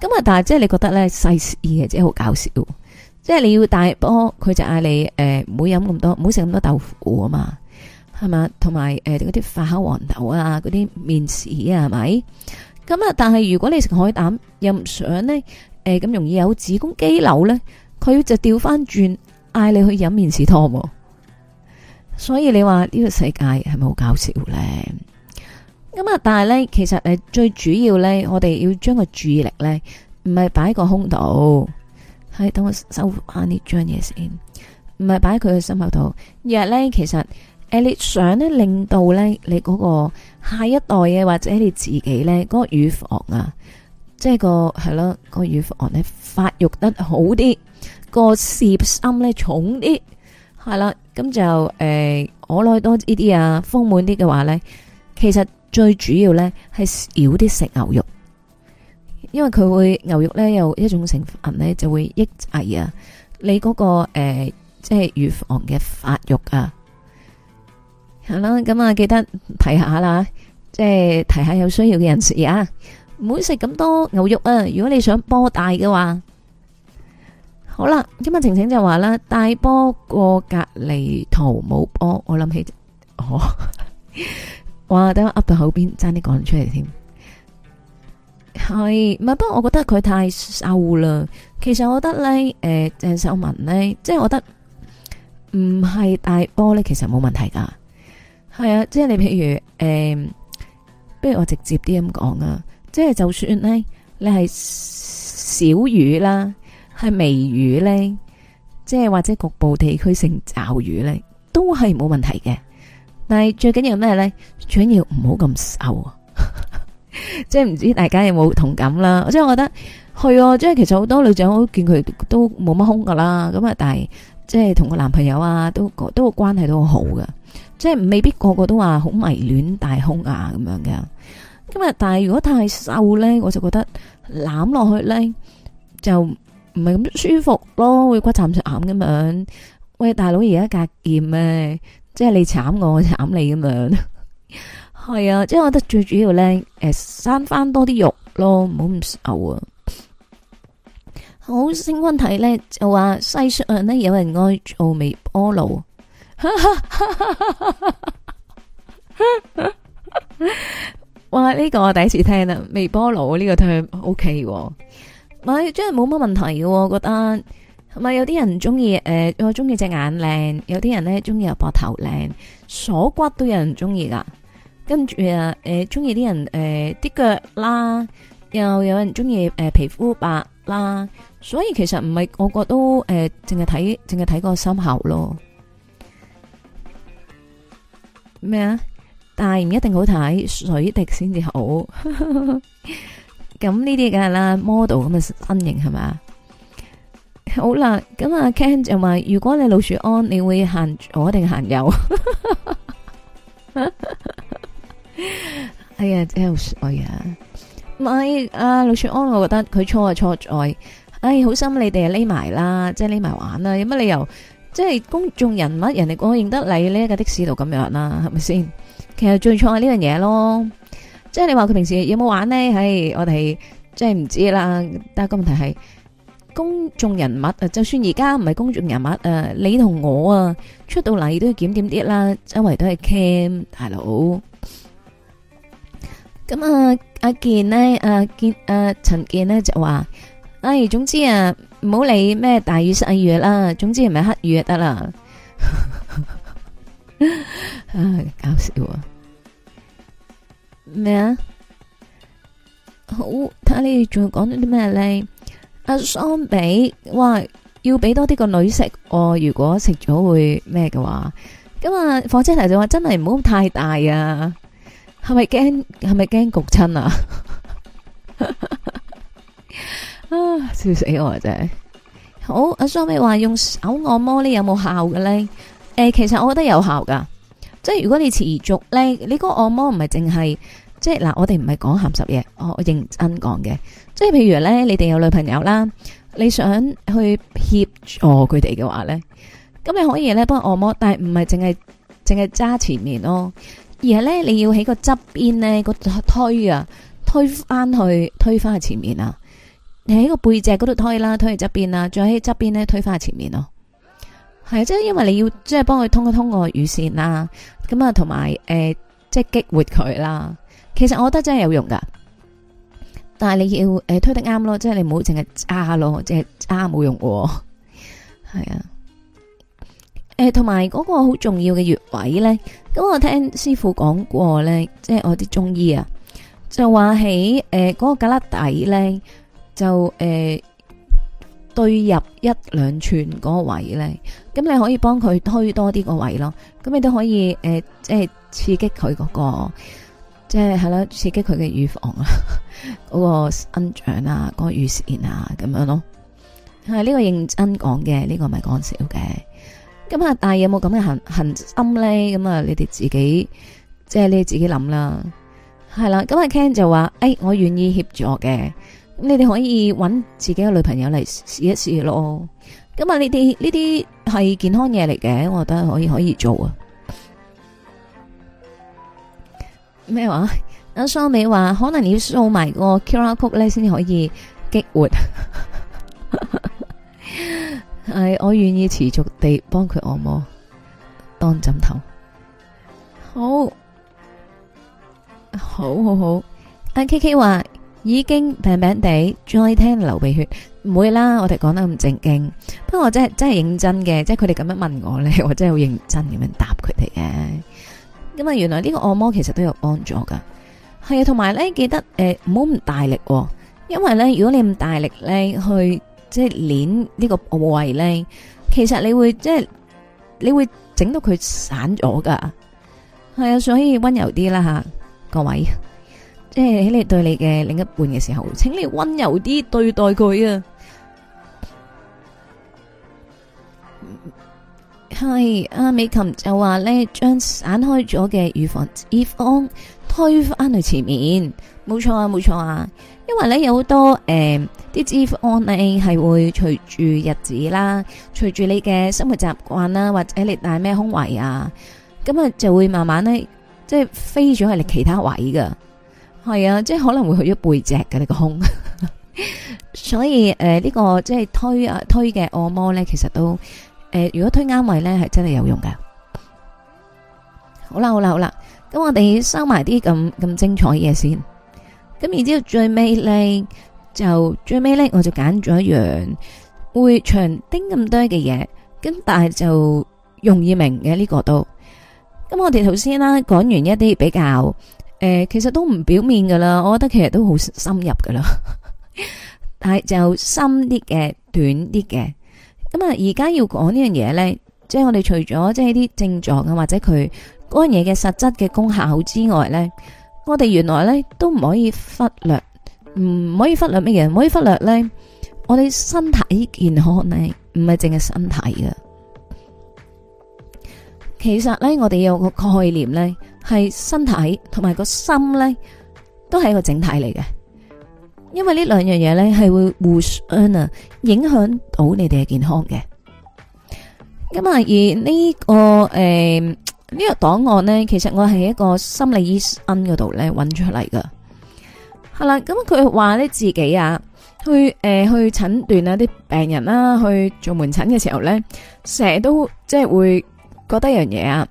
咁、嗯、啊，但係即係你覺得呢細事嘅，即係好搞笑。即係你要大一波，佢就嗌你誒，唔好飲咁多，唔好食咁多豆腐啊嘛，係嘛？同埋誒嗰啲發酵黃豆啊，嗰啲麵豉啊，係咪？咁、嗯、啊，但係如果你食海膽又唔想呢，誒、呃、咁容易有子宮肌瘤呢，佢就調翻轉嗌你去飲麵豉湯。啊。所以你話呢個世界係咪好搞笑咧？咁啊，但係咧，其實誒，最主要咧，我哋要將個注意力咧，唔係擺喺個胸度，係等我收翻呢張嘢先，唔係擺喺佢嘅心口度。而係咧，其實，你想咧，令到咧，你嗰個下一代嘅或者你自己咧，嗰個乳房啊，即係個係咯，嗰個乳房咧，發育得好啲，個攝心咧重啲，係啦。咁就誒、欸，我耐多呢啲啊，豐滿啲嘅話咧，其實最主要咧係少啲食牛肉，因為佢會牛肉咧有一種成分咧就會抑制啊，你嗰、那個誒、欸、即係乳房嘅發育啊，係啦，咁啊記得提下啦，即係提下有需要嘅人食啊，唔好食咁多牛肉啊，如果你想波大嘅話。好啦，今日晴晴就話啦，大波過隔離圖冇波，我諗起哦， 哇，等我 up 到口邊爭啲講出嚟添，係唔係？不過我覺得佢太瘦啦。其實我覺得咧，誒、呃、鄭秀文咧，即係我覺得唔係大波咧，其實冇問題噶。係啊，即係你譬如誒，不、呃、如我直接啲咁講啊，即係就算咧，你係小雨啦。係微雨咧，即係或者局部地區性驟雨咧，都係冇問題嘅。但係最緊要咩咧？最緊要唔好咁瘦啊，即係唔知大家有冇同感啦。即係我覺得係，即係其實好多女仔我都見佢都冇乜胸噶啦。咁啊，但係即係同個男朋友啊，都都關係都好嘅。即係未必個個都話好迷戀大胸啊咁樣嘅。咁啊，但係如果太瘦咧，我就覺得攬落去咧就。唔係咁舒服咯，會骨斬上眼咁樣。喂，大佬而家格劍咩？即係你斬我，我斬你咁樣。係 啊，即係我覺得最主要咧，誒，生翻多啲肉咯，唔好咁瘦啊。好，升君睇咧就話，世上咧有人愛做微波爐。 哇，呢、這個我第一次聽啊，微波爐呢個聽 OK 喎。咪、哎、真係冇乜問題嘅，我覺得。咪有啲人中意誒，我中意隻眼靚；有啲人咧中意個膊頭靚，鎖骨都有人中意噶。跟住啊，誒、呃，中意啲人誒啲腳啦，又有人中意誒皮膚白啦。所以其實唔係我覺得，誒、呃，淨係睇淨係睇個心口咯。咩啊？但係唔一定好睇，水滴先至好。 咁呢啲梗係啦，model 咁嘅身形係嘛？好啦，咁啊 Ken 就話：如果你老鼠安，你會限我定限右。 哎呀，真係好衰呀！唔係啊，老鼠、啊、安，我覺得佢錯就錯在，哎，好心你哋啊匿埋啦，即係匿埋玩啦，有乜理由？即、就、係、是、公眾人物，人哋講認得你呢、這個的士度咁樣啦，係咪先？其實最錯係呢樣嘢咯。即係你話佢平時有冇玩呢？唉，我哋即係唔知啦。但係個問題係公眾人物，誒，就算而家唔係公眾人物，誒，你同我啊出到嚟都要檢點啲啦，周圍都係 cam，大佬。咁啊，阿健呢，誒健，誒陳健呢就話，唉，總之啊，唔好理咩大雨細雨啦，總之唔係黑雨就得啦。唉，搞笑啊！咩啊？好睇下你仲要講啲啲咩咧？阿桑比，哇，要俾多啲個女食哦。如果食咗會咩嘅話，咁啊火車頭就話真係唔好太大啊。係咪驚係咪驚焗親啊？啊笑死我啊！真係好阿桑比話用手按摩咧，有冇效嘅咧？誒，其實我覺得有效噶，即係如果你持續咧，你個按摩唔係淨係。即係嗱，我哋唔係講鹹濕嘢，我我認真講嘅。即係譬如咧，你哋有女朋友啦，你想去協助佢哋嘅話咧，咁你可以咧幫我按摩，但係唔係淨係淨係揸前面咯，而係咧你要喺個側邊咧個推啊，推翻去，推翻去前面啊。你喺個背脊嗰度推啦，推去側邊啦，再喺側邊咧推翻去前面咯。係即係因為你要即係幫佢通一通過乳腺、呃、啦，咁啊同埋即係激活佢啦。其實我覺得真係有用噶，但係你要誒推得啱咯，即係你唔好淨係揸咯，即係揸冇用喎。係啊，誒同埋嗰個好重要嘅穴位咧，咁我聽師傅講過咧，即、就、係、是、我啲中醫啊，就話喺誒嗰個胳肋底咧，就誒對、呃、入一兩寸嗰個位咧，咁你可以幫佢推多啲個位咯，咁你都可以誒、呃、即係刺激佢嗰、那個。即係係啦，刺激佢嘅乳房啊，嗰、那個生長啊，嗰、那個乳腺啊，咁樣咯。係呢、這個認真講嘅，呢、這個唔係講笑嘅。咁啊，但係有冇咁嘅恆恆心咧？咁啊，你哋自己即係、就是、你自己諗啦。係啦，咁啊，Ken 就話：誒、欸，我願意協助嘅。咁你哋可以揾自己嘅女朋友嚟試一試咯。咁啊，呢啲呢啲係健康嘢嚟嘅，我覺得可以可以做啊。咩話？阿桑美話可能要掃埋個 QR code 咧，先可以激活。係 我願意持續地幫佢按摩，當枕頭。好，好，好好。阿 K K 話已經平平地，再聽流鼻血唔會啦。我哋講得咁正經，不過我真係真係認真嘅，即係佢哋咁樣問我咧，我真係好認真咁樣答佢哋嘅。咁啊，原來呢個按摩其實都有幫助噶，係啊，同埋咧記得誒，唔好咁大力，哦，因為咧如果你咁大力咧去即係捏呢個部位咧，其實你會即係你會整到佢散咗噶，係啊，所以溫柔啲啦吓，各位，即係喺你對你嘅另一半嘅時候，請你溫柔啲對待佢啊。係阿美琴就話咧，將散開咗嘅乳房脂肪推返去前面，冇錯啊，冇錯啊，因為咧有好多誒啲脂肪咧係會隨住日子啦，隨住你嘅生活習慣啦，或者你戴咩胸圍啊，咁啊就會慢慢咧即係飛咗去你其他位噶，係啊，即係可能會去咗背脊嘅呢個胸， 所以誒呢、呃這個即係推啊推嘅按摩咧，其實都。誒、呃，如果推啱位咧，係真係有用噶。好啦，好啦，好啦，咁我哋收埋啲咁咁精彩嘢先。咁然之後最尾呢，就最尾呢，我就揀咗一樣會長丁咁多嘅嘢，咁但係就容易明嘅呢、這個都。咁我哋頭先啦，講完一啲比較誒、呃，其實都唔表面噶啦，我覺得其實都好深入噶啦，但係 就深啲嘅，短啲嘅。咁啊，而家要講呢樣嘢咧，即係我哋除咗即係啲症狀啊，或者佢嗰樣嘢嘅實質嘅功效之外咧，我哋原來咧都唔可以忽略，唔可以忽略乜嘢？唔可以忽略咧，我哋身體健康咧，唔係淨係身體㗎，其實咧我哋有個概念咧，係身體同埋個心咧，都係一個整體嚟嘅。因為呢兩樣嘢咧係會互相啊影響到你哋嘅健康嘅。咁啊，而呢、呢個誒呢、呃呢個檔案咧，其實我係一個心理醫生嗰度咧揾出嚟噶。係啦，咁佢話咧自己啊，去誒、呃、去診斷啊啲病人啦，去做門診嘅時候咧，成日都即係會覺得一樣嘢啊。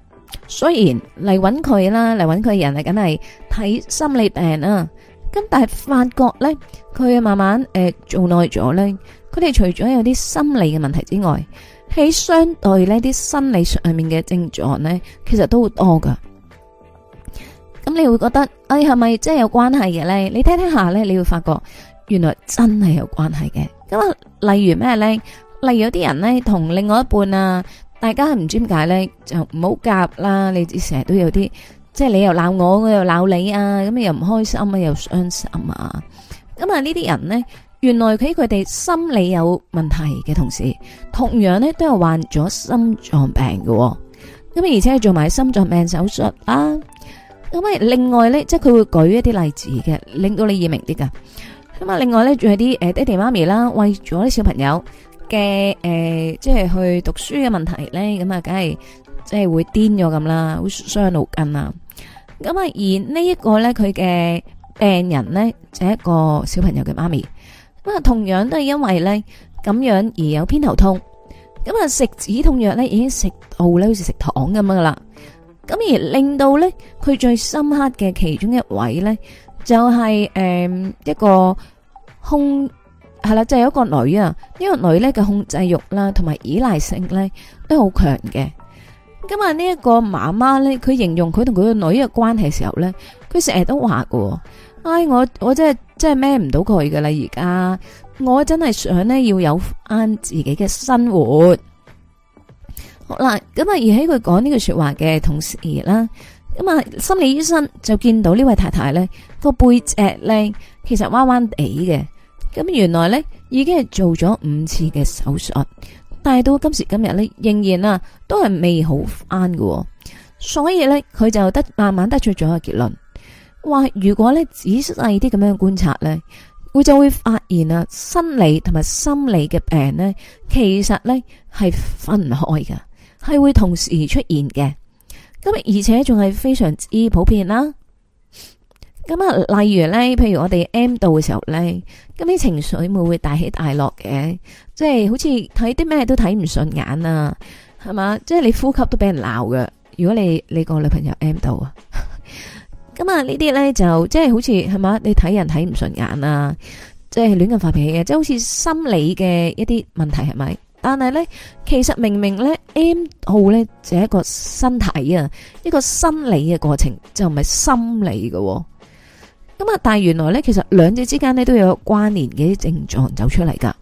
雖然嚟揾佢啦，嚟揾佢人係，梗係睇心理病啊。咁但係發覺咧，佢慢慢誒做耐咗咧，佢哋除咗有啲心理嘅問題之外，喺相對咧啲生理上面嘅症狀咧，其實都會多噶。咁你會覺得，哎，係咪真係有關係嘅咧？你聽聽下咧，你會發覺原來真係有關係嘅。咁啊，例如咩咧？例如有啲人咧，同另外一半啊，大家唔知點解咧，就唔好夾啦。你成日都有啲。即係你又鬧我，我又鬧你啊！咁你又唔開心啊，又傷心啊！咁啊，呢啲人咧，原來佢佢哋心理有問題嘅同時，同樣咧都係患咗心臟病嘅。咁啊，而且做埋心臟病手術啊。咁啊，另外咧，即係佢會舉一啲例子嘅，令到你易明啲噶。咁啊，另外咧仲有啲誒爹哋媽咪啦，為咗啲小朋友嘅誒即係去讀書嘅問題咧，咁啊梗係。即係會癲咗咁啦，會傷腦筋啦。咁啊，而呢一個咧，佢嘅病人咧，就係一個小朋友嘅媽咪。咁啊，同樣都係因為咧咁樣而有偏頭痛。咁啊，食止痛藥咧，已經食到咧，好似食糖咁樣噶啦。咁而令到咧，佢最深刻嘅其中一位咧，就係誒一個控係啦，就有一個女啊。呢個女咧嘅控制欲啦，同埋依賴性咧，都好強嘅。因為呢一個媽媽咧，佢形容佢同佢個女嘅關係時候咧，佢成日都話喎：「哎，我我真係真係孭唔到佢噶啦，而家我真係想咧要有返自己嘅生活。」好啦，咁啊，而喺佢講呢句說話嘅同時啦，咁啊，心理醫生就見到呢位太太咧個背脊咧，其實彎彎地嘅，咁原來咧已經係做咗五次嘅手術。但係到今時今日咧，仍然啊，都係未好啱喎。所以咧，佢就得慢慢得出咗個結論，話如果咧仔細啲咁樣觀察咧，我就會發現啊，生理同埋心理嘅病咧，其實咧係分唔開嘅，係會同時出現嘅，咁而且仲係非常之普遍啦。咁啊，例如咧，譬如我哋 M 到嘅時候咧，咁啲情緒會會大起大落嘅，即係好似睇啲咩都睇唔順眼啊，係嘛？即係你呼吸都俾人鬧㗎。如果你你個女朋友 M 到啊，咁啊呢啲咧就即係好似係嘛？你睇人睇唔順眼啊，即係亂咁發脾氣啊，即係好似心理嘅一啲問題係咪？但係咧，其實明明咧 M 到咧就係一個身體啊，一個生理嘅過程，就唔係心理嘅。咁啊，但係原來咧，其實兩者之間咧都有關聯嘅症狀走出嚟噶。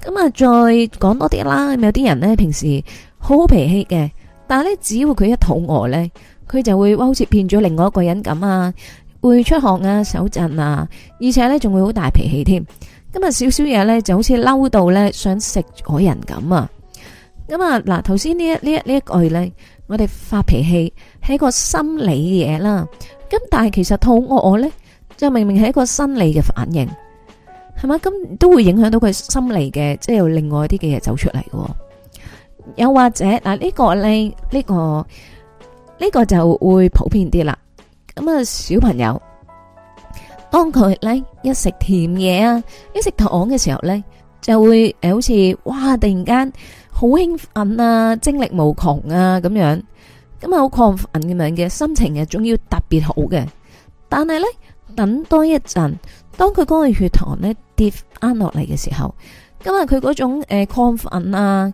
咁啊，再講多啲啦。有啲人咧，平時好好脾氣嘅，但係咧，只要佢一肚餓咧，佢就會好似變咗另外一個人咁啊，會出汗啊、手震啊，而且咧仲會好大脾氣添。咁啊，少少嘢咧，就好似嬲到咧想食人咁啊。咁啊，嗱，頭先呢一呢一呢一句咧，我哋發脾氣係一個心理嘅嘢啦。咁但係其實肚餓咧。就明明係一個心理嘅反應，係嘛？咁都會影響到佢心理嘅，即係有另外啲嘅嘢走出嚟嘅。又或者嗱，呢個咧，呢個呢個就會普遍啲啦。咁啊，小朋友當佢咧一食甜嘢啊，一食糖嘅時候咧，就會誒好似哇，突然間好興奮啊，精力無窮啊，咁樣咁啊，好亢奮咁樣嘅心情啊，仲要特別好嘅。但係咧。等多一陣，當佢嗰個血糖咧跌翻落嚟嘅時候，今日佢嗰種誒亢奮啊，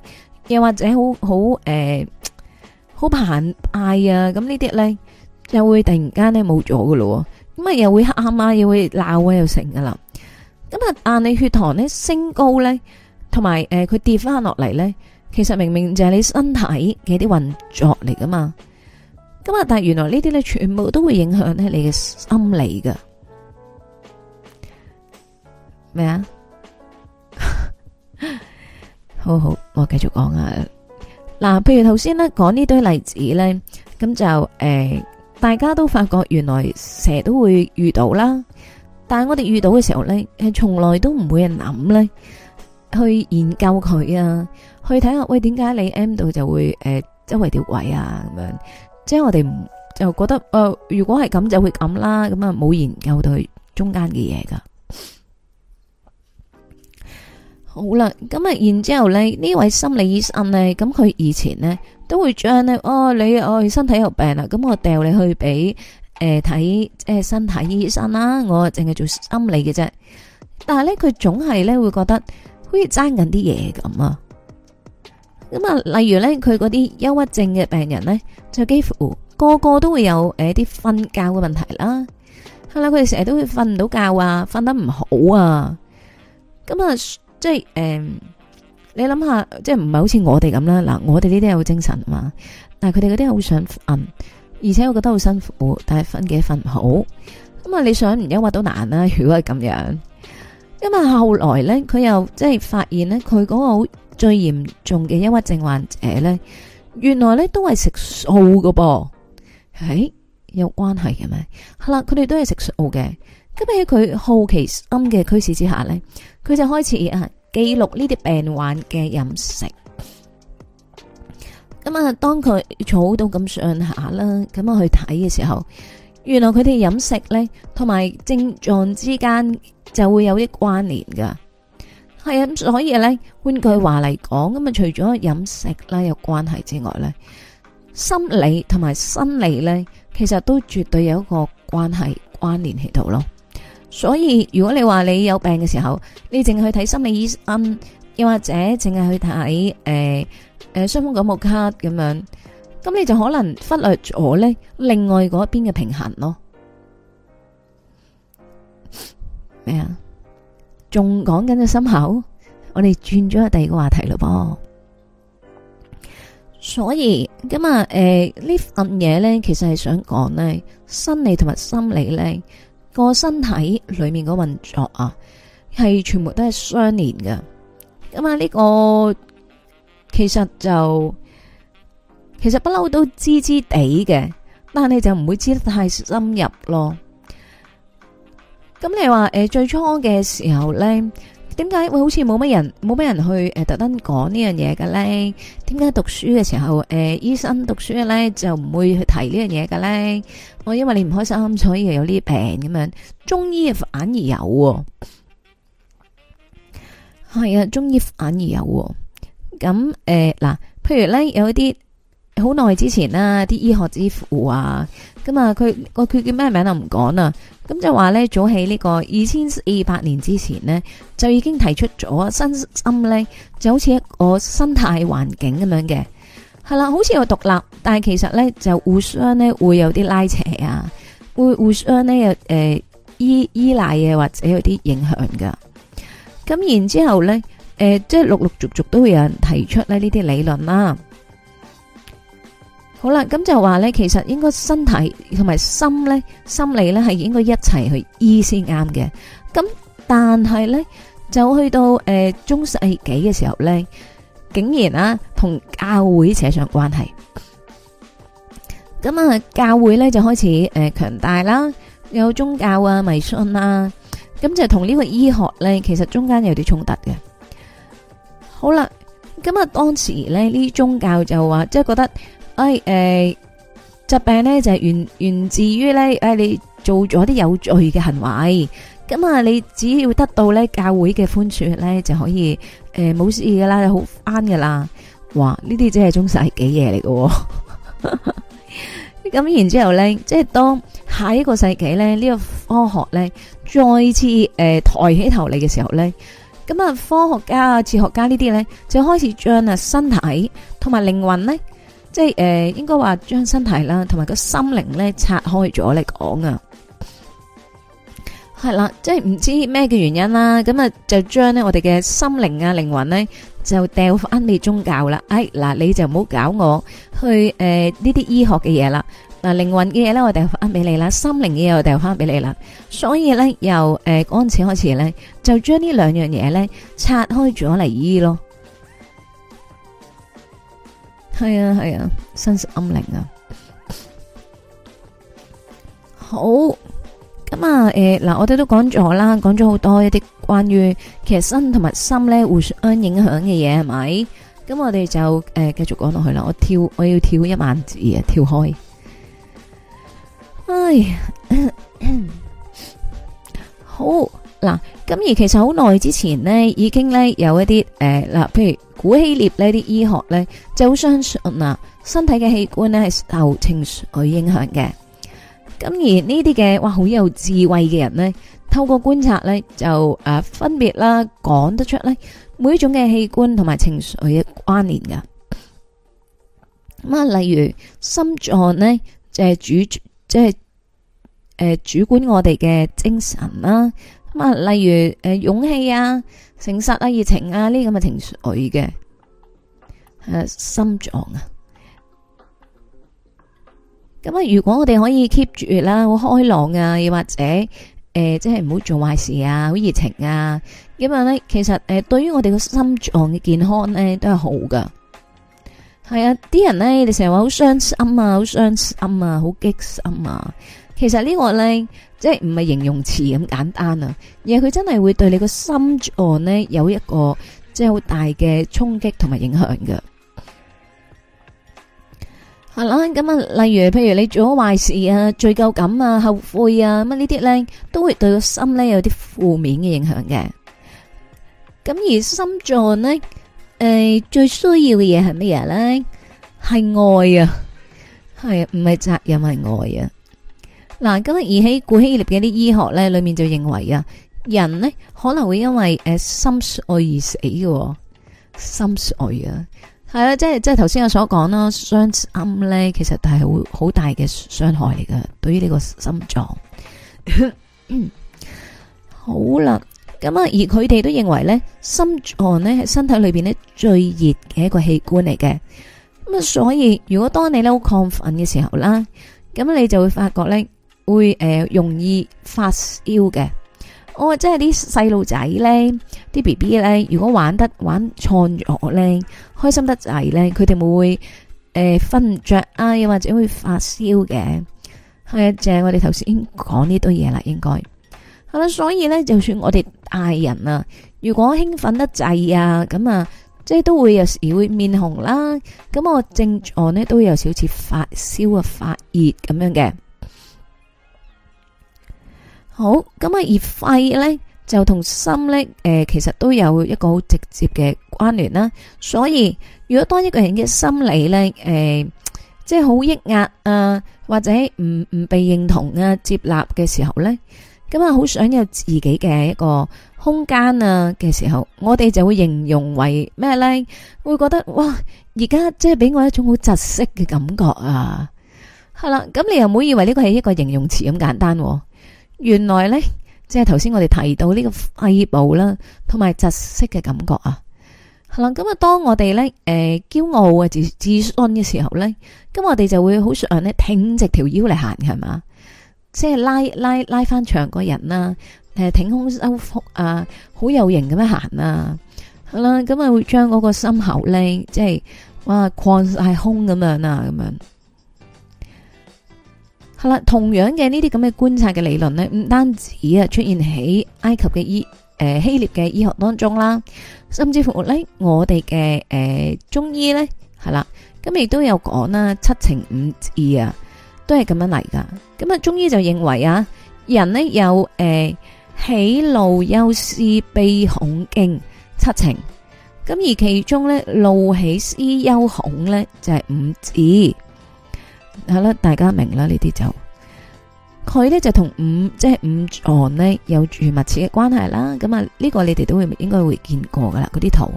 又或者好好誒好澎湃啊，咁、嗯、呢啲咧又會突然間咧冇咗噶咯，咁啊、嗯、又會喊啊，又會鬧啊，又成噶啦。咁、嗯、啊，但你血糖咧升高咧，同埋誒佢跌翻落嚟咧，其實明明就係你身體嘅啲運作嚟噶嘛。咁、嗯、啊，但原來呢啲咧全部都會影響你嘅心理噶。咩啊？什 好好，我繼續講啊。嗱，譬如頭先咧講呢堆例子咧，咁就誒、呃，大家都發覺原來成日都會遇到啦。但係我哋遇到嘅時候咧，係從來都唔會諗咧去研究佢啊，去睇下喂，點解你 M 度就會誒、呃、周圍掉位啊咁樣。即係我哋唔，就覺得誒、呃，如果係咁就會咁啦。咁啊，冇研究到中間嘅嘢噶。好啦，咁啊，然之後咧呢位心理醫生咧，咁佢以前咧都會將咧哦，你哦身體有病啦，咁、嗯、我掉你去俾誒睇，即、呃、係、呃、身體醫生啦。我淨係做心理嘅啫。但係咧，佢總係咧會覺得好似爭緊啲嘢咁啊。咁啊、嗯，例如咧，佢嗰啲憂鬱症嘅病人咧，就幾乎個個都會有誒啲瞓覺嘅問題啦。係啦，佢哋成日都會瞓唔到覺啊，瞓得唔好啊。咁、嗯、啊。即係誒、呃，你諗下，即係唔係好似我哋咁啦？嗱，我哋呢啲有好精神啊嘛，但係佢哋嗰啲好想瞓，而且我覺得好辛苦，但係瞓幾瞓唔好。咁啊，你想唔抑鬱都難啦、啊。如果係咁樣，因為後來呢佢又即係發現呢，佢嗰個好最嚴重嘅抑鬱症患者呢，原來呢都係食素㗎噃，係、哎，有關係嘅咩？係啦，佢哋都係食素嘅。咁喺佢好奇心嘅驅使之下呢，佢就開始啊記錄呢啲病患嘅飲食。咁啊，當佢儲到咁上下啦，咁啊去睇嘅時候，原來佢哋飲食呢同埋症狀之間就會有啲關聯噶。係啊，所以呢，換句話嚟講，咁啊除咗飲食啦有關係之外呢，心理同埋生理呢，其實都絕對有一個關係關聯喺度咯。所以，如果你話你有病嘅時候，你淨係去睇心理醫生，又或者淨係去睇誒誒傷風感冒卡咁樣，咁你就可能忽略咗咧另外嗰一邊嘅平衡咯。咩啊？仲講緊個心口，我哋轉咗去第二個話題咯噃。所以咁啊誒呢份嘢咧，其實係想講咧，生理同埋心理咧，個身體裏面個運作啊，係全部都係相連嘅。咁啊，呢個其實就其實不嬲都知知地嘅，但係你就唔會知得太深入咯。咁你話誒，最初嘅時候咧？點解會好似冇乜人冇乜人去誒、呃，特登講呢樣嘢嘅咧？點解讀書嘅時候誒、呃，醫生讀書嘅咧就唔會去提呢樣嘢嘅咧？我因為你唔開心，所以有啲病咁樣。中醫反而有、哦、係、哎、啊，中醫反而有、哦。咁誒嗱，譬如咧有一啲好耐之前啦，啲醫學之父啊。咁啊，佢個佢叫咩名啊？唔講啦。咁就話話咧，早起呢個二千二百年之前咧，就已經提出咗，身心咧就好似一個生態環境咁樣嘅，係啦，好似個獨立，但係其實咧就互相咧會有啲拉扯啊，會互相咧誒、呃、依依賴嘅，或者有啲影響噶。咁然之後咧，誒、呃，即係陸陸續續都會有，有人提出咧呢啲理論啦、啊。好啦，咁就話咧，其實應該身體同埋心咧，心理咧係應該一齊去醫先啱嘅。咁但係咧就去到誒中世紀嘅時候咧，竟然啊同教會扯上關係咁啊，教會咧就開始誒強大啦，有宗教啊、迷信啊，咁就同呢個醫學咧其實中間有啲衝突嘅。好啦，咁啊，當時咧呢宗教就話即係覺得。誒，誒、哎呃，疾病咧就係、是、源源自於咧。誒、哎，你做咗啲有罪嘅行為，咁啊，你只要得到咧教會嘅寬恕咧，就可以誒冇、呃、事噶啦，好返噶啦。哇，呢啲真係中世紀嘢嚟嘅。咁 然之後咧，即係當下一個世紀咧，呢、這個科學咧再次誒、呃、抬起頭嚟嘅時候咧，咁啊，科學家啊、哲學家呢啲咧就開始將啊身體同埋靈魂咧。即係誒、呃，應該話將身體啦，同埋個心靈咧拆開咗嚟講啊，係啦，即係唔知咩嘅原因啦，咁啊就將咧我哋嘅心靈啊靈魂咧就掉翻俾宗教啦，哎嗱你就唔好搞我去誒呢啲醫學嘅嘢啦，嗱靈魂嘅嘢咧我掉翻俾你啦，心靈嘅嘢我掉翻俾你啦，所以咧由誒嗰陣時開始咧就將呢兩樣嘢咧拆開咗嚟醫咯。係啊，係啊，身識暗靈啊。好，咁啊，誒嗱，我哋都講咗啦，講咗好多一啲關於其實身同埋心咧互相影響嘅嘢，係咪？咁我哋就誒繼續講落去啦。我跳，我要跳一萬字啊，跳開。哎，好。嗱，咁而其實好耐之前呢，已經呢有一啲，誒嗱，譬如古希臘呢啲醫學呢，就好相信喇，身體嘅器官呢係受情緒影響嘅。咁而呢啲嘅，哇，好有智慧嘅人呢，透過觀察呢就誒分別啦，講得出呢每一種嘅器官同埋情緒嘅關聯㗎。咁啊，例如心臟呢，就係主即係誒主管我哋嘅精神啦。咁、呃、啊，例如誒勇氣啊、誠實啊、熱情啊呢啲咁嘅情緒嘅心臟啊，咁啊，啊，如果我哋可以 keep 住啦，好開朗啊，又或者誒、呃，即係唔好做壞事啊，好熱情啊，咁啊呢，其實誒，對於我哋嘅心臟嘅健康呢，都係好噶。係啊，啲人呢，你成日話好傷心啊，好傷心啊，好激心啊。其實呢個咧，即係唔係形容詞咁簡單啊，而係佢真係會對你個心臟咧有一個即係好大嘅衝擊同埋影響嘅。係啦，咁啊，例如譬如你做咗壞事啊、罪疚感啊、後悔啊咁啊呢啲咧，都會對個心咧有啲負面嘅影響嘅。咁而心臟咧，誒，最需要嘅嘢係乜嘢咧？係愛啊，係啊，唔係責任，係愛啊。嗱，咁而喺古希臘嘅啲醫學咧，裏面就認為啊，人呢可能會因為誒心碎而死嘅，心碎啊，係啊，即係即係頭先我所講啦，傷心咧其實係好好大嘅傷害嚟嘅，對於呢個心臟。 好啦，咁啊，而佢哋都認為呢，心臟呢係身體裏面呢最熱嘅一個器官嚟嘅。咁啊，所以如果當你咧好亢奮嘅時候啦，咁你就會發覺呢。會誒、呃，容易發燒嘅。我、哦、即係啲細路仔呢，啲 B B 呢，如果玩得玩創咗呢，開心得滯呢，佢哋會瞓唔、呃、着啊，又或者會發燒嘅。係正係我哋頭先講呢堆嘢啦，應該係啦、嗯。所以呢，就算我哋大人啊，如果興奮得滯啊，咁啊，即係都會有時會面紅啦、啊。咁我症狀呢，都會有少少發、啊、發燒啊，發熱咁樣嘅。好，咁啊，而肺咧就同心咧誒，其實都有一個好直接嘅關聯啦。所以如果當一個人嘅心理咧誒，即係好抑壓啊，或者唔唔被認同啊、接納嘅時候咧，咁啊，好想有自己嘅一個空間啊嘅時候，我哋就會形容為咩咧？會覺得哇，而家即係俾我一種好窒息嘅感覺啊。係啦，咁你又唔好以為呢個係一個形容詞咁簡單。原來咧，即係頭先我哋提到呢個肺部啦，同埋窒息嘅感覺啊，係啦。咁啊，當我哋咧，誒、呃、驕傲啊自自信嘅時候咧，咁、嗯、我哋就會好想咧挺直條腰嚟行，係嘛，即係拉拉拉翻長個人啦、啊，誒挺胸收腹啊，好有型咁樣行啊。係、嗯、啦，咁、嗯、啊、嗯嗯嗯、會將嗰個心口咧，即係哇擴晒胸咁樣啊，咁樣。係啦，同樣嘅呢啲咁嘅觀察嘅理論咧，唔單止啊出現喺埃及嘅醫誒、呃、希臘嘅醫學當中啦，甚至乎咧我哋嘅誒中醫咧係啦，咁亦都有講啦七情五志啊，都係咁樣嚟噶。咁啊中醫就認為啊，人呢有誒喜怒憂思悲恐驚七情，咁而其中咧怒喜思憂恐咧就係、是、五志。係啦，大家明啦，這些它和呢啲就佢咧就同五即係五臟咧有住密切嘅關係啦。咁啊，呢個你哋都會應該會見過噶啦，嗰啲圖，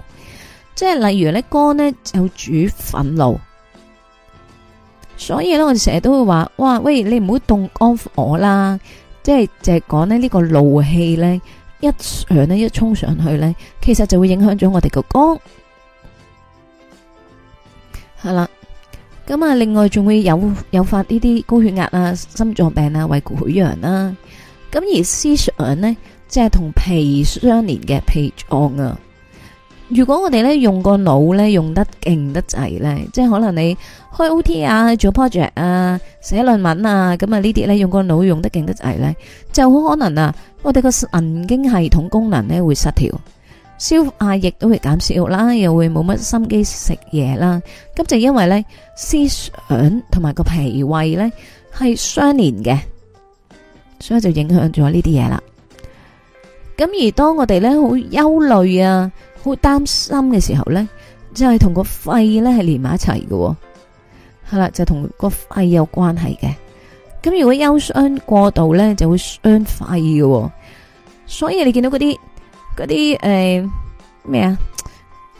即係例如咧肝咧有主憤怒，所以咧我哋成日都會話，哇，喂，你唔好動肝火啦，即係就係、是、講呢，呢、這個怒氣咧一上呢，一衝上去咧，其實就會影響咗我哋個肝。係啦。咁啊，另外仲會有誘發呢啲高血壓啊、心臟病啊、胃潰瘍啦。咁而思想呢，即係同脾相連嘅脾臟啊。如果我哋呢用個腦呢用得勁得滯呢，即係可能你開 O T 啊、做 project 啊、寫論文啊，咁啊呢啲呢用個腦用得勁得滯呢，就好可能啊，我哋個神經系統功能呢會失調。消化液都會減少啦，又會冇乜心機食嘢啦。咁就因為咧思想同埋個脾胃咧係相連嘅，所以就影響咗呢啲嘢啦。咁而當我哋咧好憂慮啊，好擔心嘅時候咧，即係同個肺咧係連埋一齊嘅，係啦，就同個肺有關係嘅。咁如果憂傷過度咧，就會傷肺嘅。所以你見到嗰啲。嗰啲誒咩啊？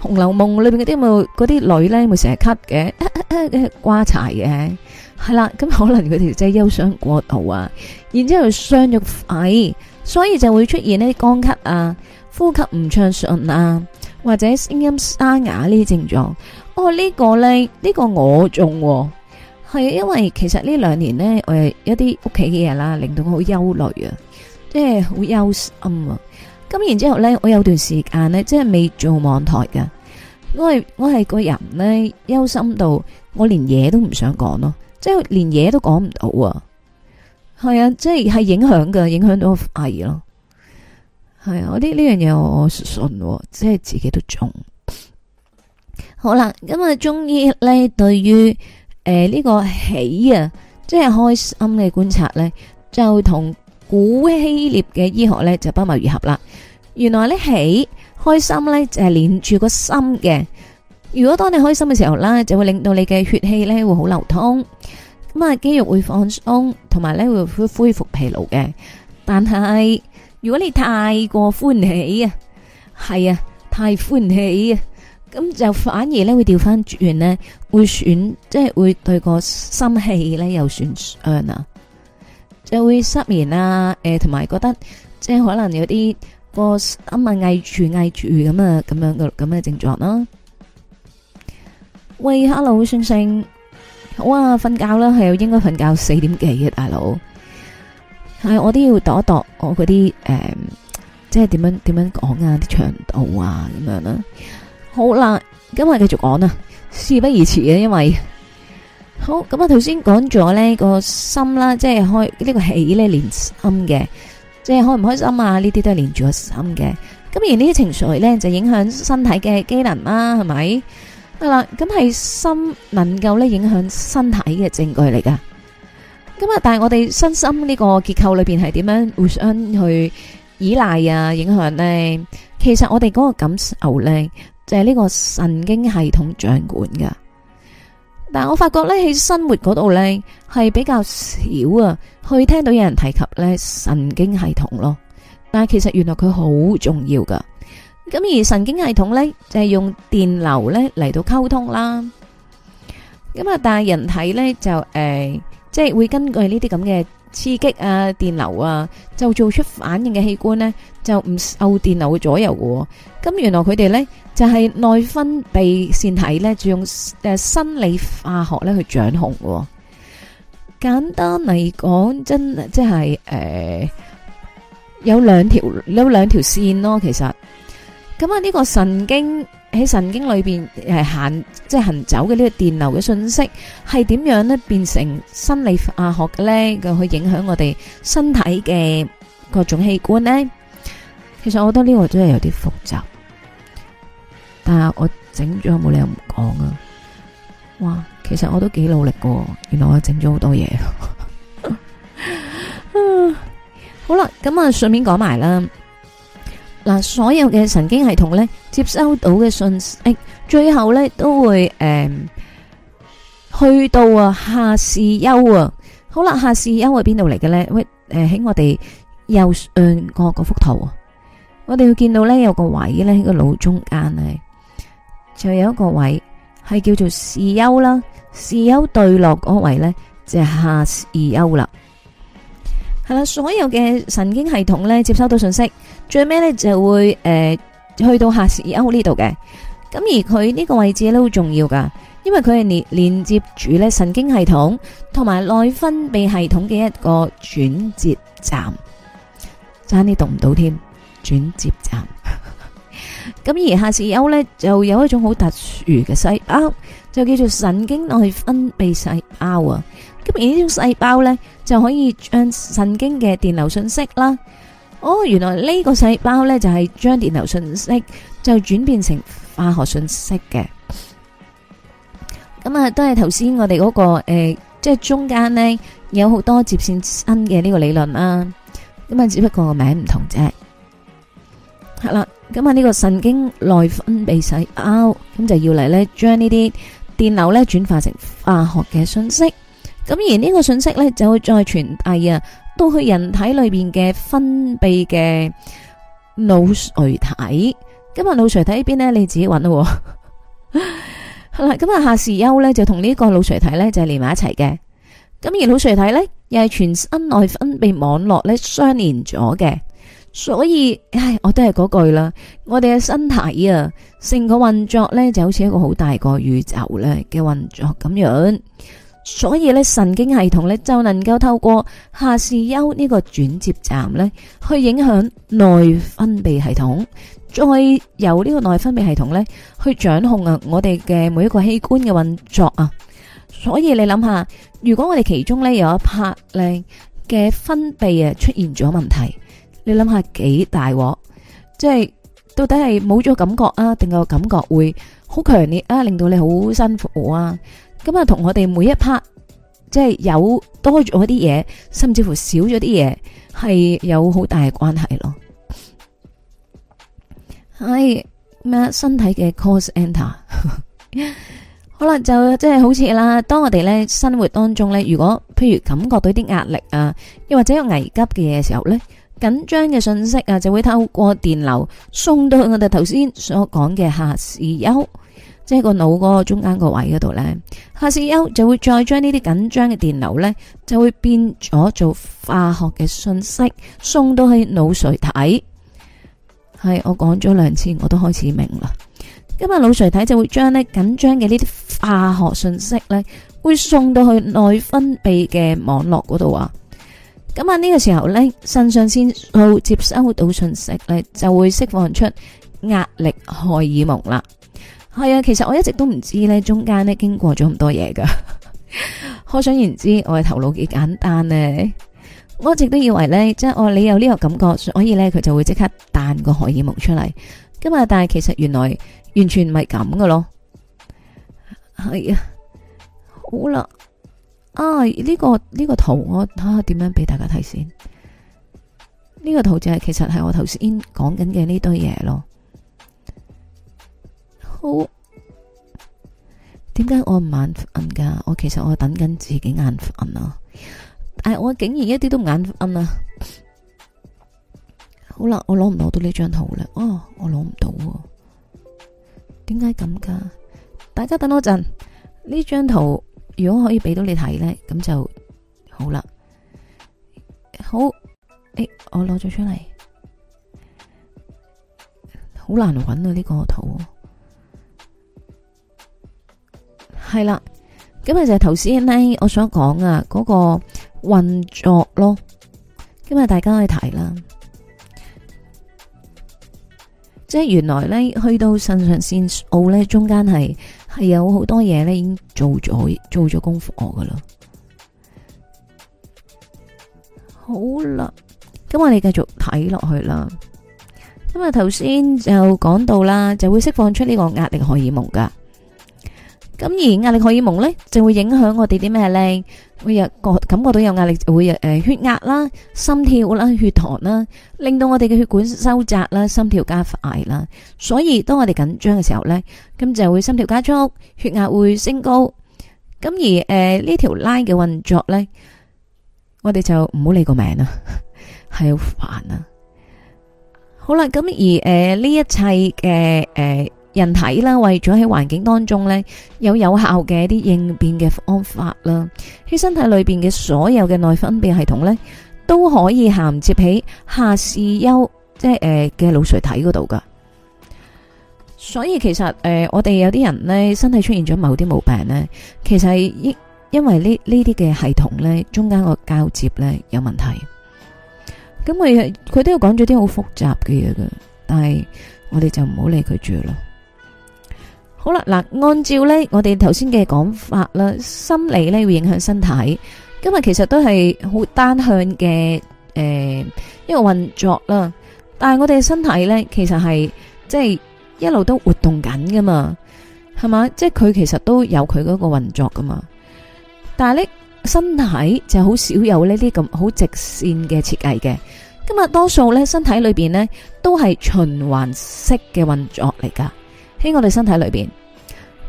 《紅樓夢》裏邊嗰啲咪嗰啲女咧，咪成日咳嘅，瓜柴嘅，係啦。咁可能佢條仔憂傷過度啊，然之後傷咗肺，所以就會出現呢啲乾咳啊、呼吸唔暢順啊，或者聲音沙啞呢啲症狀。哦，呢個咧呢個我中，係啊，因為其實呢兩年咧我哋一啲屋企嘅嘢啦，令到我好憂慮啊，即係好憂心啊。咁然之後呢，我有段時間呢，即係未做網台㗎。我係我係個人呢，憂心到我連嘢都唔想講咯，即係連嘢都講唔到啊，係啊，即係係影響㗎，影響到阿爺咯，係啊，我啲呢樣嘢我信、哦，即係自己都中。好啦，咁啊中醫呢，對於誒呢、呃這個喜啊，即係開心嘅觀察呢，就同。古希臘嘅醫學咧就不謀而合啦。原來咧，喜開心咧就係連住個心嘅。如果當你開心嘅時候啦，就會令到你嘅血氣咧會好流通，咁啊肌肉會放鬆，同埋咧會恢復疲勞嘅。但係如果你太過歡喜啊，係啊太歡喜啊，咁就反而咧會掉返轉咧會損，即係會對個心氣咧又損傷啊。就會失眠啊，誒、呃，同埋覺得即係可能有啲個一晚嗌住嗌住咁啊，咁樣嘅咁嘅症狀啦。喂，Hello，星星，好啊，瞓覺啦，係應該瞓覺四點幾嘅、啊、大佬，係、嗯、我都要度一度我嗰啲誒，即係點樣點樣講啊，啲長度啊，咁樣啦、啊。好啦、啊，今日繼續講啊，事不宜遲、啊、因為。好，咁我頭先講咗呢個心啦，即係開呢個喜咧連心嘅，即係開唔開心啊？呢啲都係連住個心嘅。咁而呢啲情緒呢，就影響身體嘅機能啦，係咪？係啦，咁係心能夠咧影響身體嘅證據嚟噶。咁啊，但係我哋身心呢個結構裏邊係點樣互相去依賴啊？影響呢？其實我哋嗰個感受呢，就係、是、呢個神經系統掌管噶。但係我發覺咧，喺生活嗰度咧係比較少啊，去聽到有人提及咧神經系統咯。但係其實原來佢好重要噶。咁而神經系統咧就係用電流咧嚟到溝通啦。咁啊，但係人體咧就誒，即係會根據呢啲咁嘅。刺激啊，電流啊，就做出反應嘅器官呢，就唔受電流嘅左右嘅。咁原來佢哋呢就係內分泌腺體呢，就用誒生理化學呢去掌控嘅。簡單嚟講，真即係誒有兩條有兩條線咯，其實。咁啊，呢個神經喺神經裏邊係行即係行走嘅呢個電流嘅信息，係點樣咧變成生理化學嘅咧？佢去影響我哋身體嘅各種器官咧？其實我覺得呢個真係有啲複雜，但係我整咗冇理由唔講啊！哇，其實我都幾努力噶，原來我整咗好多嘢。嗯，好啦，咁啊，順便講埋啦。嗱，所有嘅神經系統咧，接收到嘅信息，最後咧都會誒，去到啊下視丘啊。好啦，下視丘係邊度嚟嘅咧？喂，誒喺我哋右上角嗰幅圖，我哋會見到咧有個位咧喺個腦中間啊，就有一個位係叫做視丘啦，視丘對落嗰位咧就係下視丘啦。係啦，所有嘅神經系統咧，接收到信息，最尾咧就會誒、呃、去到下視丘呢度嘅。咁而佢呢個位置都好重要噶，因為佢係連連接住咧神經系統同埋內分泌系統嘅一個轉接站。差啲讀唔到添，轉接站。咁 而下視丘咧就有一種好特殊嘅細胞，就叫做神經內分泌細胞啊。咁而呢種細胞咧，就可以將神經嘅電流信息啦。哦，原來呢個細胞咧就係將電流信息就轉變成化學信息嘅。咁啊，都係頭先我哋嗰個誒，即係中間咧有好多接線新嘅呢個理論啦。咁啊，只不過個名唔同啫。係啦，咁啊呢個神經內分泌細胞咁就要嚟咧，將呢啲電流咧轉化成化學嘅信息。咁而呢個信息呢，就會再傳遞啊，到去人體裏邊嘅分泌嘅腦垂體。今日腦垂體呢邊呢，你自己揾啦。好 啦，今日下視丘呢，就同呢個腦垂體呢，就係連埋一齊嘅。咁而腦垂體呢，又係全身內分泌網絡呢，相連咗嘅。所以唉，我都係嗰句啦，我哋嘅身體啊，成個運作呢，就好似一個好大個宇宙呢嘅運作咁樣。所以咧，神經系統咧就能夠透過下視丘呢個轉接站咧，去影響內分泌系統，再由呢個內分泌系統咧去掌控啊我哋嘅每一個器官嘅運作啊。所以你諗下，如果我哋其中咧有一 part 咧嘅分泌啊出現咗問題，你諗下幾大鑊？即係到底係冇咗感覺啊，定個感覺會好強烈啊，令到你好辛苦啊？咁啊，同我哋每一 part，即係有多咗啲嘢，甚至乎少咗啲嘢，係有好大嘅關係咯。係、哎、咩身體嘅 cause enter 可能 好啦，就即係好似啦。當我哋咧生活當中咧，如果譬如感覺到啲壓力啊，又或者有危急嘅嘢時候咧，緊張嘅信息啊，就會透過電流送到我哋頭先所講嘅下視丘。即係個腦嗰個中間個位嗰度呢，下視丘就會再將呢啲緊張嘅電流呢，就會變咗做化學嘅信息，送到去腦垂體。係，我講咗兩次，我都開始明啦。咁啊腦垂體就會將呢緊張嘅呢啲化學信息呢，會送到去內分泌嘅網絡嗰度啊。咁啊呢個時候呢，腎上腺素接收到信息呢，就會釋放出壓力荷爾蒙啦。係啊，其實我一直都唔知呢中間呢經過咗咁多嘢㗎。可 想而知，我嘅頭腦幾簡單呢，啊。我一直都以為呢，即係我你有呢個感覺，所以呢，佢就會即刻彈個荷爾蒙出嚟。今日但係其實原來完全唔係咁㗎咯。係啊，好啦，啊呢，這個呢，這個圖我睇下點樣俾大家睇先。呢，這個圖就係、是，其實係我頭先講緊嘅呢堆嘢咯。好，點解我唔眼瞓噶？我其實我等緊自己眼瞓啊！但係我竟然一啲都唔眼瞓啊！好啦，我攞唔攞到呢張圖咧？哦，我攞唔到喎！點解咁噶？大家等我一陣，呢張圖如果可以俾到你睇呢，咁就好啦。好，誒、欸，我攞咗出嚟，好難搵到呢個圖。係啦，咁日就係頭先呢，我想講啊，嗰個運作咯。今日大家可以睇啦，即係原來呢，去到腎上腺素咧中間係係有好多嘢咧，已經做咗做咗功課噶啦。好啦，咁我哋繼續睇落去啦。咁日頭先就講到啦，就會釋放出呢個壓力荷爾蒙噶。咁而壓力荷爾蒙呢，就會影響我哋啲咩呢？會有個感覺到有壓力，會有血壓啦、心跳啦、血糖啦，令到我哋嘅血管收窄啦、心跳加快啦。所以當我哋緊張嘅時候呢，咁就會心跳加速、血壓會升高。咁而誒呢條 line 嘅運作呢，我哋就唔好理個名啦，係好煩啊！好啦，咁而誒呢一切嘅誒。人體啦，為咗喺環境當中咧有有效嘅一啲應變嘅方法啦，喺身體裏邊嘅所有嘅內分泌系統咧都可以銜接喺下視丘，即係誒嘅腦垂體嗰度噶。所以其實誒、呃，我哋有啲人咧身體出現咗某啲毛病咧，其實係因因為呢呢啲嘅系統咧中間個交接咧有問題。咁佢佢都要講咗啲好複雜嘅嘢噶，但係我哋就唔好理佢住咯。好啦，嗱，按照呢我哋頭先嘅講法啦，心理呢會影響身體。今日其實都係好單向嘅，誒、呃，一個運作啦。但係我哋身體呢，其實係即係一路都活動緊噶嘛，係嘛？即係佢其實都有佢嗰個運作噶嘛。但係呢，身體就好少有呢啲咁好直線嘅設計嘅。今日多數呢，身體裏邊呢都係循環式嘅運作嚟噶。喺我哋身體裏邊。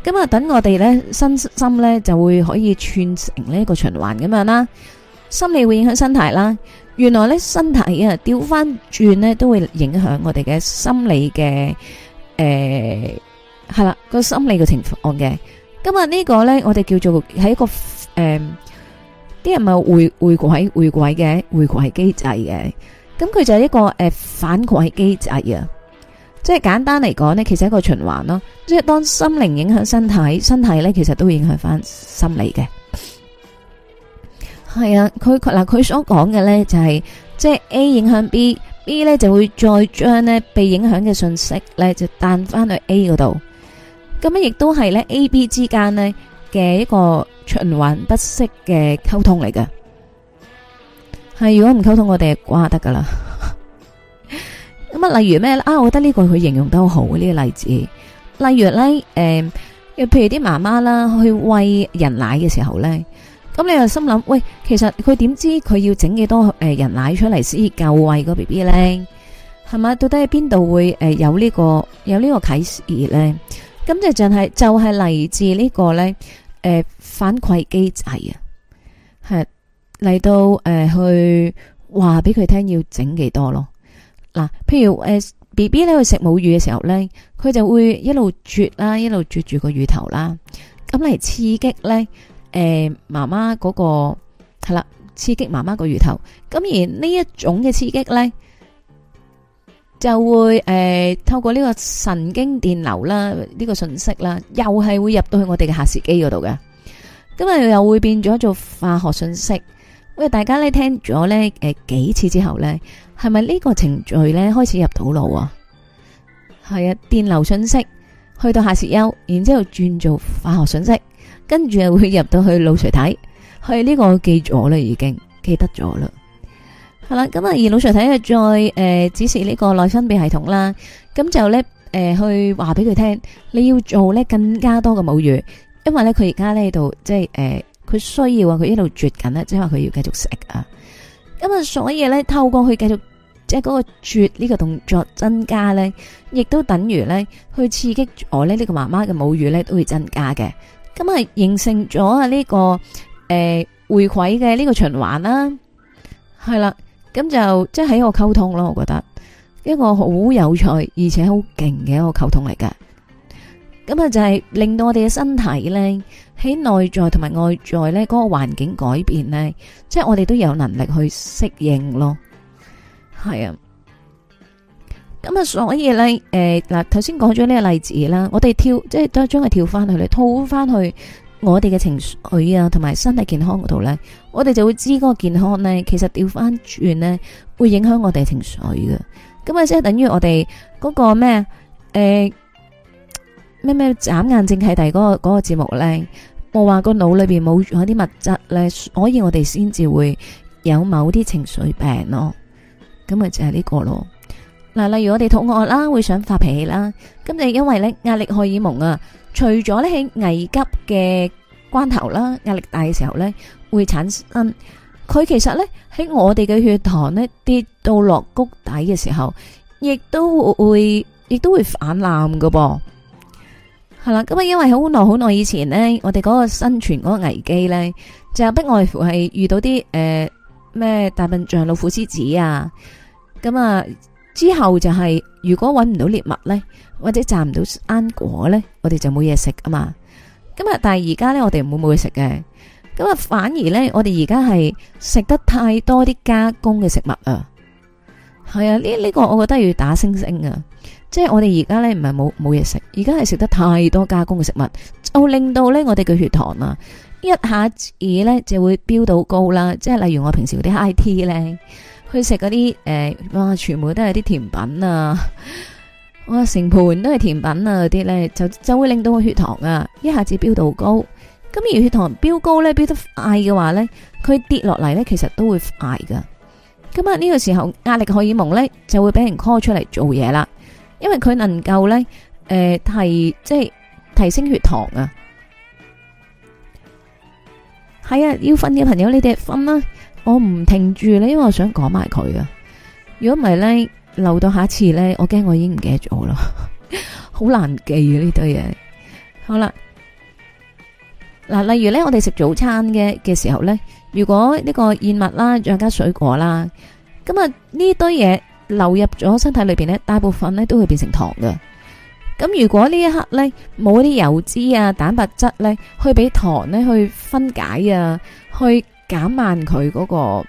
咁啊，等我哋咧，身心咧就會可以串成呢一個循環咁樣啦。心理會影響身體啦，原來咧身體啊掉翻轉咧都會影響我哋嘅心理嘅，誒，係啦，個心理嘅情況嘅。咁啊呢個咧我哋叫做係一個誒，啲人咪回回饋回饋嘅回饋機制嘅，咁佢就係一個誒反饋機制嘅。即係簡單嚟講呢，其實一個循環咯。即係當心靈影響身體，身體呢其實都會影響翻心理嘅。係啊，佢嗱佢所講嘅呢就係，即係 A 影響 B，B 呢就會再將呢被影響嘅信息呢就彈翻去 A 嗰度。咁樣，亦都係呢 A、B 之間呢嘅一個循環不息嘅溝通嚟嘅。係如果唔溝通我，我哋掛得噶啦。咁啊，例如咩咧？啊，我覺得呢個佢形容得好好呢個例子。例如咧，誒、呃，譬如啲媽媽啦，去餵人奶嘅時候咧，咁你又心諗，喂，其實佢點知佢要整幾多誒人奶出嚟先夠餵個 BB 咧？係咪到底喺邊度會誒有呢個有呢個啟示咧？咁就就係就係嚟自呢個咧，誒、呃，反饋機制啊，係嚟到誒、呃、去話俾佢聽要整幾多咯。嗱，譬如誒，B B 咧去食母乳嘅時候咧，佢就會一路啜啦，一路啜住個乳頭啦，咁嚟刺激咧，誒，媽媽嗰個係啦，刺激媽媽個乳頭，咁而呢一種嘅刺激咧，就會誒透過呢個神經電流啦，呢個信息啦，又係會入到去我哋嘅下視丘嗰度嘅，咁啊又會變咗做化學信息。喂，大家咧聽咗咧誒幾次之後咧，係咪呢個程序咧開始入到腦啊？係啊，電流信息去到下視丘，然之後轉做化學信息，跟住啊會入到去腦垂體，去呢個記咗啦，已經記，記得咗啦。係啦，咁啊而腦垂體啊再誒、呃、指示呢個內分泌系統啦，咁就咧誒、呃、去話俾佢聽，你要做咧更加多嘅母乳，因為咧佢而家呢度即係誒。呃佢需要啊，佢一路啜緊咧，即係話佢要繼續食啊。咁啊，所以咧，透過佢繼續即係嗰個啜呢個動作增加咧，亦都等於咧去刺激我咧呢個媽媽嘅母乳咧都會增加嘅。咁啊，形成咗啊呢個誒回饋嘅呢個循環啦。係啦，咁就即係喺個溝通咯，我覺得一個好有趣而且好勁嘅一個溝通嚟㗎。咁啊，就係令到我哋嘅身體咧，喺內在同埋外在咧，嗰個環境改變咧，即係我哋都有能力去適應咯。係啊，咁啊，所以咧，誒嗱，頭先講咗呢個例子啦，我哋跳，即係都將佢跳翻去，嚟套翻去我哋嘅情緒啊，同埋身體健康嗰度咧，我哋就會知嗰個健康咧，其實調翻轉咧，會影響我哋嘅情緒嘅。咁啊，即係等於我哋嗰個咩誒？咩咩眨眼正係第嗰個嗰、嗰個節目呢，我話個腦裏邊冇嗰啲物質呢，所以我哋先至會有某啲情緒病咯。咁咪就係呢個咯嗱。例如我哋肚餓啦，會想發脾氣啦。咁就因為呢壓力荷爾蒙啊，除咗呢喺危急嘅關頭啦，壓力大嘅時候呢，會產生。佢其實呢，喺我哋嘅血糖呢跌到落谷底嘅時候，亦都會亦都會反濫噶噃。係啦，咁啊，因為好耐好耐以前呢，我哋嗰個生存嗰個危機呢，就不外乎係遇到啲誒咩大笨象、老虎、獅子啊，咁啊之後就係、是、如果搵唔到獵物呢，或者摘唔到堅果們呢，我哋就冇嘢食啊嘛。咁啊，但係而家呢，我哋唔會冇嘢食嘅，咁啊反而呢，我哋而家係食得太多啲加工嘅食物啊。係啊，呢、這、呢個我覺得要打星星啊。即係我哋而家咧，唔係冇冇嘢食，而家係食得太多加工嘅食物，就令到咧我哋嘅血糖啊，一下子咧就會飆到高啦。即係例如我平時啲 I T 咧，去食嗰啲誒，哇，全部都係啲甜品啊，哇，成盤都係甜品啊嗰啲咧，就就會令到個血糖啊一下子飆到高。咁而血糖飆高咧，飆得快嘅話咧，佢跌落嚟咧，其實都會快噶。咁喺呢個時候壓力荷爾蒙咧就會俾人 call 出嚟做嘢啦。因為佢能夠呢，誒、呃、提即係提升血糖啊。係啊，要瞓嘅朋友你哋瞓啦，我唔停住啦，因為我想講埋佢啊。如果唔係呢，留到下次呢，我驚我已經唔 記得咗啦，好難記啊呢堆嘢。好啦，嗱，例如呢，我哋食早餐嘅嘅時候呢，如果呢個燕麥啦，再加水果啦，咁啊呢堆嘢。流入咗身體裏邊呢，大部分呢都會變成糖噶。咁如果呢一刻呢冇啲油脂啊、蛋白質呢去俾糖呢去分解啊，去減慢佢嗰、嗰個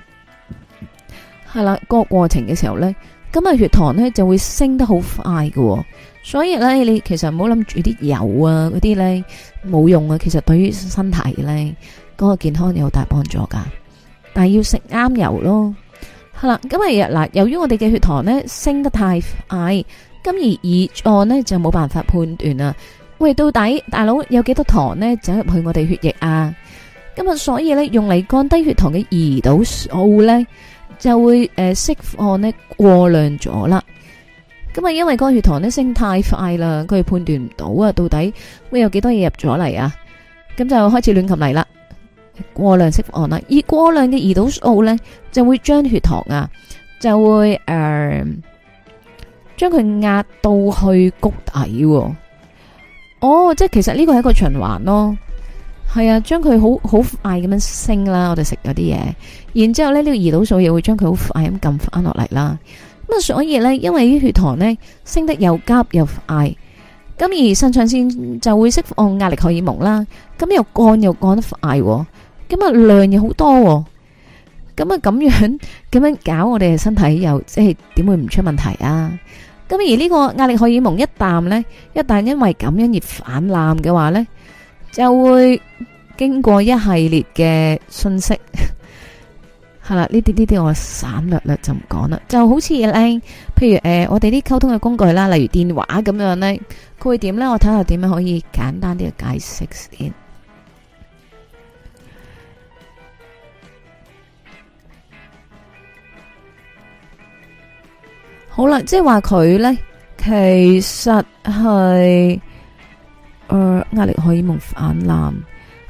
係啦、嗰個過程嘅時候呢，咁咪血糖呢就會升得好快噶。所以呢，你其實唔好諗住啲油啊嗰啲呢冇用啊。其實對於身體呢，嗰、嗰個健康有大幫助噶，但係要食啱油咯。係啦，咁日嗱，由於我哋嘅血糖咧升得太快，咁而胰臟咧就冇辦法判斷啦。喂，到底大佬有幾多糖咧走入去我哋血液啊？咁啊，所以咧用嚟降低血糖嘅胰島素咧就會誒，釋放呢過量咗啦。咁啊，因為個血糖咧升太快啦，佢哋判斷唔到啊，到底會有幾多嘢入咗嚟啊？咁就開始亂琴嚟啦。過量釋放啦，而過量嘅胰島素咧就會將血糖啊，就會誒將佢壓到去谷底哦。哦，即係其實呢個係一個循環咯。係啊，將佢好好快咁樣升啦，我哋食咗啲嘢，然之後咧呢、呢個胰島素又會將佢好快咁撳翻落嚟啦。咁啊，所以咧因為啲血糖咧升得又急又快，咁而腎上腺就會釋放壓力荷爾蒙啦。咁又干又干得快，哦。咁啊，量又好多，咁啊咁樣咁樣搞，我哋嘅身體又即係點會唔出問題啊？咁而呢個壓力荷爾蒙一旦呢，一旦因為咁樣而反濫嘅話呢，就會經過一系列嘅信息，係啦，呢啲呢啲我省略略就唔講啦，就好似呢，譬如誒，我哋啲溝通嘅工具啦，例如電話咁樣呢，佢會點呢？我睇下點樣可以簡單啲嘅解釋先。好啦，即係話佢呢，其實係，誒、呃，壓力荷爾蒙泛濫，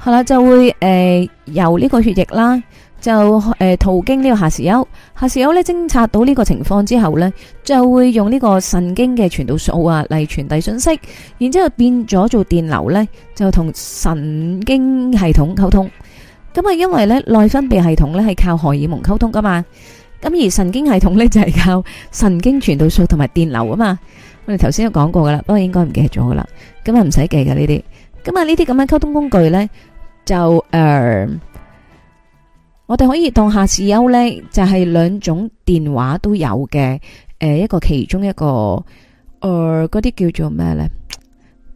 係啦，就會誒、呃、由呢個血液啦，就誒、呃、途經呢個下視丘，下視丘呢，偵察到呢個情況之後呢，就會用呢個神經嘅傳導素啊嚟傳遞信息，然之後變咗做電流呢，就同神經系統溝通。咁啊，因為呢，內分泌系統呢係靠荷爾蒙溝通㗎嘛。咁而神經系統咧就係靠神經傳導素同埋電流啊嘛。我哋頭先都講過噶啦，不過應該唔記，記得咗噶啦。咁啊唔使記噶呢啲。咁啊呢啲咁嘅溝通工具咧，就誒、呃，我哋可以當下次有呢就係、是、兩種電話都有嘅誒，一、呃、個其中一個誒，嗰、呃、啲叫做咩咧？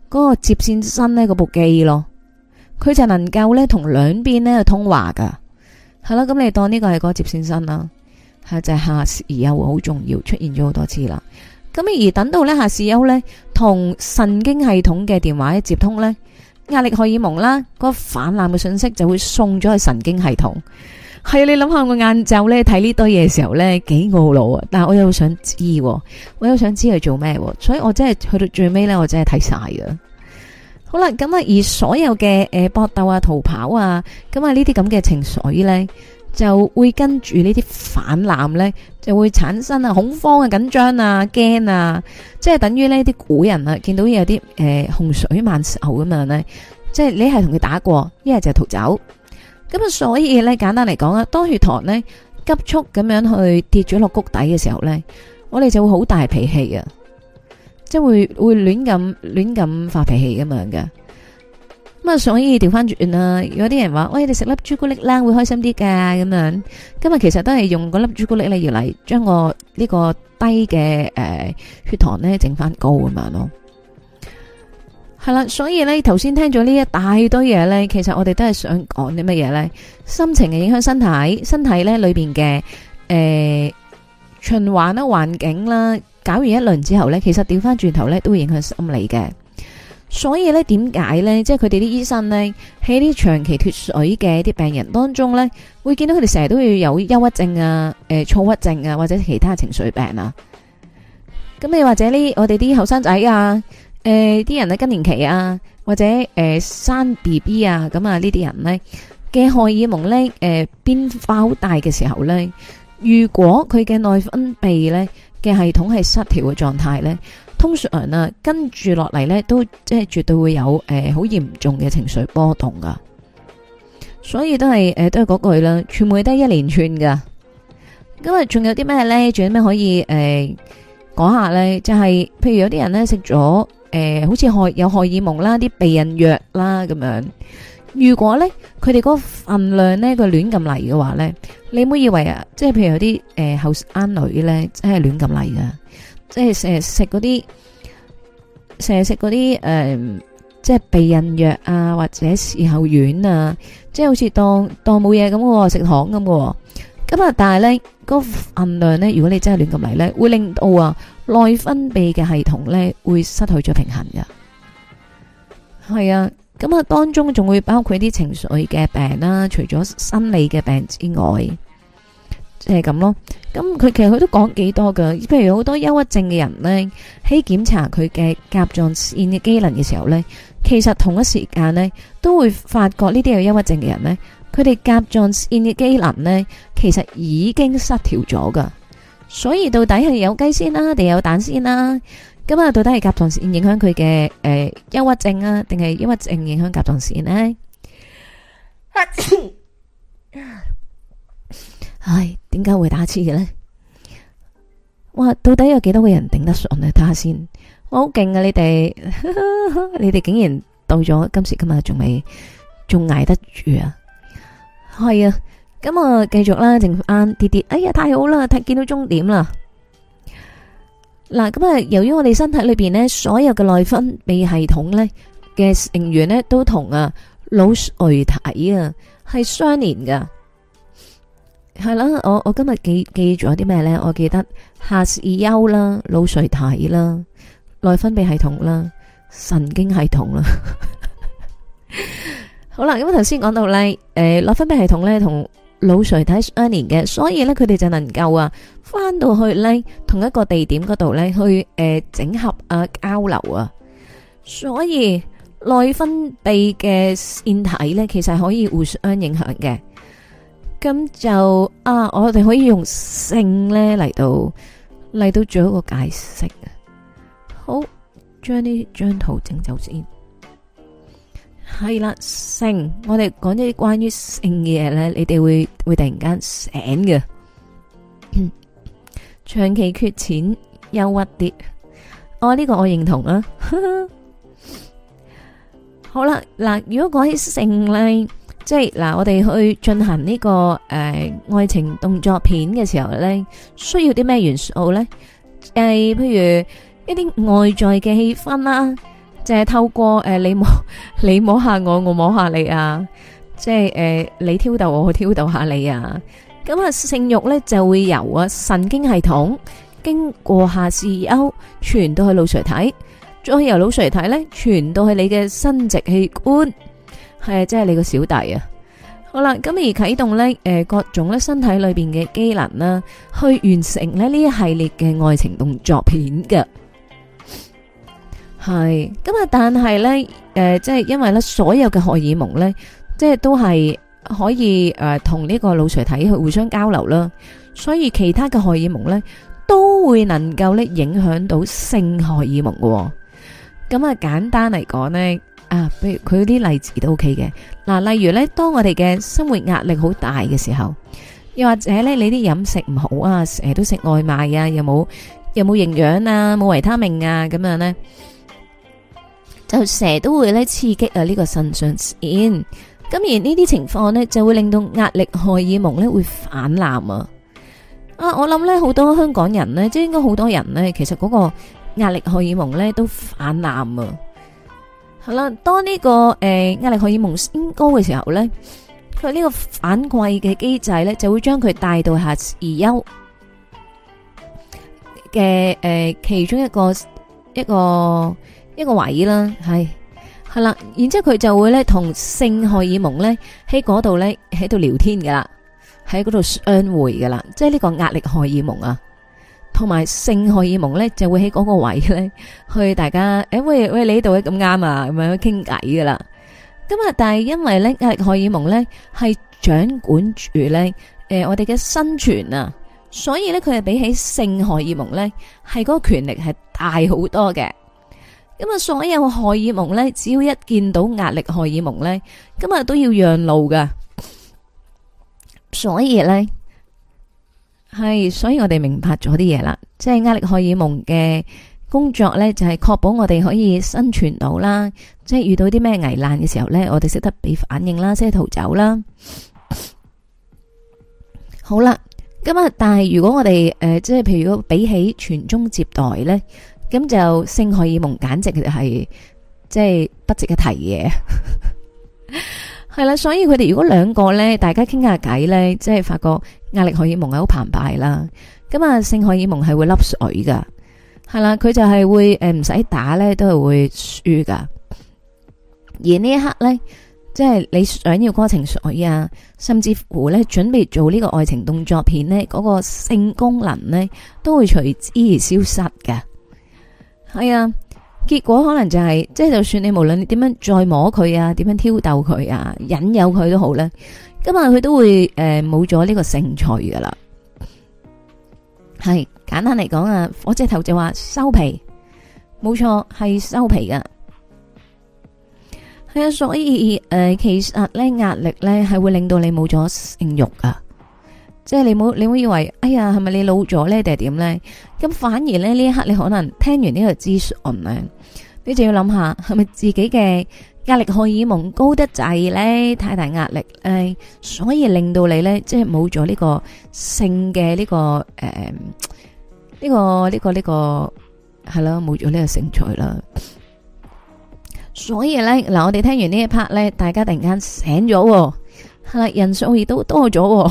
嗰、那個接線身咧，嗰部機咯，佢就能夠咧同兩邊咧通話噶係啦。咁、嗯、你當呢個係嗰個接線身啦。就係下視丘好重要，出現咗好多次啦。咁而等到呢下視丘呢，同神經系統嘅電話一接通呢，壓力荷爾蒙啦，嗰個氾濫嘅信息就會送咗去神經系統。係你諗下，我晏晝呢睇呢堆嘢嘅時候呢，幾懊惱啊！但係我又好想知，我又想知佢做咩，所以我真係去到最尾呢，我真係睇晒㗎。好啦，咁啊，而所有嘅誒搏鬥啊、逃跑啊，咁啊呢啲咁嘅情緒呢。就會跟住呢啲反濫呢，就會產生啊恐慌啊緊張啊驚啊，即係等於呢啲古人啊見到有啲誒洪水猛獸咁樣呢。即係你係同佢打過，一係就逃走。咁啊，所以呢，簡單嚟講啊，當血糖呢急速咁樣去跌咗落谷底嘅時候呢，我哋就會好大脾氣啊，即係會會亂咁亂咁發脾氣咁樣嘅。所以調翻轉啦，有啲人話：「喂，你食粒朱古力啦，會開心啲㗎。」咁樣。今日其實都係用嗰粒朱古力咧，要嚟將我呢個低嘅誒、呃、血糖咧整翻高咁樣咯。係啦，所以咧，頭先聽咗呢一大堆嘢咧，其實我哋都係想講啲乜嘢咧？心情係影響身體，身體咧裏邊嘅誒循環啦、環境啦，搞完一輪之後咧，其實調翻轉頭咧都會影響心理嘅。所以呢，點解呢？即係佢哋啲醫生呢，喺啲長期脫水嘅啲病人當中呢，會見到佢哋成日都要有憂鬱症啊、誒、呃，躁鬱症啊，或者其他情緒病啊。咁你或者呢，我哋啲後生仔啊，誒、呃，啲人呢更年期啊，或者誒、呃、生 B B 啊，咁啊呢啲人呢嘅荷爾蒙呢，誒、呃，變化好大嘅時候呢，如果佢嘅內分泌呢嘅系統係失調嘅狀態呢。通常啊，跟住落嚟咧，都即係絕對會有誒好、呃、嚴重嘅情緒波動噶，所以都係誒、呃、都係嗰句啦，全部都係一連串噶。咁啊，仲有啲咩咧？仲有咩可以誒講、呃、下咧？就係、是、譬如有啲人咧食咗誒，好似荷有荷爾蒙啦、啲避孕藥啦咁樣。如果咧佢哋嗰份量咧，佢亂咁嚟嘅話咧，你唔好以為啊，即係譬如有啲誒、呃、後生女咧，真係亂咁嚟噶。即係成日食嗰啲，成日食嗰啲誒，即係避孕藥啊，或者事後丸啊，即係好似當當冇嘢咁嘅，食糖咁嘅。咁啊，但係呢個份量呢，如果你真係亂咁嚟，呢，會令到啊內分泌嘅系統呢，會失去咗平衡嘅。係啊，咁啊當中仲會包括啲情緒嘅病啦，啊，除咗生理嘅病之外。即係，咁咯、嗯，咁佢其實佢都講幾多噶，譬如好多憂鬱症嘅人呢，喺檢查佢嘅甲狀腺嘅機能嘅時候呢，其實同一時間呢，都會發覺呢啲有憂鬱症嘅人呢，佢哋甲狀腺嘅機能呢，其實已經失調咗噶。所以到底係有雞先啦，定有蛋先啦？咁啊，到底係甲狀腺影響佢嘅誒憂鬱症啊，定係憂鬱症影響甲狀腺呢？ 唉，點解會打車嘅呢？哇，到底有幾多個人頂得上呢？睇下先，我好勁啊！你哋， 你哋竟然到咗今時今日仲未，仲捱得住啊？係啊，咁啊，繼續啦，剩啱，跌跌，哎呀，太好啦，睇見到終點啦！嗱，咁啊，由於我哋身體裏邊呢，所有嘅內分泌系統呢，嘅成員呢，都同啊腦垂體啊係相連噶。係啦，我我今日記記咗啲咩咧？我記得下視丘啦、腦垂體啦、內分泌系統啦、神經系統啦。好啦，咁頭先講到咧，誒，內分泌系統咧同腦垂體相連嘅，所以咧佢哋就能夠啊翻到去咧同一個地點嗰度咧去誒整合啊交流啊，所以內分泌嘅腺體咧其實可以互相影響嘅。咁就啊，我哋可以用性咧嚟到嚟到做一個解釋。好，將呢張圖整走先。係啦，性，我哋講一啲關於性嘅嘢咧，你哋會會突然間醒嘅。長期缺錢憂鬱啲，我呢個我認同啦。好啦，嗱，如果講起性咧。即係嗱，我哋去進行呢個誒愛情動作片嘅時候咧，需要啲咩元素咧？誒，譬如一啲外在嘅氣氛啦，淨係透過誒你摸你摸下我，我摸下你啊，即係誒你挑逗我，我挑逗下你啊，咁啊性欲咧就會由啊神經系統經過下視丘，傳到去腦垂體，再由腦垂體咧傳到去你嘅生殖器官。係啊，即係你個小弟啊！好啦，咁而啟動呢誒，各種咧身體裏邊嘅機能啦，去完成呢呢一系列嘅愛情動作片嘅。係，咁啊，但係呢，誒、呃，即係因為咧，所有嘅荷爾蒙呢，即係都係可以誒，同、呃、呢個腦垂體去互相交流啦。所以其他嘅荷爾蒙呢，都會能夠咧影響到性荷爾蒙嘅。咁啊，簡單嚟講呢。啊，譬如佢啲例子都 OK 嘅。嗱、啊，例如呢，當我哋嘅生活壓力好大嘅時候，又或者呢，你啲飲食唔好啊，成日都食外賣啊，又冇又冇營養啊，冇維他命啊，咁樣呢，就成日都會呢刺激啊呢、呢個腎上腺。咁、啊、而呢啲情況呢，就會令到壓力荷爾蒙呢會反濫啊。啊，我諗呢，好多香港人呢，即係應該好多人呢，其實嗰個壓力荷爾蒙呢都反濫啊。好啦，當呢、這個誒、呃、壓力荷爾蒙升高嘅時候咧，佢呢個反饋嘅機制咧，就會將佢帶到下而休嘅誒、呃、其中一個一個一個位啦，係係啦，然之後佢就會咧同性荷爾蒙咧喺嗰度咧喺度聊天㗎喇，喺嗰度相會㗎喇，即係呢個壓力荷爾蒙啊。同埋性荷爾蒙咧，就會喺嗰個位咧，去大家誒、哎、喂喂，你呢度咁啱啊，咁樣傾偈噶啦。咁啊，但係因為咧，壓力荷爾蒙咧係掌管住咧，誒、呃、我哋嘅生存啊，所以咧佢係比起性荷爾蒙咧，係嗰個權力係大好多嘅。咁、嗯、啊，所有荷爾蒙咧，只要一見到壓力荷爾蒙咧，咁啊都要讓路噶。所以咧。係，所以我哋明白咗啲嘢啦，即係壓力荷爾蒙嘅工作呢，就係、是、確保我哋可以生存到啦，即係遇到啲咩危難嘅時候呢，我哋識得俾反應啦，即係逃走啦。好啦，咁啊，但係如果我哋誒、即、呃、係譬如，譬如比起傳宗接代呢，咁就性荷爾蒙簡直係、就是、即係不值一提嘢。 係啦，所以佢哋如果兩個咧，大家傾下偈咧，即係發覺壓力荷爾蒙係好澎湃啦。咁啊，性荷爾蒙係會粒水噶。係啦，佢就係會誒唔使打咧都係會輸噶。而呢一刻咧，即係你想要過情水啊，甚至乎咧準備做呢個愛情動作片咧，嗰個性功能咧都會隨之而消失噶。係啊。結果可能就係、是，即、就、係、是、就算你無論你點樣再摸佢啊，點樣挑逗佢啊，引誘佢都好咧，今日佢都會誒冇咗呢個性趣噶啦。係簡單嚟講啊，火車頭就話收皮，冇錯係收皮噶。係啊，所以誒、呃、其實咧壓力咧係會令到你冇咗性欲噶。即係你冇，你會以為哎呀，係咪你老咗咧？定係點咧？咁反而咧呢一刻，你可能聽完呢個資訊咧，你就要諗下係咪自己嘅壓力荷爾蒙高得滯咧，太大壓力誒，所以令到你咧即係冇咗呢個性嘅呢個誒呢個呢個呢個係咯，冇咗呢個性趣啦。所以咧嗱，我哋聽完呢一 part 咧，大家突然間醒咗，係啦，人數亦都多咗。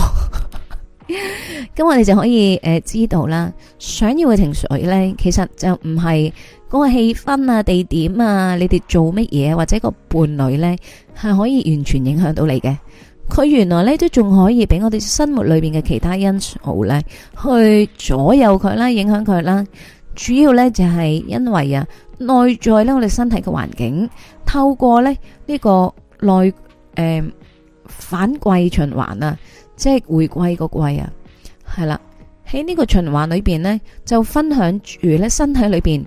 咁 我哋就可以誒知道啦，想要嘅情緒呢，其實就唔係嗰個氣氛啊、地點啊，你哋做乜嘢，或者個伴侶呢，係可以完全影響到你嘅。佢原來呢，都仲可以俾我哋生活裏邊嘅其他因素呢，去左右佢啦，影響佢啦。主要呢，就係、是、因為啊，內在呢，我哋身體嘅環境，透過呢呢、這個內誒、呃、反季循環啊。即係回歸個貴啊，係啦。喺呢個循環裏邊呢，就分享住咧身體裏邊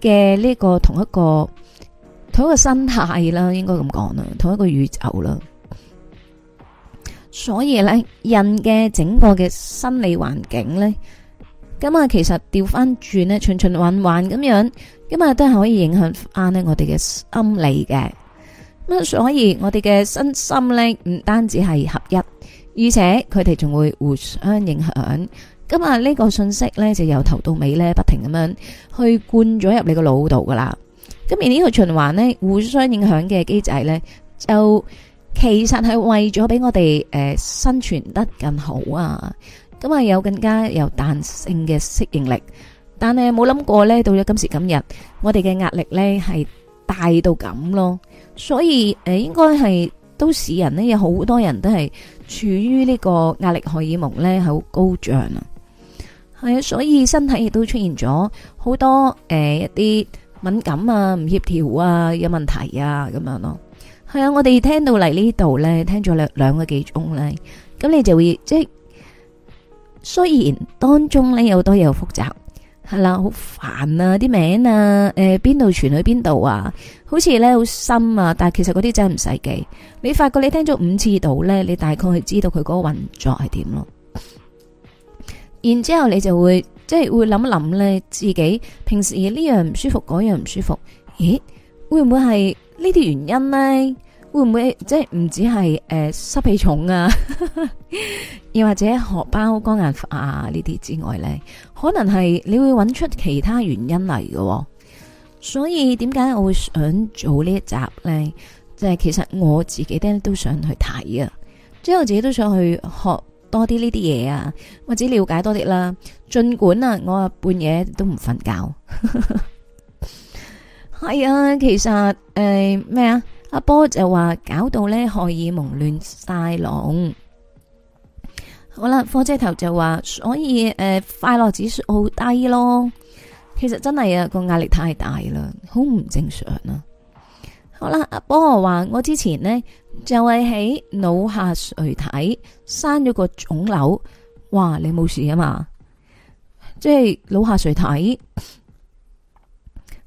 嘅呢個同一個同一個生態啦，應該咁講啦，同一個宇宙啦。所以呢，人嘅整個嘅心理環境呢，咁啊，其實調翻轉呢，循循環環咁樣，咁啊，都係可以影響翻呢我哋嘅心理嘅。咁所以我哋嘅身心呢，唔單止係合一。而且佢哋仲會互相影響，咁啊，呢個信息呢，就由頭到尾呢不停咁樣去灌咗入你個腦度噶啦。咁而呢個循環呢，互相影響嘅機制呢，就其實係為咗俾我哋誒、呃、生存得更好啊。咁啊，有更加有彈性嘅適應力，但係冇諗過呢，到咗今時今日，我哋嘅壓力呢係大到咁咯。所以誒、呃，應該係都市人呢，有好多人都係。處於呢個壓力荷爾蒙呢係好高漲啊，係啊，所以身體亦都出現咗好多誒、呃、一啲敏感啊、唔協調啊嘅問題啊咁樣咯、啊。係啊，我哋聽到嚟呢度呢聽咗兩兩個幾鐘呢，咁你就會即雖然當中呢有好多嘢複雜。係啦，好煩啊！啲名啊，誒，邊度傳去邊度啊？好似咧好深啊！但係其實嗰啲真係唔使記。你發覺你聽咗五次到咧，你大概係知道佢嗰個運作係點咯。然之後你就會即係、就是、會諗一諗咧，自己平時呢樣唔舒服，嗰樣唔舒服，咦，會唔會係呢啲原因呢？會唔會即係唔止係誒濕氣重啊，又 或者荷包肝硬化啊呢啲之外咧，可能係你會揾出其他原因嚟嘅，哦。所以點解我會想做呢一集咧？就係、是、其實我自己咧都想去睇啊，即係我自己都想去學多啲呢啲嘢啊，或者了解多啲啦。盡管啊，管我啊半夜都唔瞓覺。係 啊、哎，其實誒咩、呃、啊？阿波就話搞到呢荷爾蒙亂晒籠。好啦，火車頭就話，所以誒，快樂指數好低咯。其實真係啊，個壓力太大啦，好唔正常啊。好啦，阿波話我之前呢，就係喺腦下垂體生咗個腫瘤，哇，你冇事啊嘛？即係腦下垂體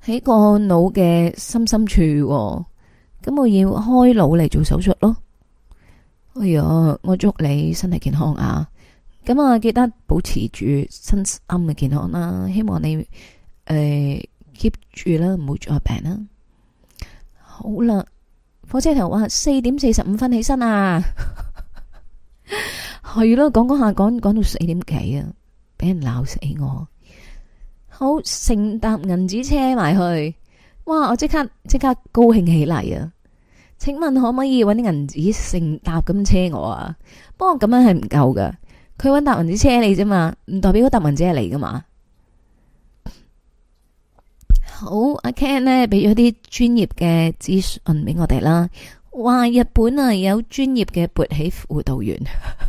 喺個腦嘅深深處。咁我要開腦嚟做手術咯。哎呀，我祝你身體健康啊！咁啊，記得保持住身心嘅健康啦。希望你誒 keep、呃、住啦，唔好再病啦。好啦，火車頭話啊，四點四十五分起身啊，係咯，講講下講講到四點幾啊，俾人鬧死我。好，乘搭銀紙車埋去。哇，我即刻即刻高興起嚟啊！請問可唔可以揾啲銀紙乘搭咁車我啊？不過咁樣係唔夠噶佢揾搭銀紙車你啫嘛，唔代表嗰搭銀紙係你噶嘛好，阿、啊、Ken 呢俾咗啲專業嘅資訊俾我哋啦。哇，日本啊有專業嘅勃起輔導員。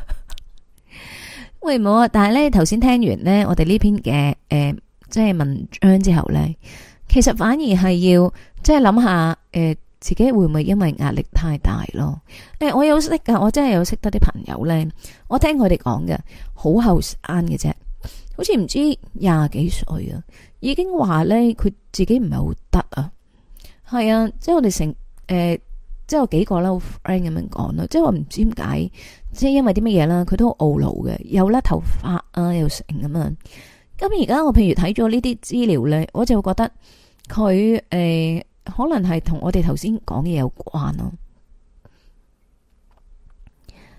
喂，冇啊！但係呢頭先聽完呢我哋呢篇嘅誒、呃，即係文章之後呢，其實反而係要即係諗下誒。呃自己會唔會因為壓力太大咯？誒、欸，我有識噶，我真係有識得啲朋友咧，我聽佢哋講嘅好後生嘅啫，好似唔知廿幾歲啊，已經話咧佢自己唔係好得啊。係啊，即係我哋成誒、欸，即係有幾個啦，我 friend 咁樣講啦，即係話唔知點解，即係因為啲乜嘢啦，佢都好懊惱嘅，又甩頭髮啊，又成咁樣。咁而家我譬如睇咗呢啲資料咧，我就會覺得佢誒。欸可能係同我哋頭先講嘢有關咯。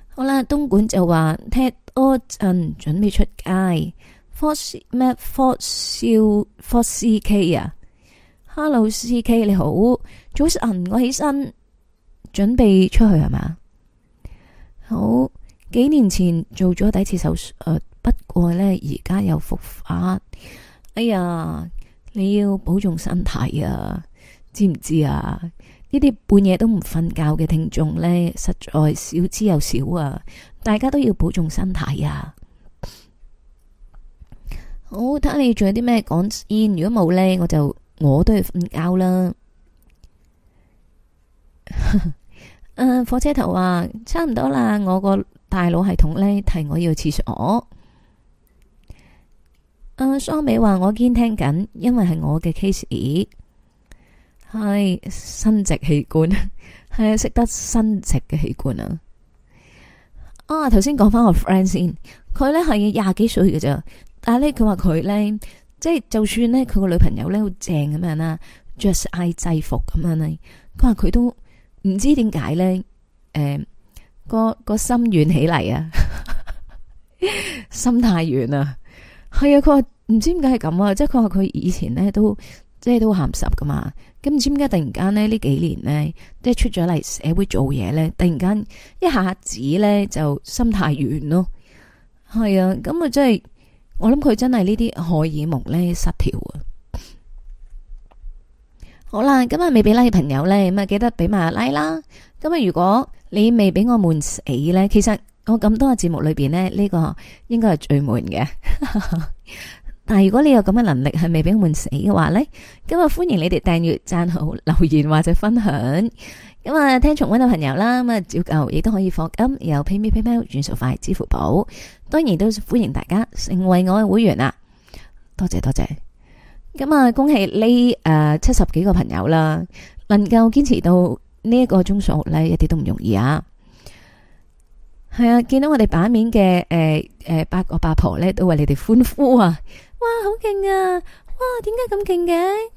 好啦，東莞就話 t e 踢 o 陣，準備出街。f o 霍咩霍少霍 CK 啊，Hello CK 你好早 o s e 我起身準備出去係嘛，啊？好，幾年前做咗第一次手術，不過呢而家又復發。哎呀，你要保重身體啊！知唔知啊？呢啲半夜都唔瞓覺嘅聽眾呢，實在少之又少啊！大家都要保重身體啊！好，睇下你仲有啲咩講先。如果冇呢，我就我都去瞓覺啦。誒、 啊，火車頭話差唔多啦，我個大腦系統呢，提我要去廁所。阿、啊、桑美話我堅聽緊，因為係我嘅 case。係生殖器官，係 識得生殖嘅器官啊。啊，頭先講翻我個 friend 先，佢咧係廿幾歲嘅咋。但係咧佢話佢咧即係就算咧佢個女朋友咧好正咁樣啦，着晒制服咁樣咧，佢話佢都唔知點解咧，誒、呃、個個心軟起嚟啊， 心太軟、哎、啊。係、就、啊、是，佢話唔知點解係咁啊，即係佢話佢以前咧都即係都鹹濕噶嘛。咁唔知點解突然間呢呢幾年呢，即係出咗嚟社會做嘢呢，突然間一下子呢就心態軟咯，係啊，咁啊即係，我諗佢真係呢啲荷爾蒙呢失調啊。好啦，今日未俾拉嘅朋友呢，咁啊記得俾埋拉啦。咁啊，如果你未俾我悶死呢，其實我咁多個節目裏邊呢，呢、呢個應該係最悶嘅。 但係如果你有咁嘅能力，係未俾我悶死嘅話呢，咁啊歡迎你哋訂閱、讚好、留言或者分享咁啊。聽重溫嘅朋友啦，咁啊，照舊亦都可以放金，有 pay me pay me 轉數快，支付寶當然都歡迎大家成為我嘅會員啦。多謝多謝咁啊！恭喜呢誒、呃、七十幾個朋友啦，能夠堅持到呢一個鐘數咧，一啲都唔容易啊。係啊，見到我哋版面嘅誒誒八個八婆咧，都為你哋歡呼啊！哇，好勁啊！哇，點解咁勁嘅？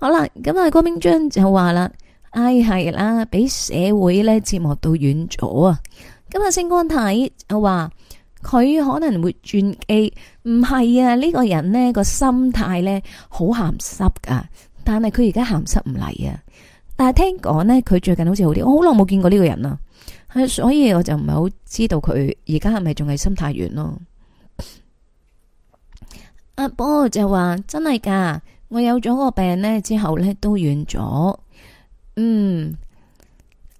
好啦，咁啊，郭明章就話啦，唉、哎，係啦，俾社會咧折磨到遠咗啊！咁啊，星光太就話佢可能會轉機，唔係啊？呢、這個人呢個心態咧好咸濕噶，但係佢而家咸濕唔嚟啊！但係聽講咧，佢最近好似好啲，我好耐冇見過呢個人啊，所以我就唔係好知道佢而家係咪仲係心態軟咯。阿婆就話真係噶我有咗個病咧之後咧都遠咗。嗯，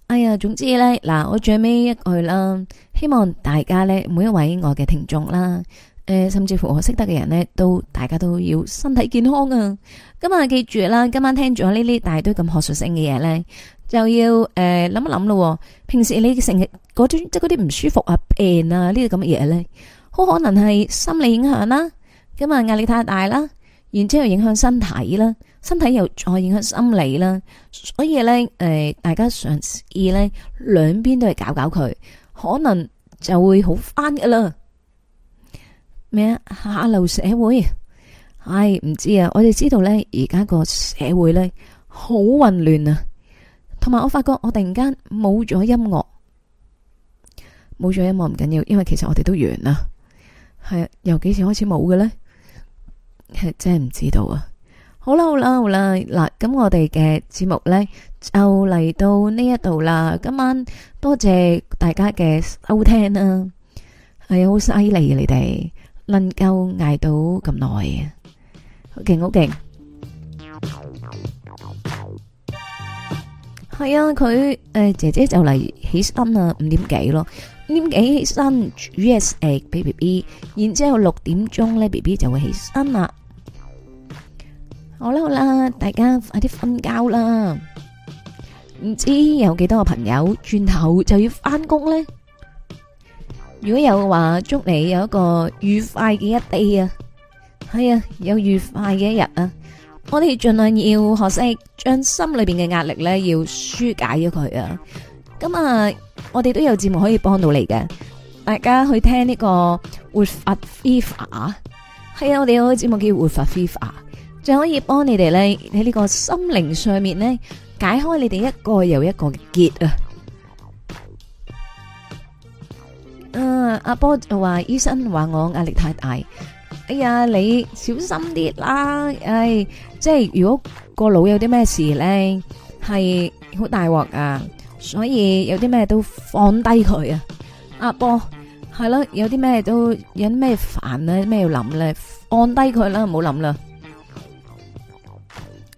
哎呀，總之咧嗱，我最尾一句啦。希望大家咧每一位我嘅聽眾啦，誒、呃，甚至乎我識得嘅人咧，都大家都要身體健康啊。咁啊，記住啦，今晚聽咗呢啲大堆咁學術性嘅嘢咧，就要誒諗、呃、一諗咯。平時你成日嗰啲即係嗰啲唔舒服啊、病啊呢啲咁嘅嘢咧，好可能係心理影響啦。因為壓力太大啦，然之後又影響身體啦，身體又再影響心理啦，所以呢，誒、呃，大家嘗試呢兩邊都係搞搞佢，可能就會好翻噶啦。咩啊？下流社會，唉，唔知啊？我哋知道呢，而家個社會呢好混亂啊，同埋我發覺我突然間冇咗音樂，冇咗音樂唔緊要，因為其實我哋都完啦。係啊，由幾時開始冇嘅呢？真係唔知道啊！好啦好啦好啦嗱，咁我哋嘅節目呢就嚟到呢一度啦。今晚多謝大家嘅收聽啦，係啊，好犀利啊！你哋能夠挨到咁耐啊，好勁好勁！係啊，佢，誒，姐姐就嚟起身啦，五點幾咯，五點幾起身，USA，畀 BB，然之後六點鐘呢，B B 就會起身啦。好啦好啦，大家快啲瞓覺啦！唔知有幾多個朋友轉頭就要翻工咧？如果有嘅話，祝你有一個愉快嘅一日啊，係啊，有愉快嘅一日啊！我哋盡量要學識將心裏邊嘅壓力咧，要紓解咗佢啊！咁啊，我哋都有節目可以幫到你嘅，大家去聽呢個活法 FIFA，係啊，我哋有個節目叫活法 FIFA。仲可以幫你哋咧，喺呢個心靈上面咧，解開你哋一個又一個嘅結啊！啊，阿波就話醫生話我壓力太大，哎呀，你小心啲啦，哎，即係如果個腦有啲咩事咧，係好大鑊啊！所以有啲咩都放低佢啊，阿波係咯，有啲咩都有啲咩煩咧，咩要諗咧，放低佢啦，唔好諗啦。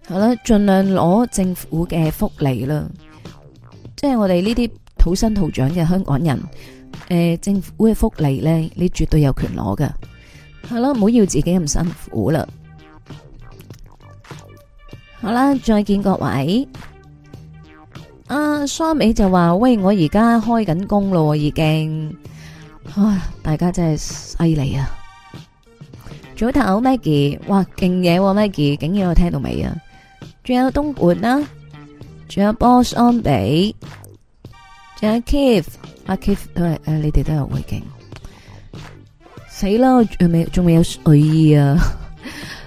好啦，盡量攞政府嘅福利啦，即係我哋呢啲土生土長嘅香港人，誒、呃，政府嘅福利咧，你絕對有權攞噶。係咯，唔好要自己咁辛苦啦。好啦，再見各位。阿、啊、Sammy 就話：喂，我而家開緊工咯，已經。唉，大家真係犀利啊！早唞，Maggie，哇，勁嘢喎，Maggie，竟然我聽到未啊？仲有東莞啦，仲有 Bosson 李，仲有 Keith，阿 Keith 都係誒，你哋都有背景。死啦，仲未仲未有睡意啊！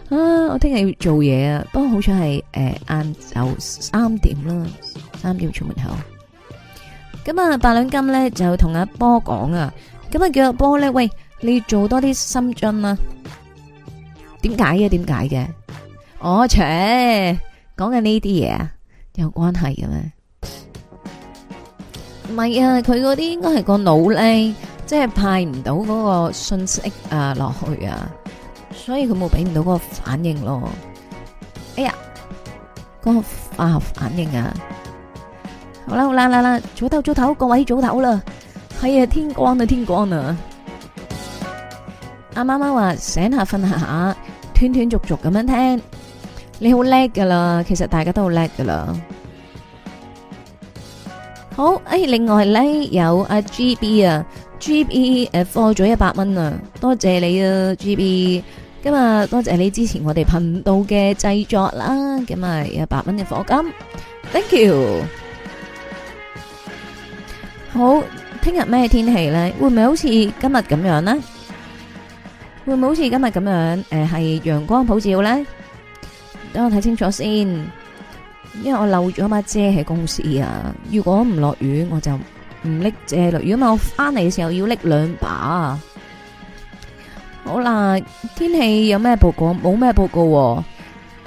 啊，我聽日要做嘢啊，不過好彩係誒晏晝三點啦，三點出門口。咁啊，八兩金咧就同阿波講啊，咁啊叫阿波咧喂，你做多啲心針啊。點解嘅？點解嘅？我切！講緊呢啲嘢啊，有關係嘅咩？唔係啊，佢嗰啲應該係個腦咧，即係派唔到嗰個信息啊落去啊，所以佢冇俾唔到嗰個反應咯。哎呀，嗰、化學啊反應啊，好啦好啦啦啦，早唞早唞，各位早唞啦，係啊天光啦，啊、天光啦，啊。阿媽媽話醒下瞓下下，斷斷續續咁樣聽。你好叻噶啦，其實大家都好叻噶啦。好，誒，另外咧，有阿 GB 啊，GB 誒，課咗一百蚊啊，多謝你啊，GB，今日多謝你支持我哋頻道嘅製作啦，咁啊，一百蚊嘅課金，thank you。好，聽日咩天氣咧？會唔會好似今日咁樣咧？會唔會好似今日咁樣？誒，係陽光普照咧？等我睇清楚先，因為我漏咗把遮喺公司啊。如果唔落雨，我就唔拎遮；落雨啊嘛，我翻嚟嘅時候要拎兩把。好啦，天氣有咩報告？冇咩報告。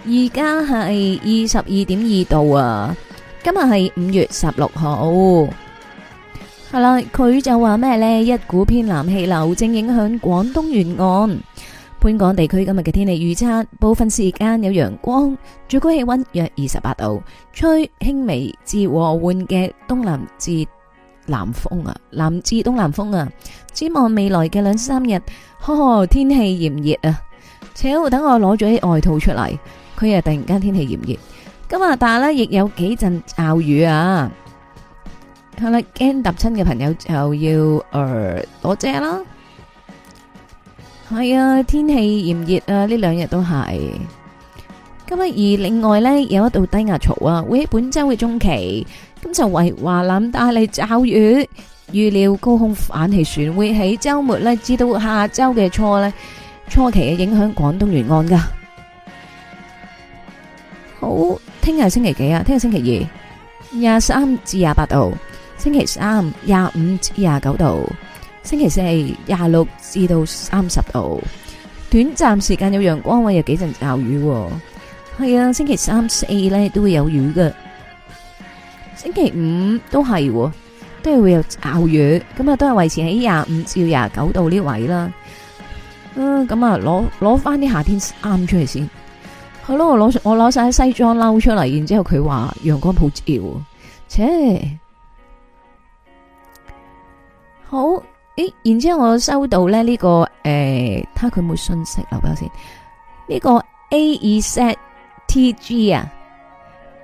而家係二十二點二度啊。今日係五月十六號。係啦，佢就話咩呢？一股偏南氣流正影響廣東沿岸。本港地區今日嘅天氣預測，部分時間有陽光，最高氣溫約二十八度，吹輕微至和緩嘅東南至南風啊，南至東南風啊。展望未來嘅兩三日，呵呵，天氣炎熱啊！好，等我攞咗啲外套出嚟，佢又突然間天氣炎熱，今日但係咧亦有幾陣驟雨啊。係啦，驚揼親嘅朋友就要誒、呃、多謝啦。係啊、哎，天氣炎熱啊，呢兩日都係。今日而另外呢，有一道低壓槽啊，會喺本周嘅中期，咁就為華南帶嚟驟雨。預料高空反氣旋會喺周末呢至到下周嘅初呢，初期嘅影響廣東沿岸噶。好，聽日星期幾啊？聽日星期二，廿三至廿八度；星期三廿五至廿九度。星期四係廿六至到三十度，短暫時間有陽光，位，有幾陣驟雨。係啊，星期三四咧都會有雨㗎。星期五都係，都係、哦、會有驟雨。咁啊，都係維持喺廿五至到廿九度呢位啦。嗯，咁啊，攞攞翻啲夏天衫出嚟先。好咯，我攞我攞晒西裝褸出嚟，然之後佢話陽光好照，切好。誒，然之後我收到咧、這、呢個誒，睇下佢冇信息留俾我先。呢、這個 A 二 Set T G 啊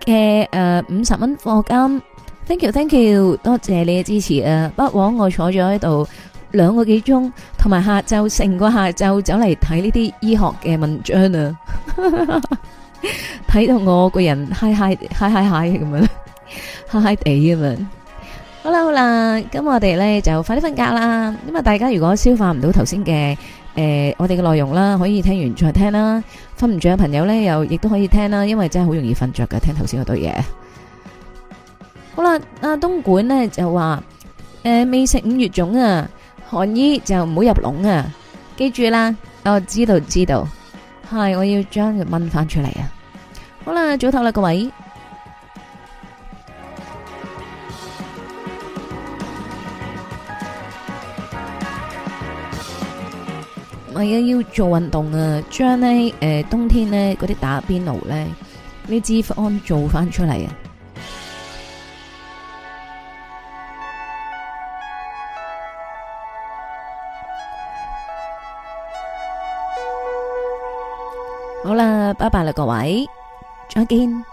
嘅誒、呃、五十蚊課金，thank you thank you，多謝你嘅支持啊！不枉我坐咗喺度兩個幾鐘，同埋下晝成個下晝走嚟睇呢啲醫學嘅文章啊，睇 到我個人嗨嗨嗨嗨嗨 嗨嗨哋咁樣。好啦好啦，咁我哋呢就快啲瞓覺啦。咁啊，大家如果消化唔到頭先嘅，誒，我哋嘅內容啦，可以聽完再聽啦。瞓唔着嘅朋友呢，又亦都可以聽啦，因為真係好容易瞓着㗎。聽頭先嗰堆嘢。好啦，阿東莞呢就話，誒，未食五月粽啊，寒衣就唔好入籠啊。記住啦，我知道知道，係我要將佢掹翻出嚟啊。好啦，早唞啦各位。我而家要做運動啊！將咧誒冬天咧嗰啲打邊爐咧啲脂肪做翻出嚟啊！好啦，拜拜啦各位，再見。